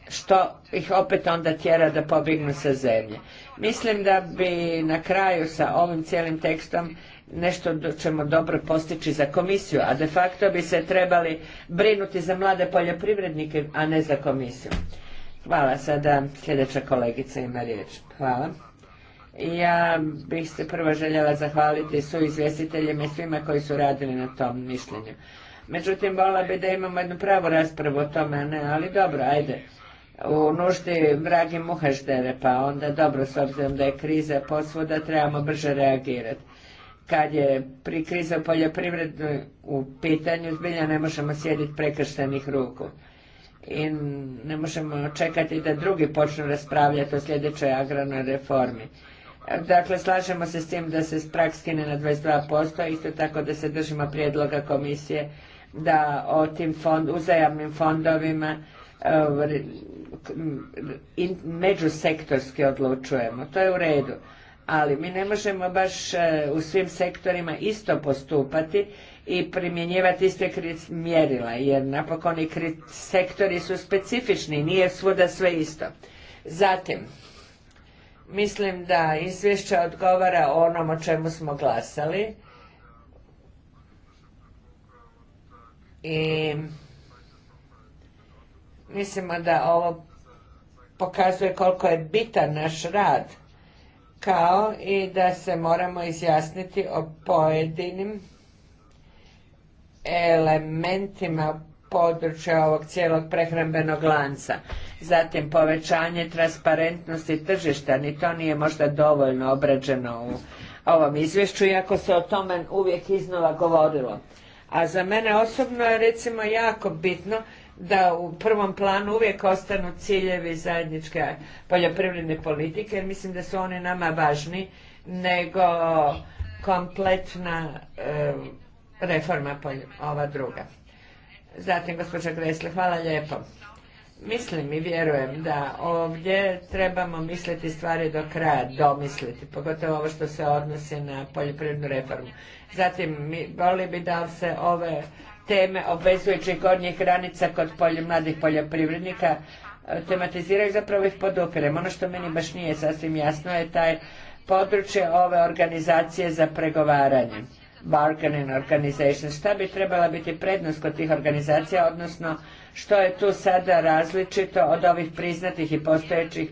Što ih opet onda tjera da pobjegnu sa zemlje. Mislim da bi na kraju sa ovim cijelim tekstom nešto ćemo dobro postići za komisiju, a de facto bi se trebali brinuti za mlade poljoprivrednike, a ne za komisiju. Hvala. Sada sljedeća kolegica ima riječ. Hvala. Ja bih se prvo željela zahvaliti su izvjestiteljima i svima koji su radili na tom mišljenju. Međutim, vola bi da imamo jednu pravu raspravu o tome, ne, ali dobro, ajde. U nuždi vragi muhaždere, pa onda dobro, s obzirom da je kriza posvuda, trebamo brže reagirati. Kad je pri u poljoprivrednoj u pitanju, zbilja ne možemo sjediti prekrštenih ruku i ne možemo čekati da drugi počnu raspravljati o sljedećoj agrarnoj reformi. Dakle, slažemo se s tim da se prag skine na 22%, isto tako da se držimo prijedloga komisije da o tim uzajamnim fondovima međusektorski odlučujemo. To je u redu. Ali mi ne možemo baš e, u svim sektorima isto postupati i primjenjivati iste mjerila, jer napokon i sektori su specifični, nije svuda sve isto. Zatim, Mislim da izvješće odgovara onom o čemu smo glasali. I mislimo da ovo pokazuje koliko je bitan naš rad, kao i da se moramo izjasniti o pojedinim elementima područja ovog cijelog prehrambenog lanca. Zatim povećanje transparentnosti tržišta, ni to nije možda dovoljno obrađeno u ovom izvješću, iako se o tome uvijek iznova govorilo. A za mene osobno je recimo jako bitno da u prvom planu uvijek ostanu ciljevi zajedničke poljoprivredne politike, jer mislim da su oni nama važni nego kompletna e, reforma ova druga. Zatim, gospođa Gresle, hvala lijepo. Mislim i vjerujem da ovdje trebamo misliti stvari do kraja, domisliti, pogotovo ovo što se odnosi na poljoprivrednu reformu. Zatim, mi voli bi da se ove teme obvezujućih gornjih granica kod polje, mladih poljoprivrednika e, tematiziraju, zapravo ih podupirem. Ono što meni baš nije sasvim jasno je taj područje ove organizacije za pregovaranje bargaining organization. Šta bi trebala biti prednost kod tih organizacija, odnosno što je tu sada različito od ovih priznatih i postojećih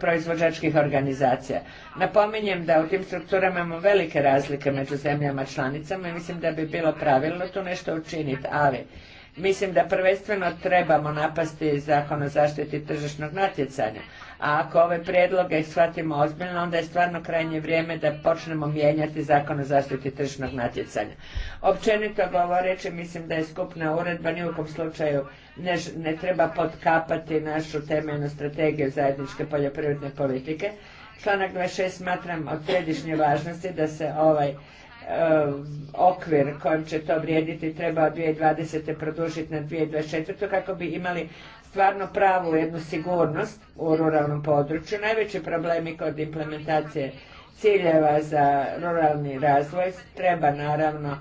proizvođačkih organizacija. Napominjem da u tim strukturama imamo velike razlike među zemljama članicama i mislim da bi bilo pravilno tu nešto učiniti, ali mislim da prvenstveno trebamo napasti zakon o zaštiti tržišnog natjecanja a ako ove prijedloge shvatimo ozbiljno, onda je stvarno krajnje vrijeme da počnemo mijenjati zakon o zaštiti tržnog natjecanja. Općenito govoreći, mislim da je skupna uredba ni u kom slučaju ne, treba potkapati našu temeljnu strategiju zajedničke poljoprivredne politike. Članak 26 smatram od središnje važnosti da se ovaj e, okvir kojim će to vrijediti treba od 2020. produžiti na 2024. kako bi imali stvarno pravu jednu sigurnost u ruralnom području. Najveći problemi kod implementacije ciljeva za ruralni razvoj treba naravno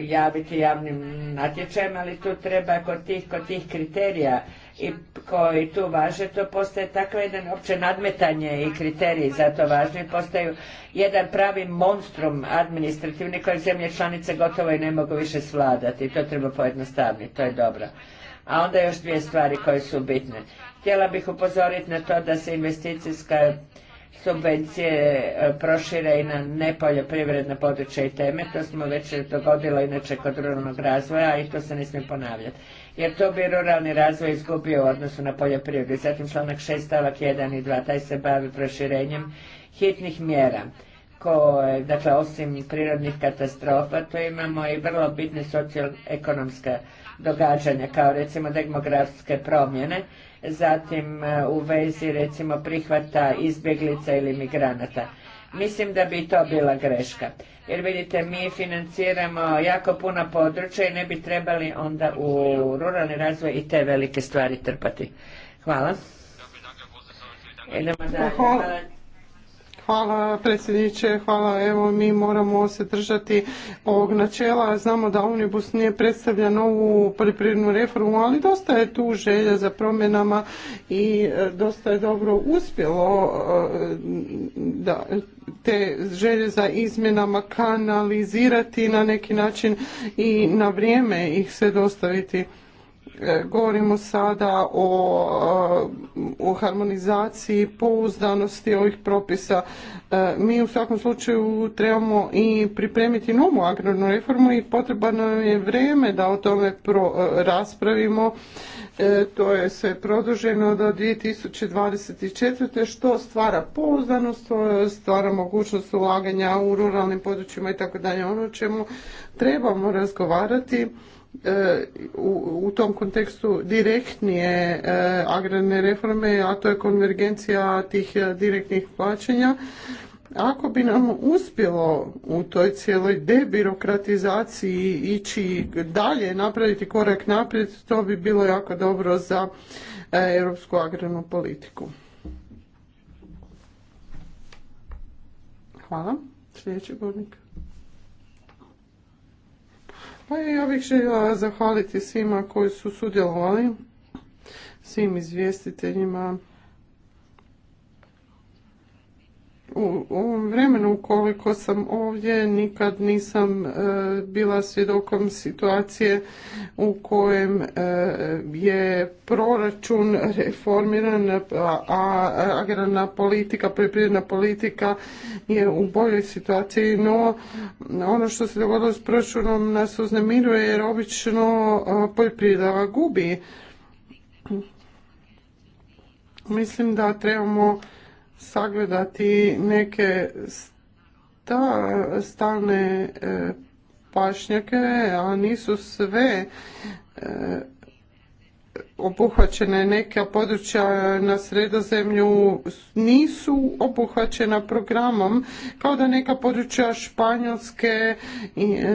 javiti javnim natječajem, ali tu treba kod tih, kod tih kriterija i koji tu važe, to postaje tako jedan opće nadmetanje i kriteriji za to važni, postaju jedan pravi monstrum administrativni koji zemlje članice gotovo i ne mogu više svladati. To treba pojednostaviti. to je dobro. A onda još dvije stvari koje su bitne. Htjela bih upozoriti na to da se investicijska subvencije e, prošire i na nepoljoprivredna područje i teme. To smo već dogodilo inače kod ruralnog razvoja i to se ne smije ponavljati. Jer to bi ruralni razvoj izgubio u odnosu na poljoprivredu. Zatim članak 6 stavak 1 i 2, taj se bavi proširenjem hitnih mjera. Koje, dakle, osim prirodnih katastrofa, to imamo i vrlo bitne socioekonomske događanja kao recimo demografske promjene, zatim e, u vezi recimo prihvata izbjeglica ili migranata. Mislim da bi to bila greška. Jer vidite, mi financiramo jako puno područja i ne bi trebali onda u ruralni razvoj i te velike stvari trpati. Hvala. Hvala. Hvala predsjedniče, hvala. Evo mi moramo se držati ovog načela. Znamo da Unibus nije predstavlja novu poljoprivrednu reformu, ali dosta je tu želja za promjenama i e, dosta je dobro uspjelo e, da te želje za izmjenama kanalizirati na neki način i na vrijeme ih se dostaviti. E, govorimo sada e, o, harmonizaciji pouzdanosti ovih propisa. E, mi u svakom slučaju trebamo i pripremiti novu agrarnu reformu i potrebno je vrijeme da o tome raspravimo. to je sve produženo do 2024. što stvara pouzdanost, stvara mogućnost ulaganja u ruralnim područjima i tako dalje. Ono čemu trebamo razgovarati E, u, tom kontekstu direktnije e, agrarne reforme, a to je konvergencija tih e, direktnih plaćanja. Ako bi nam uspjelo u toj cijeloj debirokratizaciji ići dalje, napraviti korak naprijed, to bi bilo jako dobro za europsku agrarnu politiku. Hvala. Sljedeći govornik. Pa ja bih željela zahvaliti svima koji su sudjelovali, svim izvjestiteljima, u ovom vremenu koliko sam ovdje nikad nisam e, bila svjedokom situacije u kojem e, je proračun reformiran, a agrarna politika, poljoprivredna politika je u boljoj situaciji, no ono što se dogodilo s proračunom nas uznemiruje jer obično e, poljoprivreda gubi. Mislim da trebamo sagledati neke sta, stalne e, pašnjake, a nisu sve e, obuhvaćene neka područja na sredozemlju nisu obuhvaćena programom, kao da neka područja Španjolske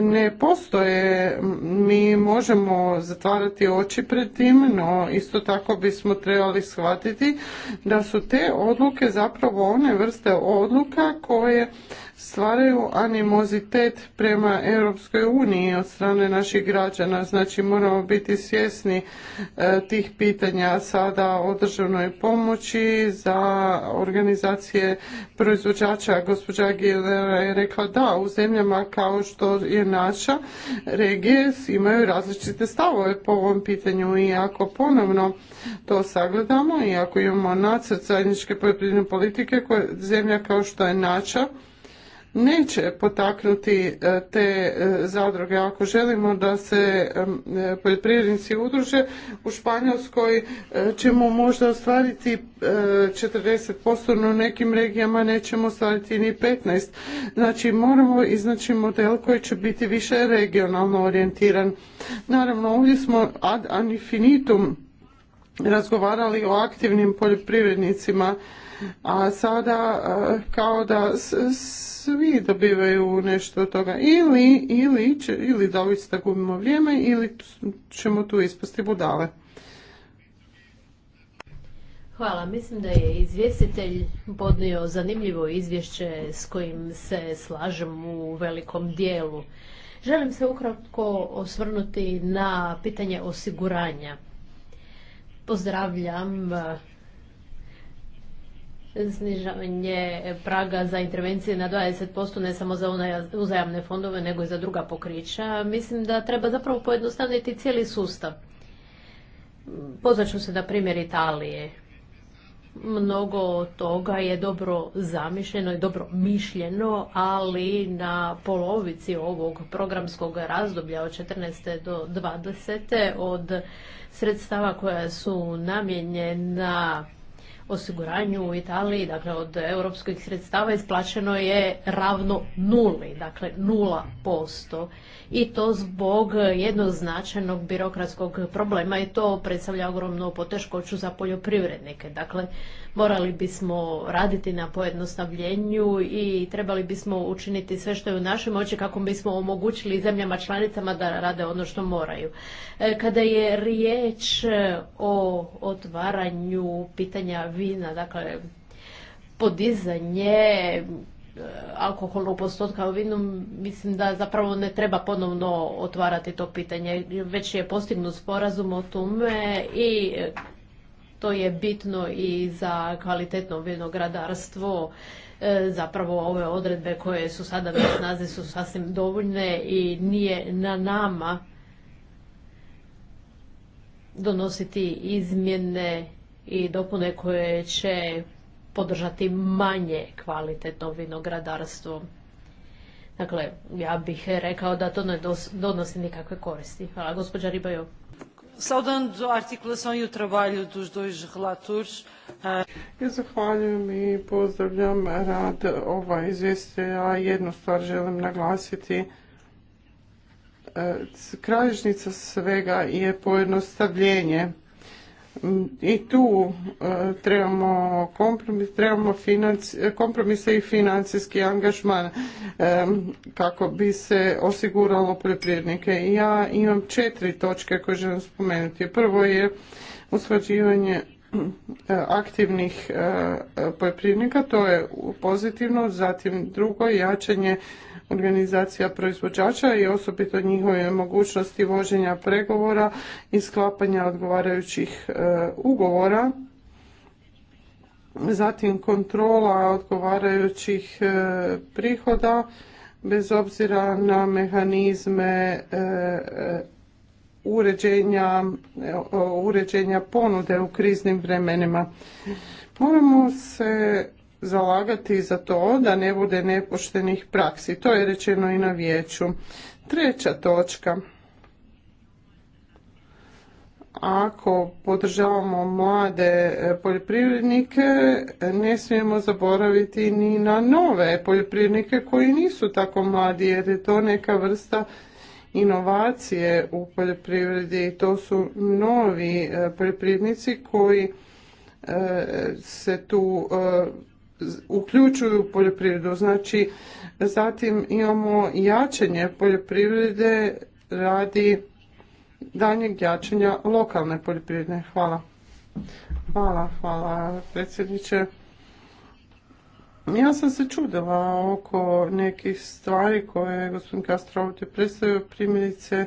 ne postoje. Mi možemo zatvarati oči pred tim, no isto tako bismo trebali shvatiti da su te odluke zapravo one vrste odluka koje stvaraju animozitet prema Europskoj uniji od strane naših građana. Znači moramo biti svjesni e, tih pitanja sada o državnoj pomoći za organizacije proizvođača. Gospođa Gilera je rekla da u zemljama kao što je naša regije imaju različite stavove po ovom pitanju i ako ponovno to sagledamo i ako imamo nacrt zajedničke poljoprivredne politike koje zemlja kao što je naša neće potaknuti e, te e, zadruge. Ako želimo da se e, poljoprivrednici udruže, u Španjolskoj ćemo možda ostvariti 40%, no u nekim regijama nećemo ostvariti ni 15%. Znači moramo iznaći model koji će biti više regionalno orijentiran. Naravno, ovdje smo ad infinitum razgovarali o aktivnim poljoprivrednicima a sada e, kao da svi dobivaju nešto od toga. Ili, ili, ili da doista gubimo vrijeme ili ćemo tu ispasti budale. Hvala. Mislim da je izvjestitelj podnio zanimljivo izvješće s kojim se slažem u velikom dijelu. Želim se ukratko osvrnuti na pitanje osiguranja. Pozdravljam e, snižavanje praga za intervencije na 20% ne samo za uzajamne fondove nego i za druga pokrića. Mislim da treba zapravo pojednostaviti cijeli sustav. Pozvat se na primjer Italije. Mnogo toga je dobro zamišljeno i dobro mišljeno, ali na polovici ovog programskog razdoblja od 14. do 20. od sredstava koja su namjenjena osiguranju u Italiji, dakle od europskih sredstava isplaćeno je ravno nuli, dakle nula posto i to zbog jednoznačenog birokratskog problema i to predstavlja ogromnu poteškoću za poljoprivrednike. Dakle, morali bismo raditi na pojednostavljenju i trebali bismo učiniti sve što je u našoj moći kako bismo omogućili zemljama članicama da rade ono što moraju. E, kada je riječ e, o otvaranju pitanja vina, dakle podizanje alkoholnog postotka u vinu, mislim da zapravo ne treba ponovno otvarati to pitanje. Već je postignut sporazum o tome i to je bitno i za kvalitetno vinogradarstvo. E, zapravo ove odredbe koje su sada na snazi su sasvim dovoljne i nije na nama donositi izmjene i dopune koje će podržati manje kvalitetno vinogradarstvo. Dakle, ja bih rekao da to ne donosi nikakve koristi. Hvala, gospođa Ribajo. Saudando artikulação e o trabalho dos dois relatores. Eh, zahvaljujem i pozdravljam rad ova izvjestitelja. Jednu stvar želim naglasiti. Eh, kralježnica svega je pojednostavljenje i tu e, trebamo kompromis, trebamo financi, kompromise i financijski angažman e, kako bi se osiguralo poljoprivrednike. Ja imam četiri točke koje želim spomenuti. Prvo je usklađivanje aktivnih e, poljoprivrednika, to je pozitivno. Zatim drugo, jačanje organizacija proizvođača i osobito njihove mogućnosti voženja pregovora i sklapanja odgovarajućih e, ugovora. Zatim kontrola odgovarajućih e, prihoda bez obzira na mehanizme uređenja, uređenja ponude u kriznim vremenima. Moramo se zalagati za to da ne bude nepoštenih praksi. To je rečeno i na vijeću. Treća točka. Ako podržavamo mlade poljoprivrednike, ne smijemo zaboraviti ni na nove poljoprivrednike koji nisu tako mladi, jer je to neka vrsta inovacije u poljoprivredi. To su novi e, poljoprivrednici koji e, se tu e, uključuju u poljoprivredu. Znači, zatim imamo jačanje poljoprivrede radi danjeg jačanja lokalne poljoprivrede. Hvala. Hvala, hvala predsjedniče. Ja sam se čudila oko nekih stvari koje je gospodin Castro ovdje predstavio, primjerice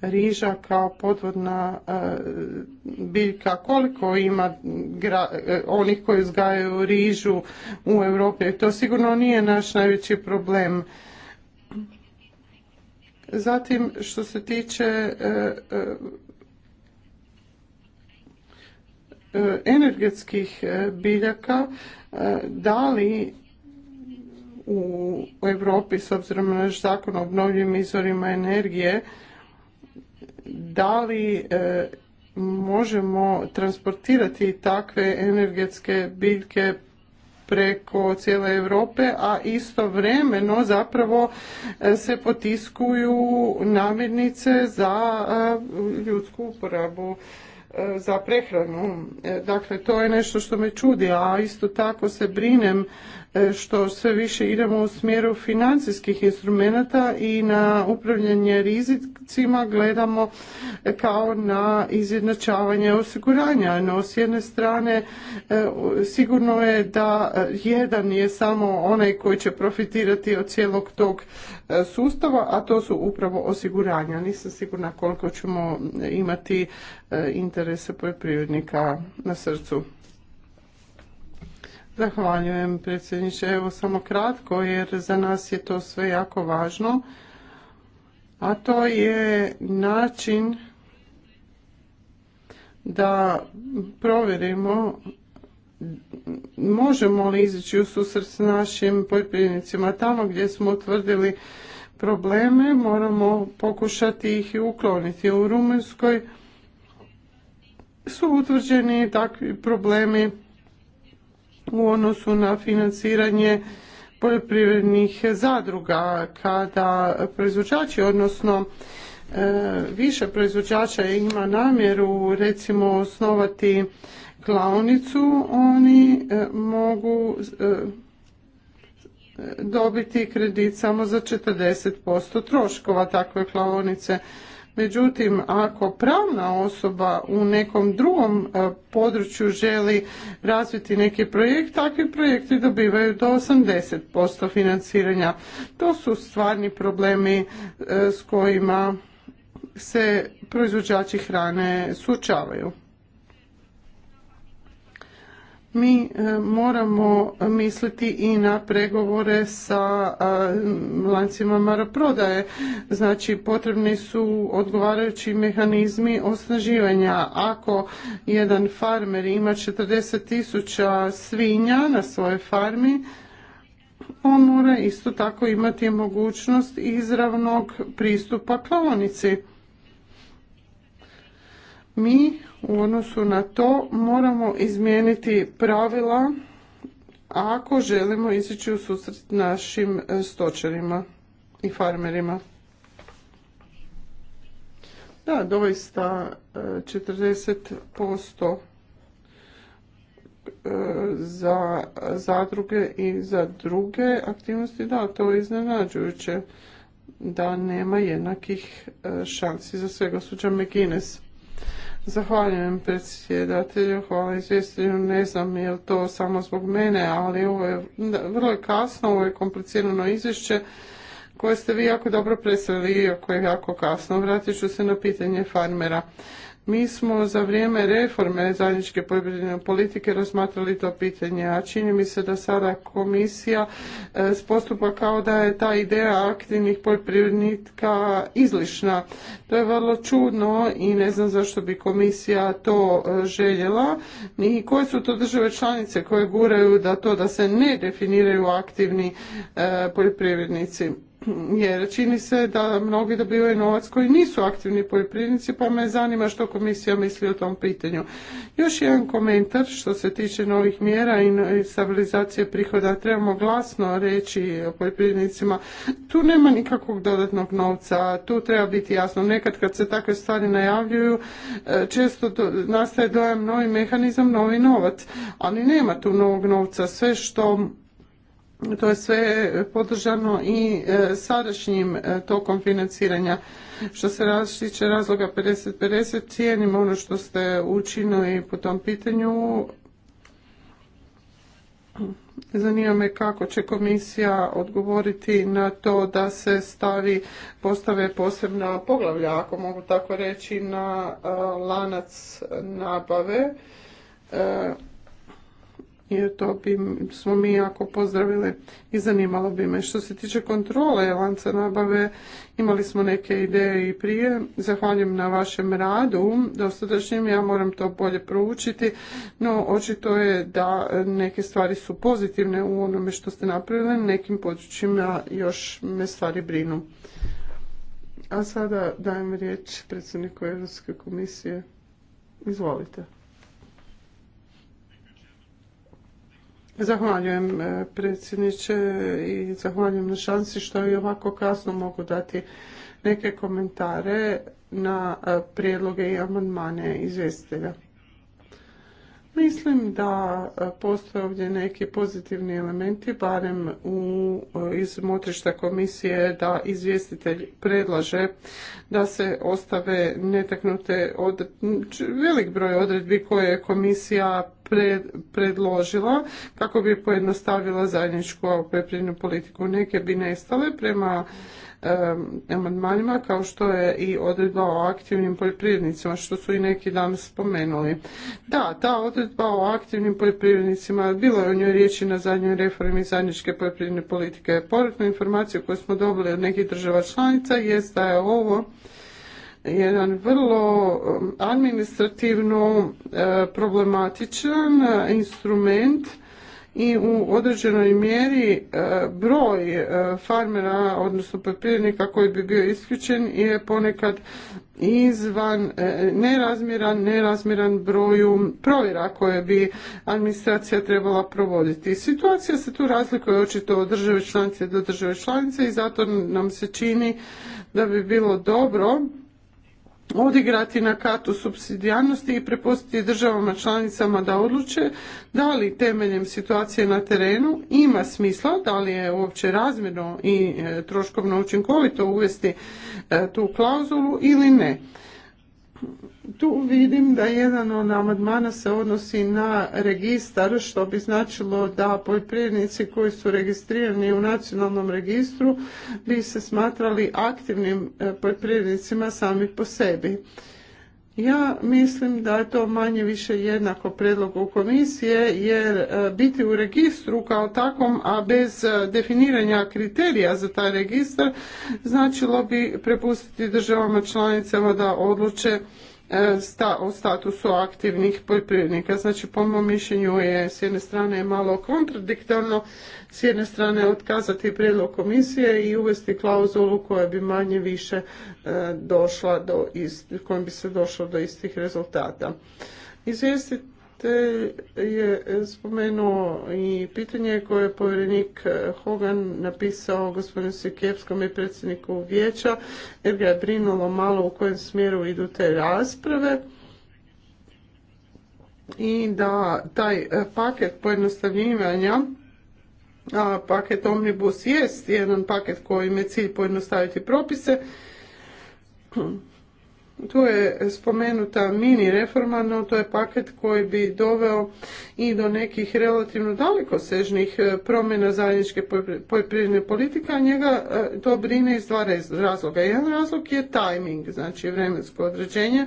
riža kao podvodna e, biljka. Koliko ima e, onih koji uzgajaju rižu u Europi? To sigurno nije naš najveći problem. Zatim, što se tiče e, E, energetskih e, biljaka e, da li u Europi s obzirom na naš zakon o obnovljivim izvorima energije da li možemo transportirati takve energetske biljke preko cijele Europe, a istovremeno zapravo se potiskuju namirnice za ljudsku uporabu. E, za prehranu. E, dakle, to je nešto što me čudi, a isto tako se brinem E, što sve više idemo u smjeru financijskih instrumenata i na upravljanje rizicima gledamo e, kao na izjednačavanje osiguranja. No, s jedne strane e, sigurno je da jedan je samo onaj koji će profitirati od cijelog tog sustava, a to su upravo osiguranja. Nisam sigurna koliko ćemo imati interese poljoprivrednika na srcu. Zahvaljujem predsjedniče. Evo samo kratko jer za nas je to sve jako važno. A to je način da provjerimo možemo li izići u susret s našim poljoprivrednicima. Tamo gdje smo utvrdili probleme moramo pokušati ih i ukloniti. U Rumunjskoj su utvrđeni takvi problemi u odnosu na financiranje poljoprivrednih zadruga kada proizvođači odnosno e, više proizvođača ima namjeru recimo osnovati klaonicu oni e, mogu e, dobiti kredit samo za 40% troškova takve klaonice Međutim, ako pravna osoba u nekom drugom e, području želi razviti neki projekt, takvi projekti dobivaju do 80% financiranja. To su stvarni problemi e, s kojima se proizvođači hrane suočavaju mi e, moramo misliti i na pregovore sa lancima maroprodaje. Znači potrebni su odgovarajući mehanizmi osnaživanja. Ako jedan farmer ima 40.000 svinja na svojoj farmi, on mora isto tako imati mogućnost izravnog pristupa klaonici mi u odnosu na to moramo izmijeniti pravila ako želimo izići u susret našim e, stočarima i farmerima. Da, doista 40% e, e, za zadruge i za druge aktivnosti, da, to je iznenađujuće da nema jednakih šansi za svega suđa McGuinness. Zahvaljujem predsjedatelju, hvala izvjestitelju, ne znam je li to samo zbog mene, ali ovo je vrlo kasno, ovo je komplicirano izvješće koje ste vi jako dobro predstavili, iako je jako kasno. Vratit ću se na pitanje farmera. Mi smo za vrijeme reforme zajedničke poljoprivredne politike razmatrali to pitanje, a čini mi se da sada komisija e, postupa kao da je ta ideja aktivnih poljoprivrednika izlišna. To je vrlo čudno i ne znam zašto bi komisija to e, željela. ni koje su to države članice koje guraju da to da se ne definiraju aktivni e, poljoprivrednici? jer čini se da mnogi dobivaju novac koji nisu aktivni poljoprivrednici, pa me zanima što komisija misli o tom pitanju. Još jedan komentar što se tiče novih mjera i stabilizacije prihoda. Trebamo glasno reći poljoprivrednicima, tu nema nikakvog dodatnog novca, tu treba biti jasno. Nekad kad se takve stvari najavljuju, e, često nastaje dojam novi mehanizam, novi novac, ali nema tu novog novca. Sve što to je sve podržano i e, sadašnjim e, tokom financiranja. Što se tiče razloga 50-50, cijenim ono što ste učinili po tom pitanju. Zanima me kako će komisija odgovoriti na to da se stavi, postave posebna poglavlja, ako mogu tako reći, na e, lanac nabave i to bi smo mi jako pozdravili i zanimalo bi me. Što se tiče kontrole lanca nabave, imali smo neke ideje i prije. Zahvaljujem na vašem radu dosadašnjem, ja moram to bolje proučiti, no očito je da neke stvari su pozitivne u onome što ste napravili, nekim područjima još me stvari brinu. A sada dajem riječ predsjedniku Europske komisije. Izvolite. Zahvaljujem e, predsjedniče i zahvaljujem na šansi što i ovako kasno mogu dati neke komentare na e, prijedloge i amandmane izvjestitelja. Mislim da e, postoje ovdje neki pozitivni elementi, barem u, iz motrišta komisije da izvjestitelj predlaže da se ostave netaknute velik broj odredbi koje je komisija predložila kako bi pojednostavila zajedničku poljoprivrednu politiku. Neke bi nestale prema amandmanima kao što je i odredba o aktivnim poljoprivrednicima što su i neki dan spomenuli. Da, ta odredba o aktivnim poljoprivrednicima bilo je u njoj riječi na zadnjoj reformi zajedničke poljoprivredne politike. Povratnu informaciju koju smo dobili od nekih država članica jest da je ovo jedan vrlo um, administrativno uh, problematičan uh, instrument i u određenoj mjeri uh, broj farmera, odnosno poljoprivrednika koji bi bio isključen je ponekad izvan nerazmjeran, nerazmjeran broju provjera koje bi administracija trebala provoditi. Situacija se tu razlikuje očito od države članice do države članice i zato nam se čini da bi bilo dobro odigrati na katu supsidijarnosti i prepustiti državama članicama da odluče da li temeljem situacije na terenu ima smisla, da li je uopće razmjerno i e, troškovno učinkovito uvesti e, tu klauzulu ili ne tu vidim da jedan od amandmana se odnosi na registar, što bi značilo da poljoprivrednici koji su registrirani u nacionalnom registru bi se smatrali aktivnim eh, poljoprivrednicima sami po sebi. Ja mislim da je to manje više jednako predlogu komisije jer e, biti u registru kao takvom, a bez e, definiranja kriterija za taj registar značilo bi prepustiti državama članicama da odluče E, o statusu aktivnih poljoprivrednika. Znači, po mom mišljenju je s jedne strane malo kontradiktorno, s jedne strane otkazati prijedlog komisije i uvesti klauzulu koja bi manje više e, došla do ist, kojom bi se došlo do istih rezultata. Izvijestiti te je spomenuo i pitanje koje je povjerenik Hogan napisao gospodinu Sikijevskom i predsjedniku vijeća jer ga je brinulo malo u kojem smjeru idu te rasprave i da taj paket pojednostavljivanja a paket Omnibus jest jedan paket kojim je cilj pojednostaviti propise tu je spomenuta mini reforma, no to je paket koji bi doveo i do nekih relativno sežnih e, promjena zajedničke poljoprivredne politike, a njega e, to brine iz dva razloga. Jedan razlog je tajming, znači vremensko određenje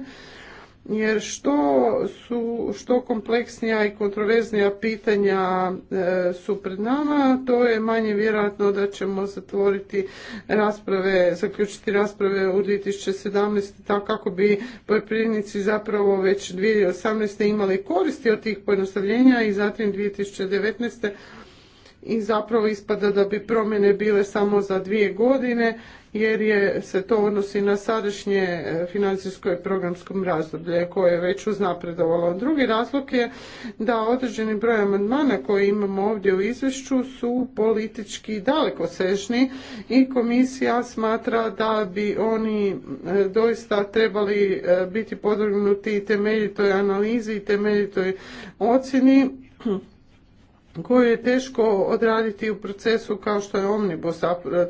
jer što su što kompleksnija i kontroverznija pitanja e, su pred nama, to je manje vjerojatno da ćemo zatvoriti rasprave, zaključiti rasprave u 2017. tako kako bi poljoprivrednici zapravo već 2018. imali koristi od tih pojednostavljenja i zatim 2019. i zapravo ispada da bi promjene bile samo za dvije godine jer je, se to odnosi na sadašnje e, financijsko i programskom razdoblje koje je već uznapredovalo. Drugi razlog je da određeni broj amandmana koji imamo ovdje u izvješću su politički sežni i komisija smatra da bi oni e, doista trebali e, biti podvrgnuti temeljitoj analizi i temeljitoj ocjeni koju je teško odraditi u procesu kao što je omnibus,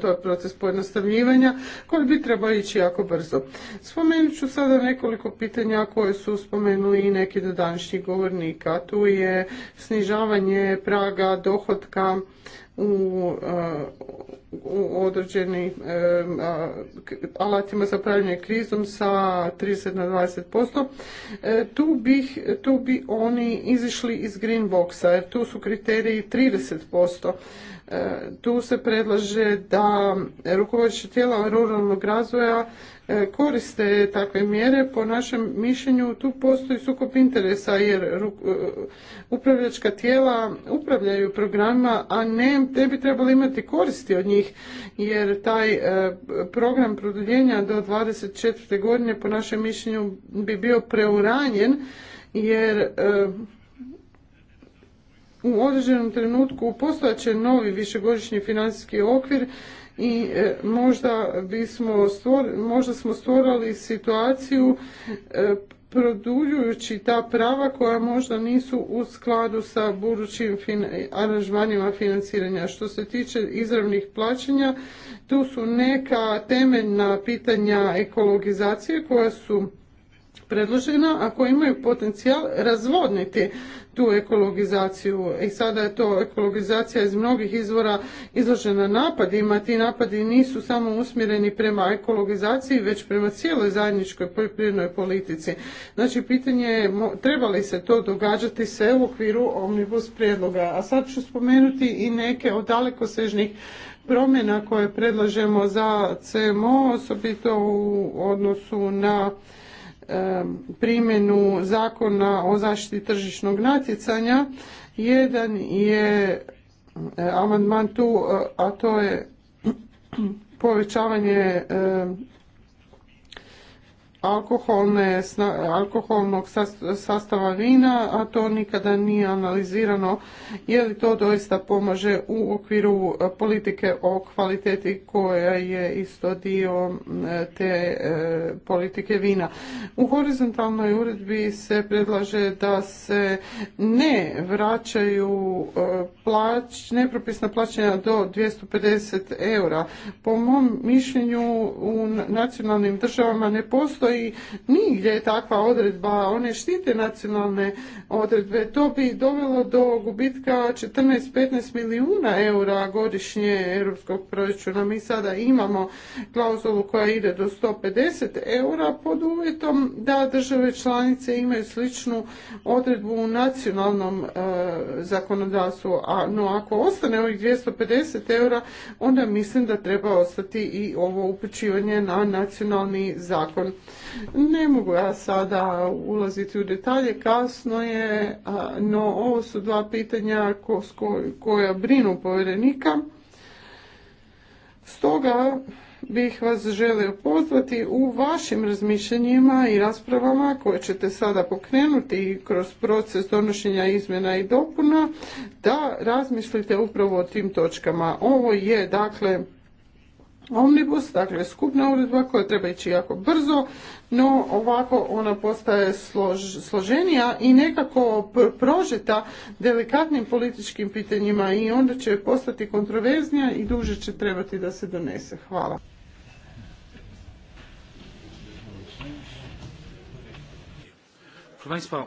to je proces pojednostavljivanja koji bi trebao ići jako brzo. Spomenut ću sada nekoliko pitanja koje su spomenuli i neki do današnjih govornika. Tu je snižavanje praga dohotka u e, u određenim alatima za upravljanje krizom sa 30 na 20%. E, tu, tu bi oni izišli iz green boxa jer tu su kriteriji 30%. E, tu se predlaže da rukovodeća tijela ruralnog razvoja E, koriste takve mjere, po našem mišljenju tu postoji sukob interesa jer e, upravljačka tijela upravljaju programima, a ne, bi trebali imati koristi od njih jer taj e, program produljenja do 24. godine po našem mišljenju bi bio preuranjen jer u određenom trenutku postojaće novi višegodišnji financijski okvir i e, možda bismo možda smo stvorili situaciju e, produljujući ta prava koja možda nisu u skladu sa budućim aranžmanima financiranja. Što se tiče izravnih plaćanja, tu su neka temeljna pitanja ekologizacije koja su predložena, ako imaju potencijal razvodniti tu ekologizaciju. I sada je to ekologizacija iz mnogih izvora izložena napadima. Ti napadi nisu samo usmjereni prema ekologizaciji, već prema cijeloj zajedničkoj poljoprivrednoj politici. Znači, pitanje je treba li se to događati sve u okviru omnibus prijedloga. A sad ću spomenuti i neke od dalekosežnih promjena koje predlažemo za CMO, osobito u odnosu na E, primjenu zakona o zaštiti tržišnog natjecanja. Jedan je e, amandman tu, e, a to je povećavanje alkoholne, alkoholnog sastava vina, a to nikada nije analizirano je li to doista pomaže u okviru e, politike o kvaliteti koja je isto dio te e, politike vina. U horizontalnoj uredbi se predlaže da se ne vraćaju e, plać, nepropisna plaćanja do 250 eura. Po mom mišljenju u nacionalnim državama ne postoji i nigdje takva odredba, one štite nacionalne odredbe, to bi dovelo do gubitka 14-15 milijuna eura godišnje europskog proračuna. Mi sada imamo klauzulu koja ide do 150 eura pod uvjetom da države članice imaju sličnu odredbu u nacionalnom e, zakonodavstvu, a no ako ostane ovih 250 eura, onda mislim da treba ostati i ovo upućivanje na nacionalni zakon. Ne mogu ja sada ulaziti u detalje, kasno je, no ovo su dva pitanja koja brinu povjerenika. Stoga bih vas želio pozvati u vašim razmišljanjima i raspravama koje ćete sada pokrenuti kroz proces donošenja izmjena i dopuna da razmislite upravo o tim točkama. Ovo je dakle omnibus, dakle skupna uredba koja treba ići jako brzo, no ovako ona postaje složenija i nekako prožeta delikatnim političkim pitanjima i onda će postati kontroverznija i duže će trebati da se donese. Hvala. Państwa,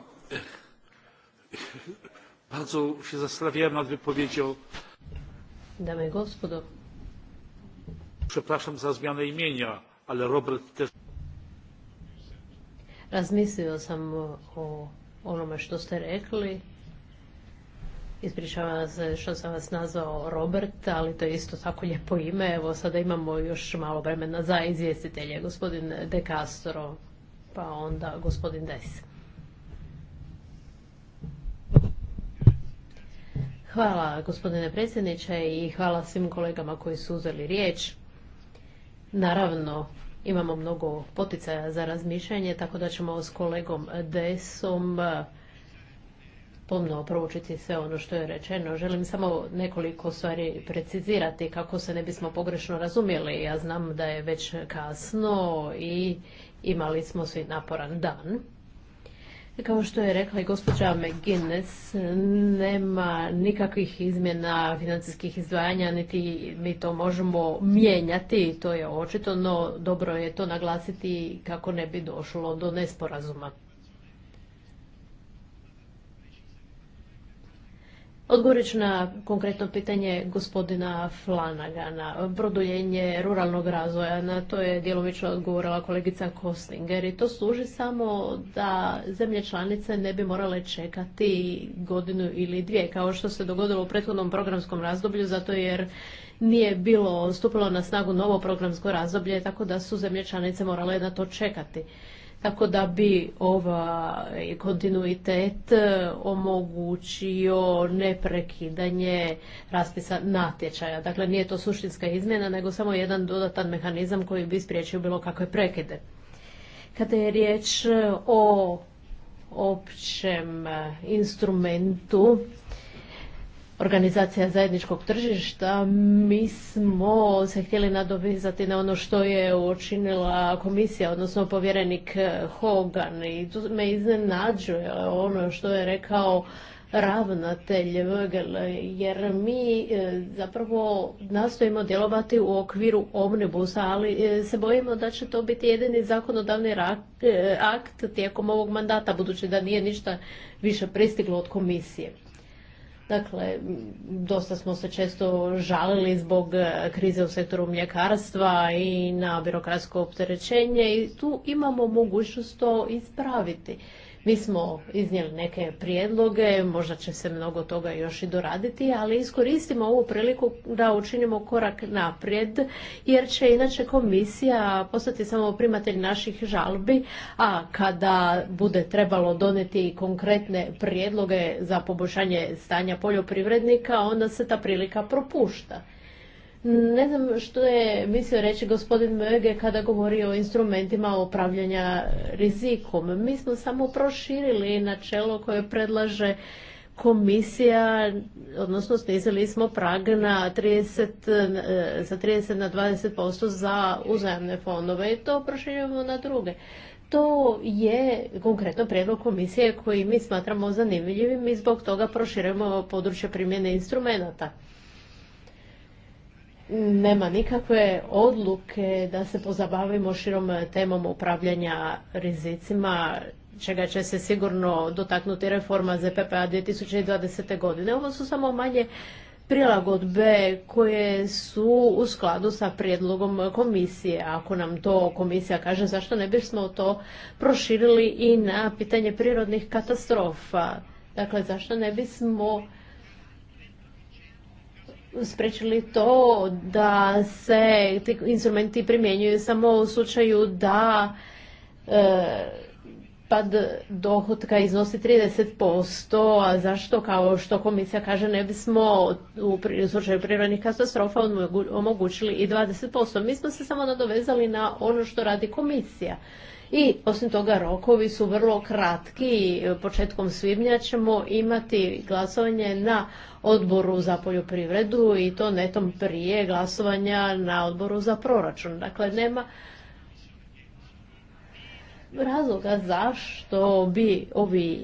bardzo się zastanawiałem nad wypowiedzią. Dame gospodo, Przepraszam za zmianę imienia, ale Robert też... Razmislio sam o onome što ste rekli. Ispričavam se što sam vas nazvao Robert, ali to je isto tako lijepo ime. Evo sada imamo još malo vremena za izvjestitelje. Gospodin De Castro, pa onda gospodin Des. Hvala gospodine predsjedniče i hvala svim kolegama koji su uzeli riječ. Naravno, imamo mnogo poticaja za razmišljanje, tako da ćemo s kolegom Desom eh, pomno proučiti sve ono što je rečeno. Želim samo nekoliko stvari precizirati kako se ne bismo pogrešno razumjeli. Ja znam da je već kasno i imali smo svi naporan dan. Kao što je rekla i gospođa McGuinness, nema nikakvih izmjena financijskih izdvajanja, niti mi to možemo mijenjati, to je očito, no dobro je to naglasiti kako ne bi došlo do nesporazuma. Odgovorit ću na konkretno pitanje gospodina na produljenje ruralnog razvoja. Na to je djelomično odgovorila kolegica Kostinger i to služi samo da zemlje članice ne bi morale čekati godinu ili dvije, kao što se dogodilo u prethodnom programskom razdoblju, zato jer nije bilo stupilo na snagu novo programsko razdoblje, tako da su zemlje članice morale na to čekati tako da bi ova kontinuitet e, omogućio neprekidanje raspisa natječaja. Dakle, nije to suštinska izmjena, nego samo jedan dodatan mehanizam koji bi spriječio bilo kakve prekide. Kada je riječ e, o općem e, instrumentu organizacija zajedničkog tržišta, mi smo se htjeli nadovezati na ono što je učinila komisija, odnosno povjerenik eh, Hogan i tu me iznenađuje ono što je rekao ravnatelj Vögel, jer mi eh, zapravo nastojimo djelovati u okviru omnibusa, ali eh, se bojimo da će to biti jedini zakonodavni akt tijekom ovog mandata, budući da nije ništa više pristiglo od komisije. Dakle, dosta smo se često žalili zbog e, krize u sektoru mljekarstva i na birokratsko opterećenje i tu imamo mogućnost to ispraviti. Mi smo iznijeli neke prijedloge, možda će se mnogo toga još i doraditi, ali iskoristimo ovu priliku da učinimo korak naprijed, jer će inače komisija postati samo primatelj naših žalbi, a kada bude trebalo doneti konkretne prijedloge za poboljšanje stanja poljoprivrednika, onda se ta prilika propušta. Ne znam što je mislio reći gospodin Möge kada govori o instrumentima upravljanja rizikom. Mi smo samo proširili načelo koje predlaže komisija, odnosno snizili smo prag na 30, sa 30 na 20% za uzajamne fondove i to proširujemo na druge. To je konkretno prijedlog komisije koji mi smatramo zanimljivim i zbog toga proširujemo područje primjene instrumenta nema nikakve odluke da se pozabavimo širom temom upravljanja rizicima, čega će se sigurno dotaknuti reforma ZPPA 2020. godine. Ovo su samo manje prilagodbe koje su u skladu sa prijedlogom komisije. Ako nam to komisija kaže, zašto ne bismo to proširili i na pitanje prirodnih katastrofa? Dakle, zašto ne bismo spriječili to da se ti instrumenti primjenjuju samo u slučaju da e, pad dohotka iznosi 30%, a zašto, kao što komisija kaže, ne bismo u slučaju prirodnih katastrofa omogućili i 20%. Mi smo se samo nadovezali na ono što radi komisija. I osim toga rokovi su vrlo kratki. Početkom svibnja ćemo imati glasovanje na odboru za poljoprivredu i to netom prije glasovanja na odboru za proračun. Dakle, nema razloga zašto bi ovi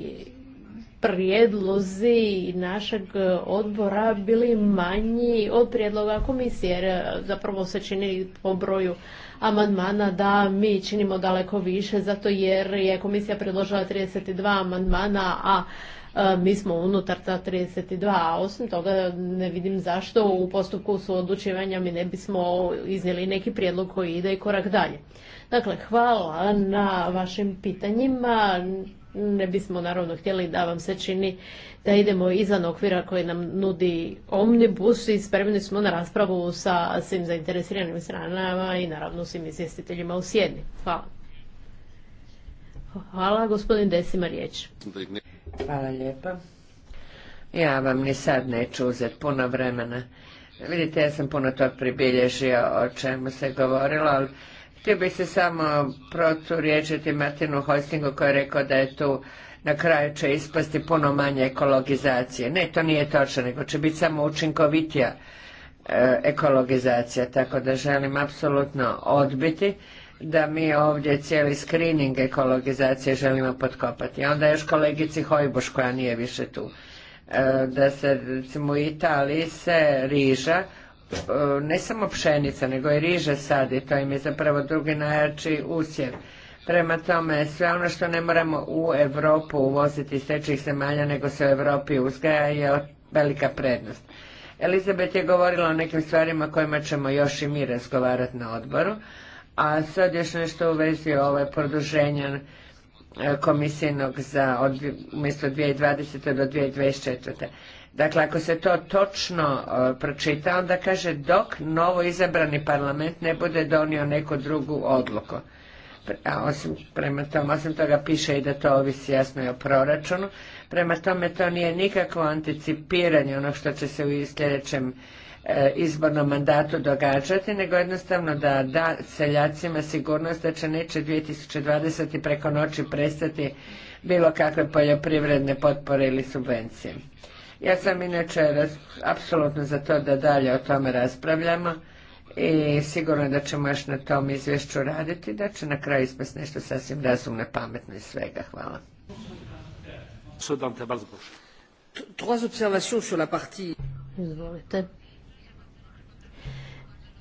prijedlozi našeg odbora bili manji od prijedloga komisije, jer zapravo se čini po broju amandmana da mi činimo daleko više, zato jer je komisija predložila 32 amandmana, a e, mi smo unutar ta 32, a osim toga ne vidim zašto u postupku suodlučivanja mi ne bismo iznijeli neki prijedlog koji ide i korak dalje. Dakle, hvala na vašim pitanjima. Ne bismo naravno htjeli da vam se čini da idemo izvan okvira koji nam nudi omnibus i spremni smo na raspravu sa svim zainteresiranim stranama i naravno svim izvjestiteljima u sjedni. Hvala. Hvala, gospodin Desima riječ. Hvala lijepa. Ja vam ni sad neću uzeti puno vremena. Vidite, ja sam puno tog pribilježio o čemu se govorilo, ali htio bih se samo proturiječiti Martinu Hostingu koji je rekao da je tu na kraju će ispasti puno manje ekologizacije. Ne, to nije točno, nego će biti samo učinkovitija e, ekologizacija, tako da želim apsolutno odbiti da mi ovdje cijeli screening ekologizacije želimo potkopati. onda još kolegici Hojboš koja nije više tu. E, da se recimo u Italiji se riža, e, ne samo pšenica, nego i riže sadi, to im je zapravo drugi najjači usjev. Prema tome, sve ono što ne moramo u Europu uvoziti iz trećih zemalja, nego se u Europi uzgaja je velika prednost. Elizabet je govorila o nekim stvarima kojima ćemo još i mi razgovarati na odboru, a sad još nešto u vezi ove produženja e, komisijenog za od, umjesto 2020. do 2024. Dakle, ako se to točno e, pročita, onda kaže dok novo izabrani parlament ne bude donio neku drugu odluku osim, prema tom, osim toga piše i da to ovisi jasno i o proračunu. Prema tome to nije nikakvo anticipiranje onog što će se u sljedećem e, izbornom mandatu događati, nego jednostavno da da seljacima sigurnost da će neće 2020. preko noći prestati bilo kakve poljoprivredne potpore ili subvencije. Ja sam inače apsolutno za to da dalje o tome raspravljamo i sigurno da ćemo još na tom izvješću raditi, da će na kraju ispast nešto sasvim razumno, pametno i svega. Hvala. Izvolite.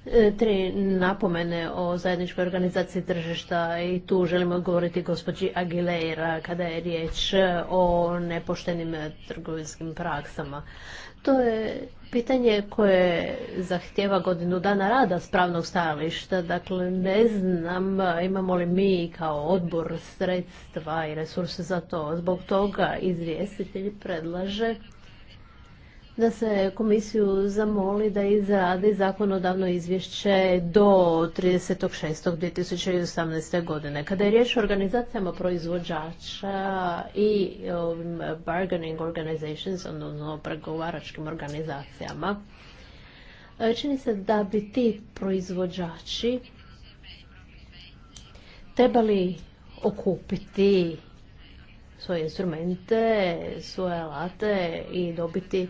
E, tri napomene o zajedničkoj organizaciji tržišta i tu želimo odgovoriti gospođi Aguilera kada je riječ o nepoštenim trgovinskim praksama. To je pitanje koje zahtjeva godinu dana rada s pravnog stajališta. Dakle, ne znam imamo li mi kao odbor sredstva i resurse za to. Zbog toga izvjestitelji predlaže da se komisiju zamoli da izradi zakonodavno izvješće do osamnaest godine. Kada je riječ o organizacijama proizvođača i bargaining organizations, odnosno pregovaračkim organizacijama, čini se da bi ti proizvođači trebali okupiti svoje instrumente, svoje alate i dobiti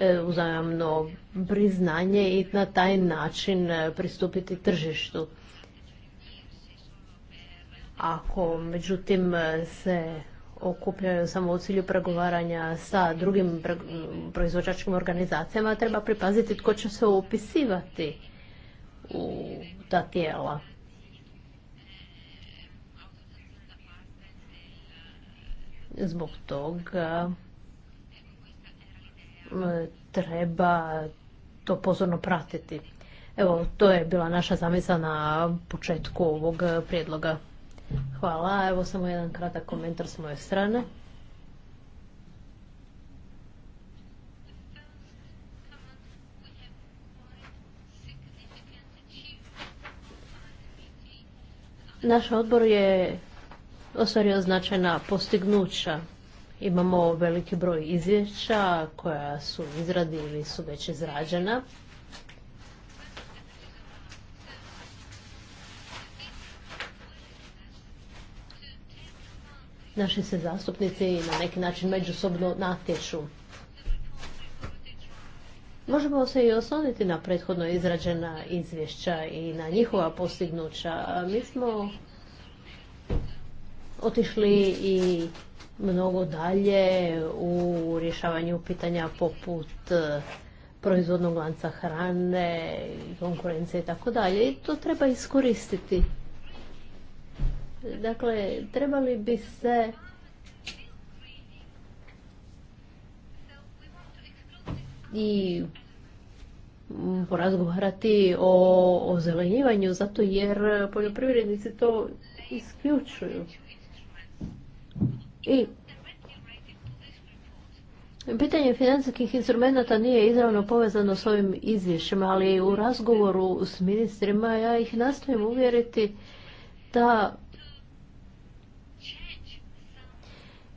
E, uzajamno priznanje i na taj način e, pristupiti tržištu. Ako međutim e, se okupljaju samo u cilju pregovaranja sa drugim proizvođačkim organizacijama, treba pripaziti tko će se upisivati u ta tijela. Zbog toga treba to pozorno pratiti. Evo, to je bila naša zamisla na početku ovog prijedloga. Hvala. Evo samo jedan kratak komentar s moje strane. Naš odbor je ostvario značajna postignuća Imamo veliki broj izvješća koja su izradi ili su već izrađena. Naši se zastupnici na neki način međusobno natječu. Možemo se i osloniti na prethodno izrađena izvješća i na njihova postignuća. Mi smo otišli i mnogo dalje u rješavanju pitanja poput e, proizvodnog lanca hrane, konkurencije i tako dalje. I to treba iskoristiti. Dakle, trebali bi se i porazgovarati o ozelenjivanju, zato jer poljoprivrednici to isključuju. I Pitanje financijskih instrumenta nije izravno povezano s ovim izvješćima, ali u razgovoru s ministrima ja ih nastojim uvjeriti da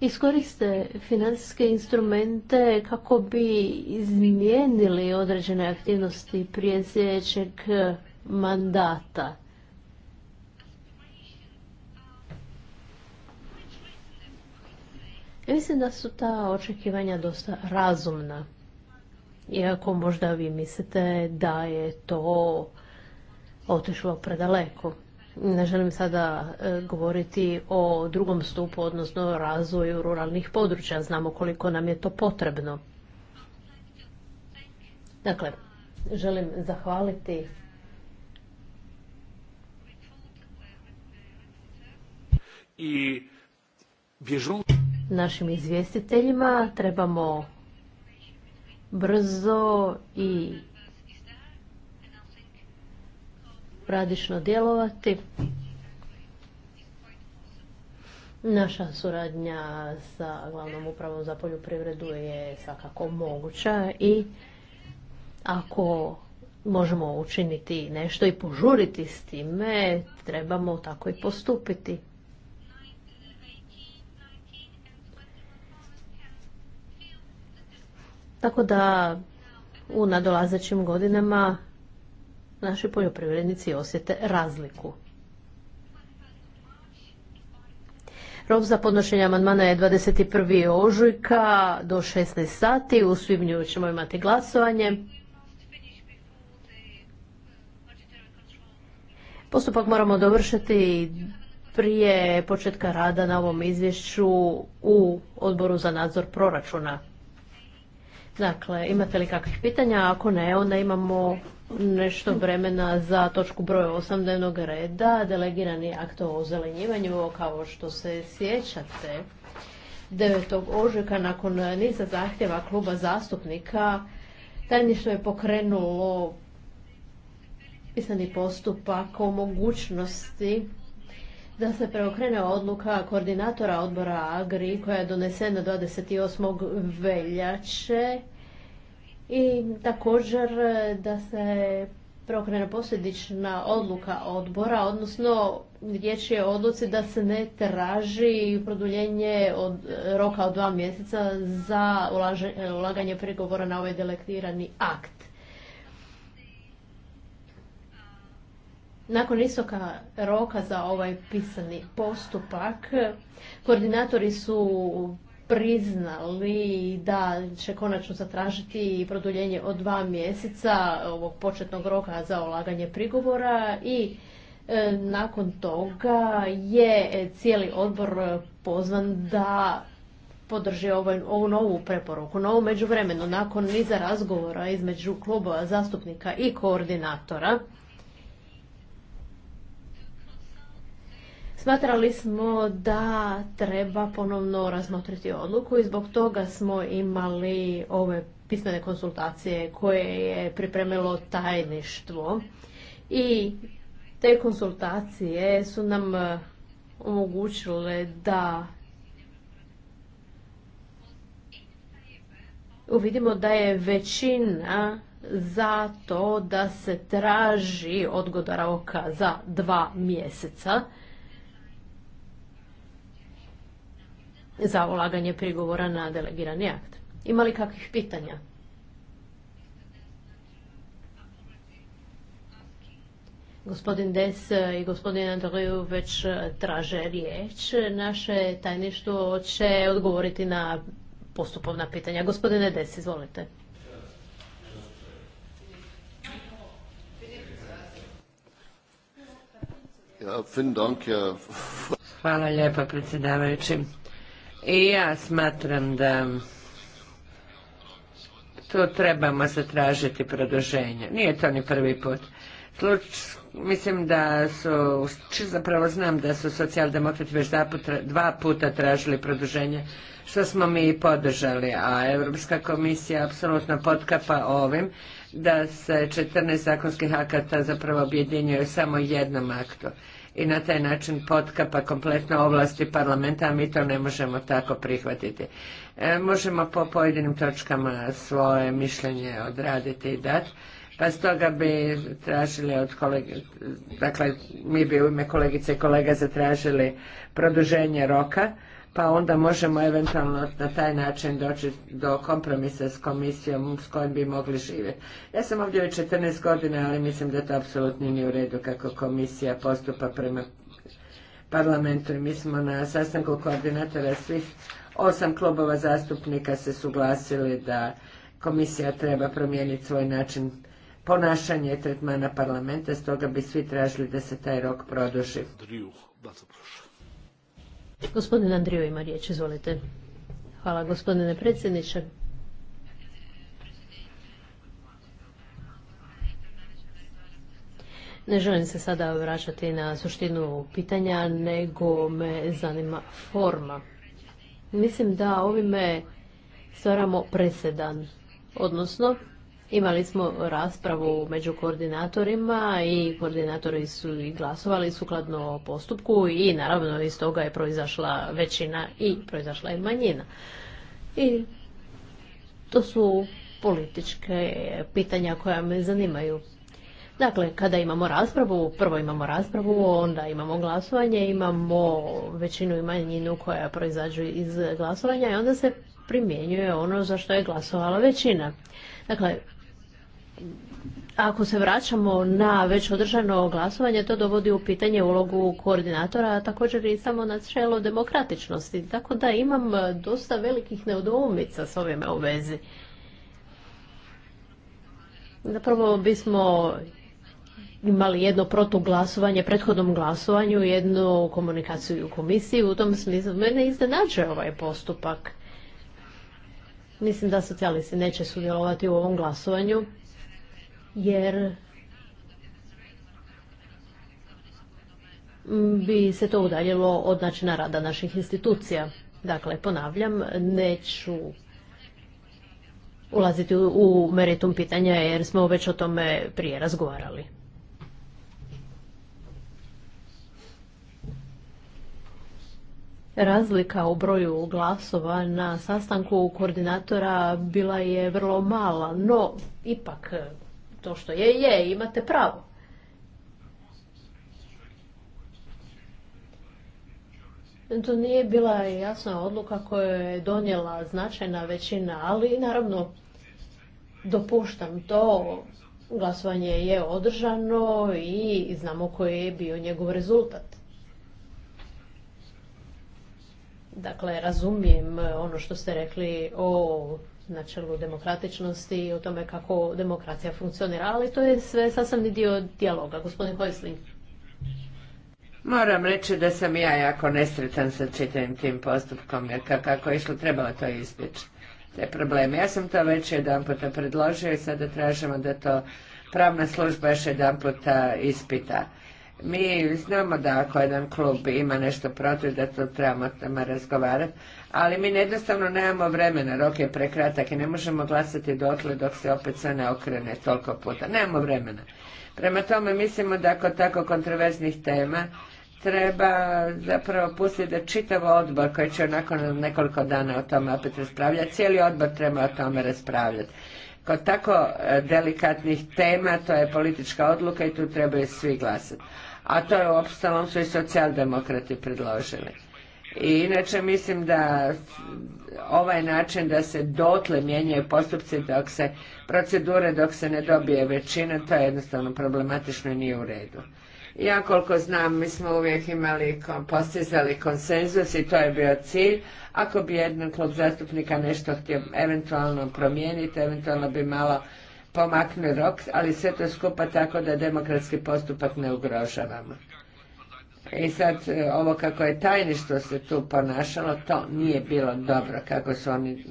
iskoriste financijske instrumente kako bi izmijenili određene aktivnosti prije sljedećeg mandata. Mislim da su ta očekivanja dosta razumna. Iako možda vi mislite da je to otišlo predaleko. Ne želim sada e, govoriti o drugom stupu, odnosno razvoju ruralnih područja. Znamo koliko nam je to potrebno. Dakle, želim zahvaliti i bježu našim izvjestiteljima. Trebamo brzo i radično djelovati. Naša suradnja sa glavnom upravom za poljoprivredu je svakako moguća i ako možemo učiniti nešto i požuriti s time, trebamo tako i postupiti. Tako da u nadolazećim godinama naši poljoprivrednici osjete razliku. Rok za podnošenje amandmana je 21. ožujka do 16 sati. U svibnju ćemo imati glasovanje. Postupak moramo dovršiti prije početka rada na ovom izvješću u odboru za nadzor proračuna. Dakle, imate li kakvih pitanja? Ako ne, onda imamo nešto vremena za točku broja 8 dnevnog reda, delegirani akt o ozelenjivanju, kao što se sjećate. 9. ožujka nakon niza zahtjeva kluba zastupnika tajništvo je pokrenulo pisani postupak o mogućnosti da se preokrene odluka koordinatora odbora Agri koja je donesena 28. veljače i također da se preokrene posljedična odluka odbora, odnosno riječ je o odluci da se ne traži produljenje od roka od dva mjeseca za ulaganje prigovora na ovaj delektirani akt. Nakon istoka roka za ovaj pisani postupak, koordinatori su priznali da će konačno zatražiti produljenje od dva mjeseca ovog početnog roka za olaganje prigovora i e, nakon toga je cijeli odbor pozvan da podrži ovaj, ovu novu preporuku. No, međuvremeno, nakon niza razgovora između klubova zastupnika i koordinatora, Smatrali smo da treba ponovno razmotriti odluku i zbog toga smo imali ove pismene konsultacije koje je pripremilo tajništvo i te konsultacije su nam e, omogućile da uvidimo da je većina za to da se traži odgoda roka za dva mjeseca za ulaganje prigovora na delegirani akt. Ima li kakvih pitanja? Gospodin Des eh, i gospodin Andriju već eh, traže riječ. Naše tajništvo će odgovoriti na postupovna pitanja. Gospodine Des, izvolite. Hvala lijepa predsjedavajući. I ja smatram da tu trebamo zatražiti produženje. Nije to ni prvi put. mislim da su, zapravo znam da su socijaldemokrati već dva puta tražili produženje, što smo mi i podržali, a Europska komisija apsolutno potkapa ovim da se 14 zakonskih akata zapravo objedinjuje samo jednom aktu i na taj način potkapa kompletno ovlasti parlamenta, a mi to ne možemo tako prihvatiti. E, možemo po pojedinim točkama svoje mišljenje odraditi i dati, pa stoga bi tražili od kolege, dakle mi bi u ime kolegice i kolega zatražili produženje roka pa onda možemo eventualno na taj način doći do kompromisa s komisijom s kojim bi mogli živjeti. Ja sam ovdje već 14 godina, ali mislim da to apsolutno nije u redu kako komisija postupa prema parlamentu i mi smo na sastanku koordinatora svih osam klubova zastupnika se suglasili da komisija treba promijeniti svoj način ponašanja i tretmana parlamenta, stoga bi svi tražili da se taj rok produži. Gospodin Andriju ima riječ, izvolite. Hvala gospodine predsjedniče. Ne želim se sada vraćati na suštinu pitanja, nego me zanima forma. Mislim da ovime stvaramo presedan, odnosno Imali smo raspravu među koordinatorima i koordinatori su i glasovali sukladno postupku i naravno iz toga je proizašla većina i proizašla je manjina. I to su političke pitanja koja me zanimaju. Dakle, kada imamo raspravu, prvo imamo raspravu, onda imamo glasovanje, imamo većinu i manjinu koja proizađu iz glasovanja i onda se primjenjuje ono za što je glasovala većina. Dakle, ako se vraćamo na već održano glasovanje, to dovodi u pitanje ulogu koordinatora, a također i samo načelo demokratičnosti. Tako da imam dosta velikih neodoumica s ovime u vezi. Zapravo bismo imali jedno protuglasovanje, prethodnom glasovanju, jednu komunikaciju u komisiji. U tom smislu mene iznenađuje ovaj postupak. Mislim da socijalisti neće sudjelovati u ovom glasovanju jer bi se to udaljilo od načina rada naših institucija. Dakle, ponavljam, neću ulaziti u meritum pitanja jer smo već o tome prije razgovarali. Razlika u broju glasova na sastanku koordinatora bila je vrlo mala, no ipak to što je, je, imate pravo. To nije bila jasna odluka koju je donijela značajna većina, ali naravno dopuštam to. Glasovanje je održano i znamo koji je bio njegov rezultat. Dakle, razumijem ono što ste rekli o načelu demokratičnosti i o tome kako demokracija funkcionira, ali to je sve sastavni dio dijaloga. Gospodin Hojsling. Moram reći da sam ja jako nesretan sa čitavim tim postupkom, jer kako je išlo trebalo to izbjeći, te probleme. Ja sam to već jedan puta predložio i sada tražimo da to pravna služba još jedan puta ispita. Mi znamo da ako jedan klub ima nešto protiv, da to trebamo tamo razgovarati, ali mi jednostavno nemamo vremena, rok je prekratak i ne možemo glasati dotle dok se opet sve ne okrene toliko puta. Nemamo vremena. Prema tome mislimo da kod tako kontroverznih tema treba zapravo pustiti da čitav odbor koji će nakon nekoliko dana o tome opet raspravljati, cijeli odbor treba o tome raspravljati. Kod tako e, delikatnih tema to je politička odluka i tu trebaju svi glasati. A to je u opstalom su i socijaldemokrati predložili. I inače mislim da ovaj način da se dotle mijenjaju postupci dok se procedure dok se ne dobije većina, to je jednostavno problematično i nije u redu. Ja koliko znam, mi smo uvijek imali, postizali konsenzus i to je bio cilj. Ako bi jedan klub zastupnika nešto htio eventualno promijeniti, eventualno bi malo pomaknuo rok, ali sve to skupa tako da demokratski postupak ne ugrožavamo. I e sad e, ovo kako je tajništvo se tu ponašalo, to nije bilo dobro kako su oni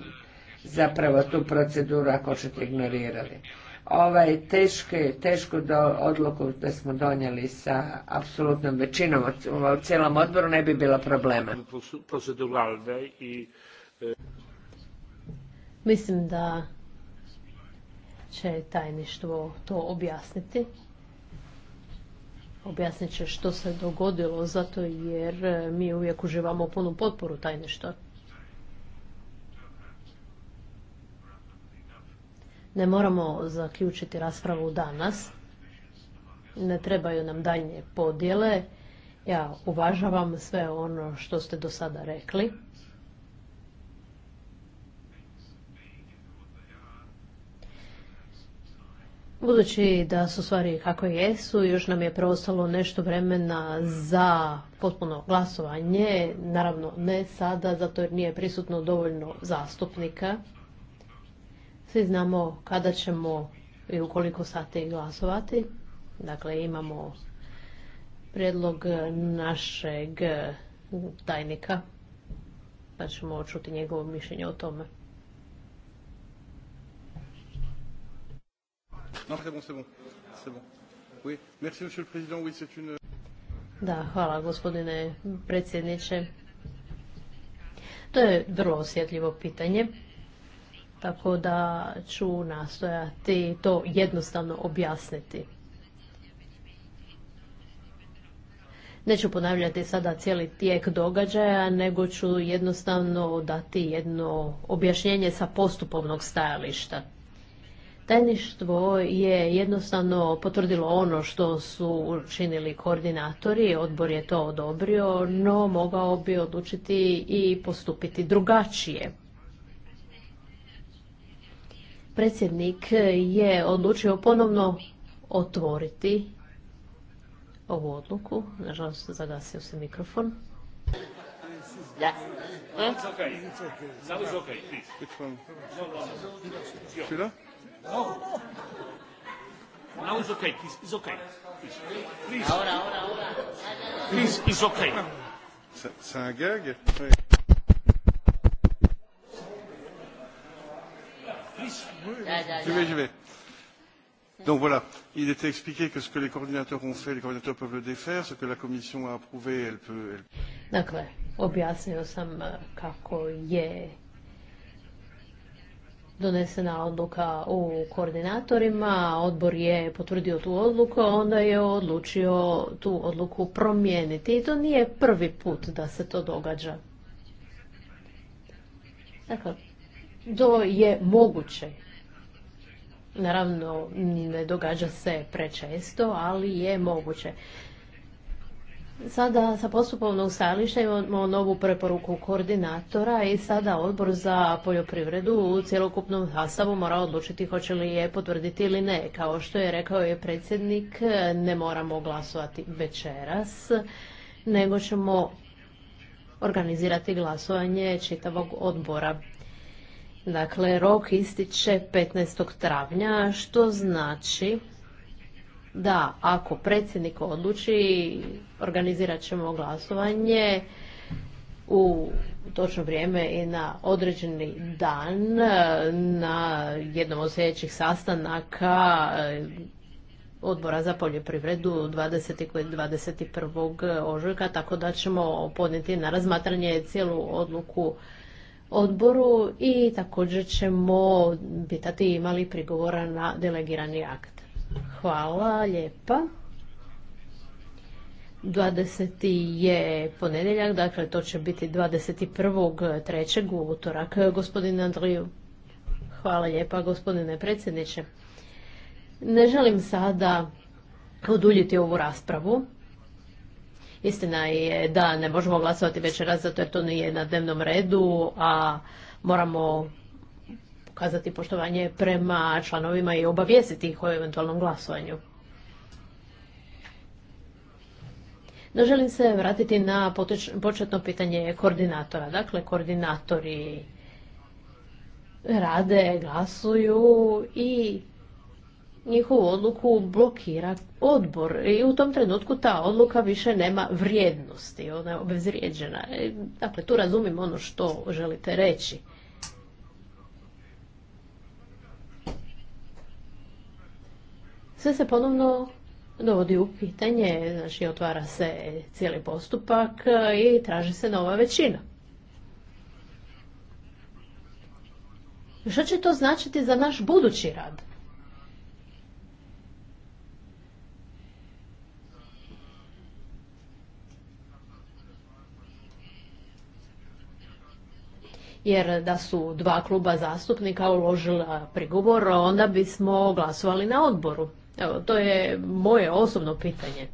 zapravo tu proceduru ako ćete ignorirali. Ovaj teške, tešku do, odluku da smo donijeli sa apsolutnom većinom u cijelom odboru ne bi bilo problema. E, Mislim da će tajništvo to objasniti objasnit će što se dogodilo, zato jer e, mi uvijek uživamo punu potporu što. Ne moramo zaključiti raspravu danas. Ne trebaju nam daljnje podjele. Ja uvažavam sve ono što ste do sada rekli. Budući da su stvari kako jesu, još nam je preostalo nešto vremena za potpuno glasovanje. Naravno ne sada, zato jer nije prisutno dovoljno zastupnika. Svi znamo kada ćemo i u koliko sati glasovati. Dakle, imamo prijedlog našeg tajnika, pa ćemo čuti njegovo mišljenje o tome. Da, hvala gospodine predsjedniče. To je vrlo osjetljivo pitanje, tako da ću nastojati to jednostavno objasniti. Neću ponavljati sada cijeli tijek događaja, nego ću jednostavno dati jedno objašnjenje sa postupovnog stajališta tajništvo je jednostavno potvrdilo ono što su učinili koordinatori, odbor je to odobrio, no mogao bi odlučiti i postupiti drugačije. Predsjednik je odlučio ponovno otvoriti ovu odluku. Nažalost, zagasio se mikrofon. No. Now it's okay. It's, it's okay. Please. Please. Ahora, ahora, ahora. Please, it's okay. C'est un gag oui. J'y vais, j'y vais. Donc voilà, il était expliqué que ce que les coordinateurs ont fait, les coordinateurs peuvent le défaire, ce que la commission a approuvé, elle peut... Elle... Dakle, objasnio sam eh, kako je donesena odluka u koordinatorima, odbor je potvrdio tu odluku, onda je odlučio tu odluku promijeniti. I to nije prvi put da se to događa. Dakle, to je moguće. Naravno, ne događa se prečesto, ali je moguće. Sada sa postupovnog stajališta imamo novu preporuku koordinatora i sada odbor za poljoprivredu u cjelokupnom sastavu mora odlučiti hoće li je potvrditi ili ne. Kao što je rekao je predsjednik, ne moramo glasovati večeras, nego ćemo organizirati glasovanje čitavog odbora. Dakle, rok ističe 15. travnja, što znači da, ako predsjednik odluči, organizirat ćemo glasovanje u točno vrijeme i na određeni dan na jednom od sljedećih sastanaka eh, odbora za poljoprivredu 20. i 21. ožujka, tako da ćemo podnijeti na razmatranje cijelu odluku odboru i također ćemo pitati imali prigovora na delegirani akt. Hvala lijepa. 20. je ponedjeljak, dakle to će biti 21.3. u utorak. Gospodin Andriju, hvala lijepa gospodine predsjedniče. Ne želim sada oduljiti ovu raspravu. Istina je da ne možemo glasovati večeras zato jer to nije na dnevnom redu, a moramo pokazati poštovanje prema članovima i obavijestiti ih o eventualnom glasovanju. No želim se vratiti na početno pitanje koordinatora. Dakle, koordinatori rade, glasuju i njihovu odluku blokira odbor i u tom trenutku ta odluka više nema vrijednosti, ona je obezrijeđena. E, dakle, tu razumijem ono što želite reći. sve se ponovno dovodi u pitanje, znači otvara se cijeli postupak e, i traži se nova većina. Što će to značiti za naš budući rad? jer da su dva kluba zastupnika uložila prigovor, onda bismo glasovali na odboru. Evo, to je moje osobno pitanje.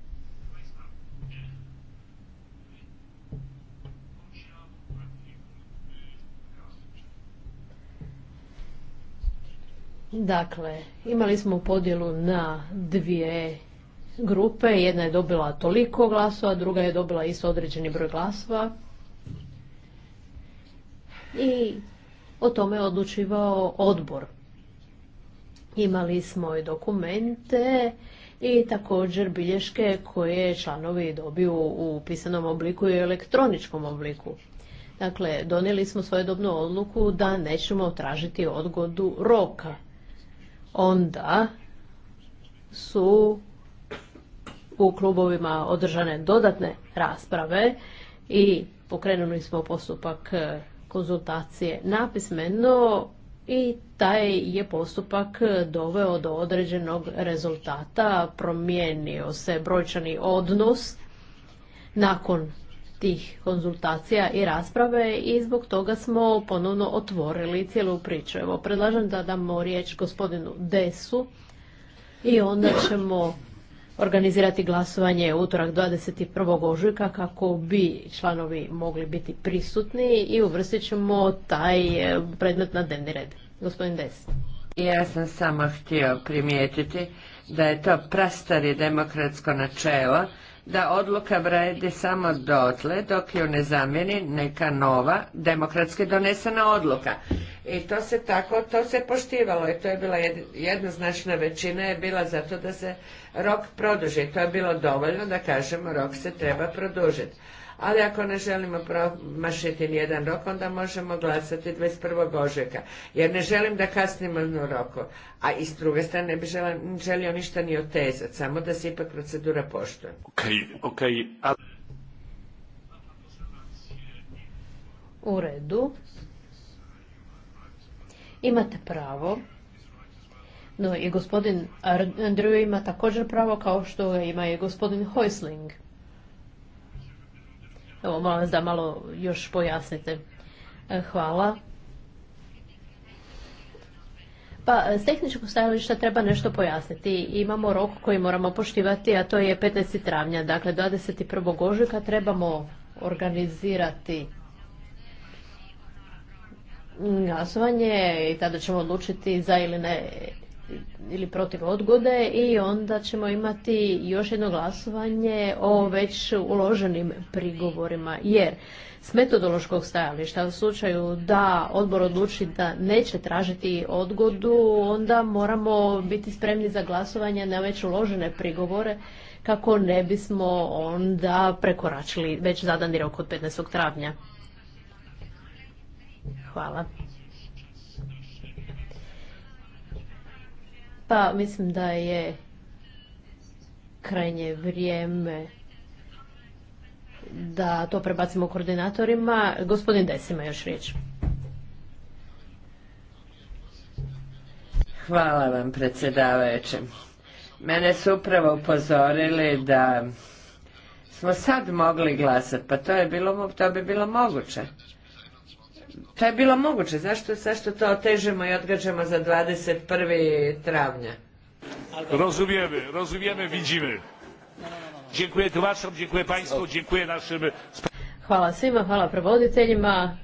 Dakle, imali smo podjelu na dvije grupe. Jedna je dobila toliko glasova, druga je dobila isto određeni broj glasova. I o tome je odlučivao odbor. Imali smo i dokumente i također bilješke koje članovi dobiju u pisanom obliku i elektroničkom obliku. Dakle, donijeli smo dobnu odluku da nećemo tražiti odgodu roka. Onda su u klubovima održane dodatne rasprave i pokrenuli smo postupak konzultacije napismeno i taj je postupak doveo do određenog rezultata, promijenio se brojčani odnos nakon tih konzultacija i rasprave i zbog toga smo ponovno otvorili cijelu priču. Evo, predlažem da damo riječ gospodinu Desu i onda ćemo organizirati glasovanje u utorak 21. ožujka kako bi članovi mogli biti prisutni i uvrstit ćemo taj e, predmet na dnevni red. Gospodin Des. Ja sam samo htio primijetiti da je to prastari demokratsko načelo da odluka vredi samo dotle dok ju ne zamjeni neka nova demokratski donesena odluka. I to se tako, to se poštivalo i to je bila jednoznačna većina je bila zato da se rok produži. To je bilo dovoljno da kažemo rok se treba produžiti ali ako ne želimo promašiti nijedan rok, onda možemo glasati 21. ožujka, jer ne želim da kasnimo na roku, a i s druge strane ne bi želio ništa ni otezati, samo da se ipak procedura poštuje. U redu. Imate pravo. No i gospodin Andrew ima također pravo kao što ima i gospodin Hoisling. Evo, molim vas da malo još pojasnite. E, hvala. Pa, s tehničkog stajališta treba nešto pojasniti. Imamo rok koji moramo poštivati, a to je 15. travnja. Dakle, 21. ožujka trebamo organizirati glasovanje i tada ćemo odlučiti za ili ne ili protiv odgode i onda ćemo imati još jedno glasovanje o već uloženim prigovorima. Jer s metodološkog stajališta u slučaju da odbor odluči da neće tražiti odgodu, onda moramo biti spremni za glasovanje na već uložene prigovore kako ne bismo onda prekoračili već zadani rok od 15. travnja. Hvala. Pa mislim da je krajnje vrijeme da to prebacimo koordinatorima. Gospodin Desima još riječ. Hvala vam predsjedavajući. Mene su upravo upozorili da smo sad mogli glasati, pa to je bilo, to bi bilo moguće to je bilo moguće. Zašto, zašto to otežemo i odgađamo za 21. travnja? Rozumijemy, rozumijemy, widzimy. Dziękuję tłumaczom, dziękuję Państwu, dziękuję naszym... Hvala svima, hvala prevoditeljima,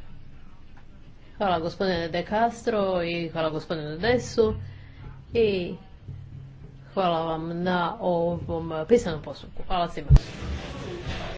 hvala gospodine De Castro i hvala gospodine Desu i hvala vam na ovom pisanom postupku. Hvala svima.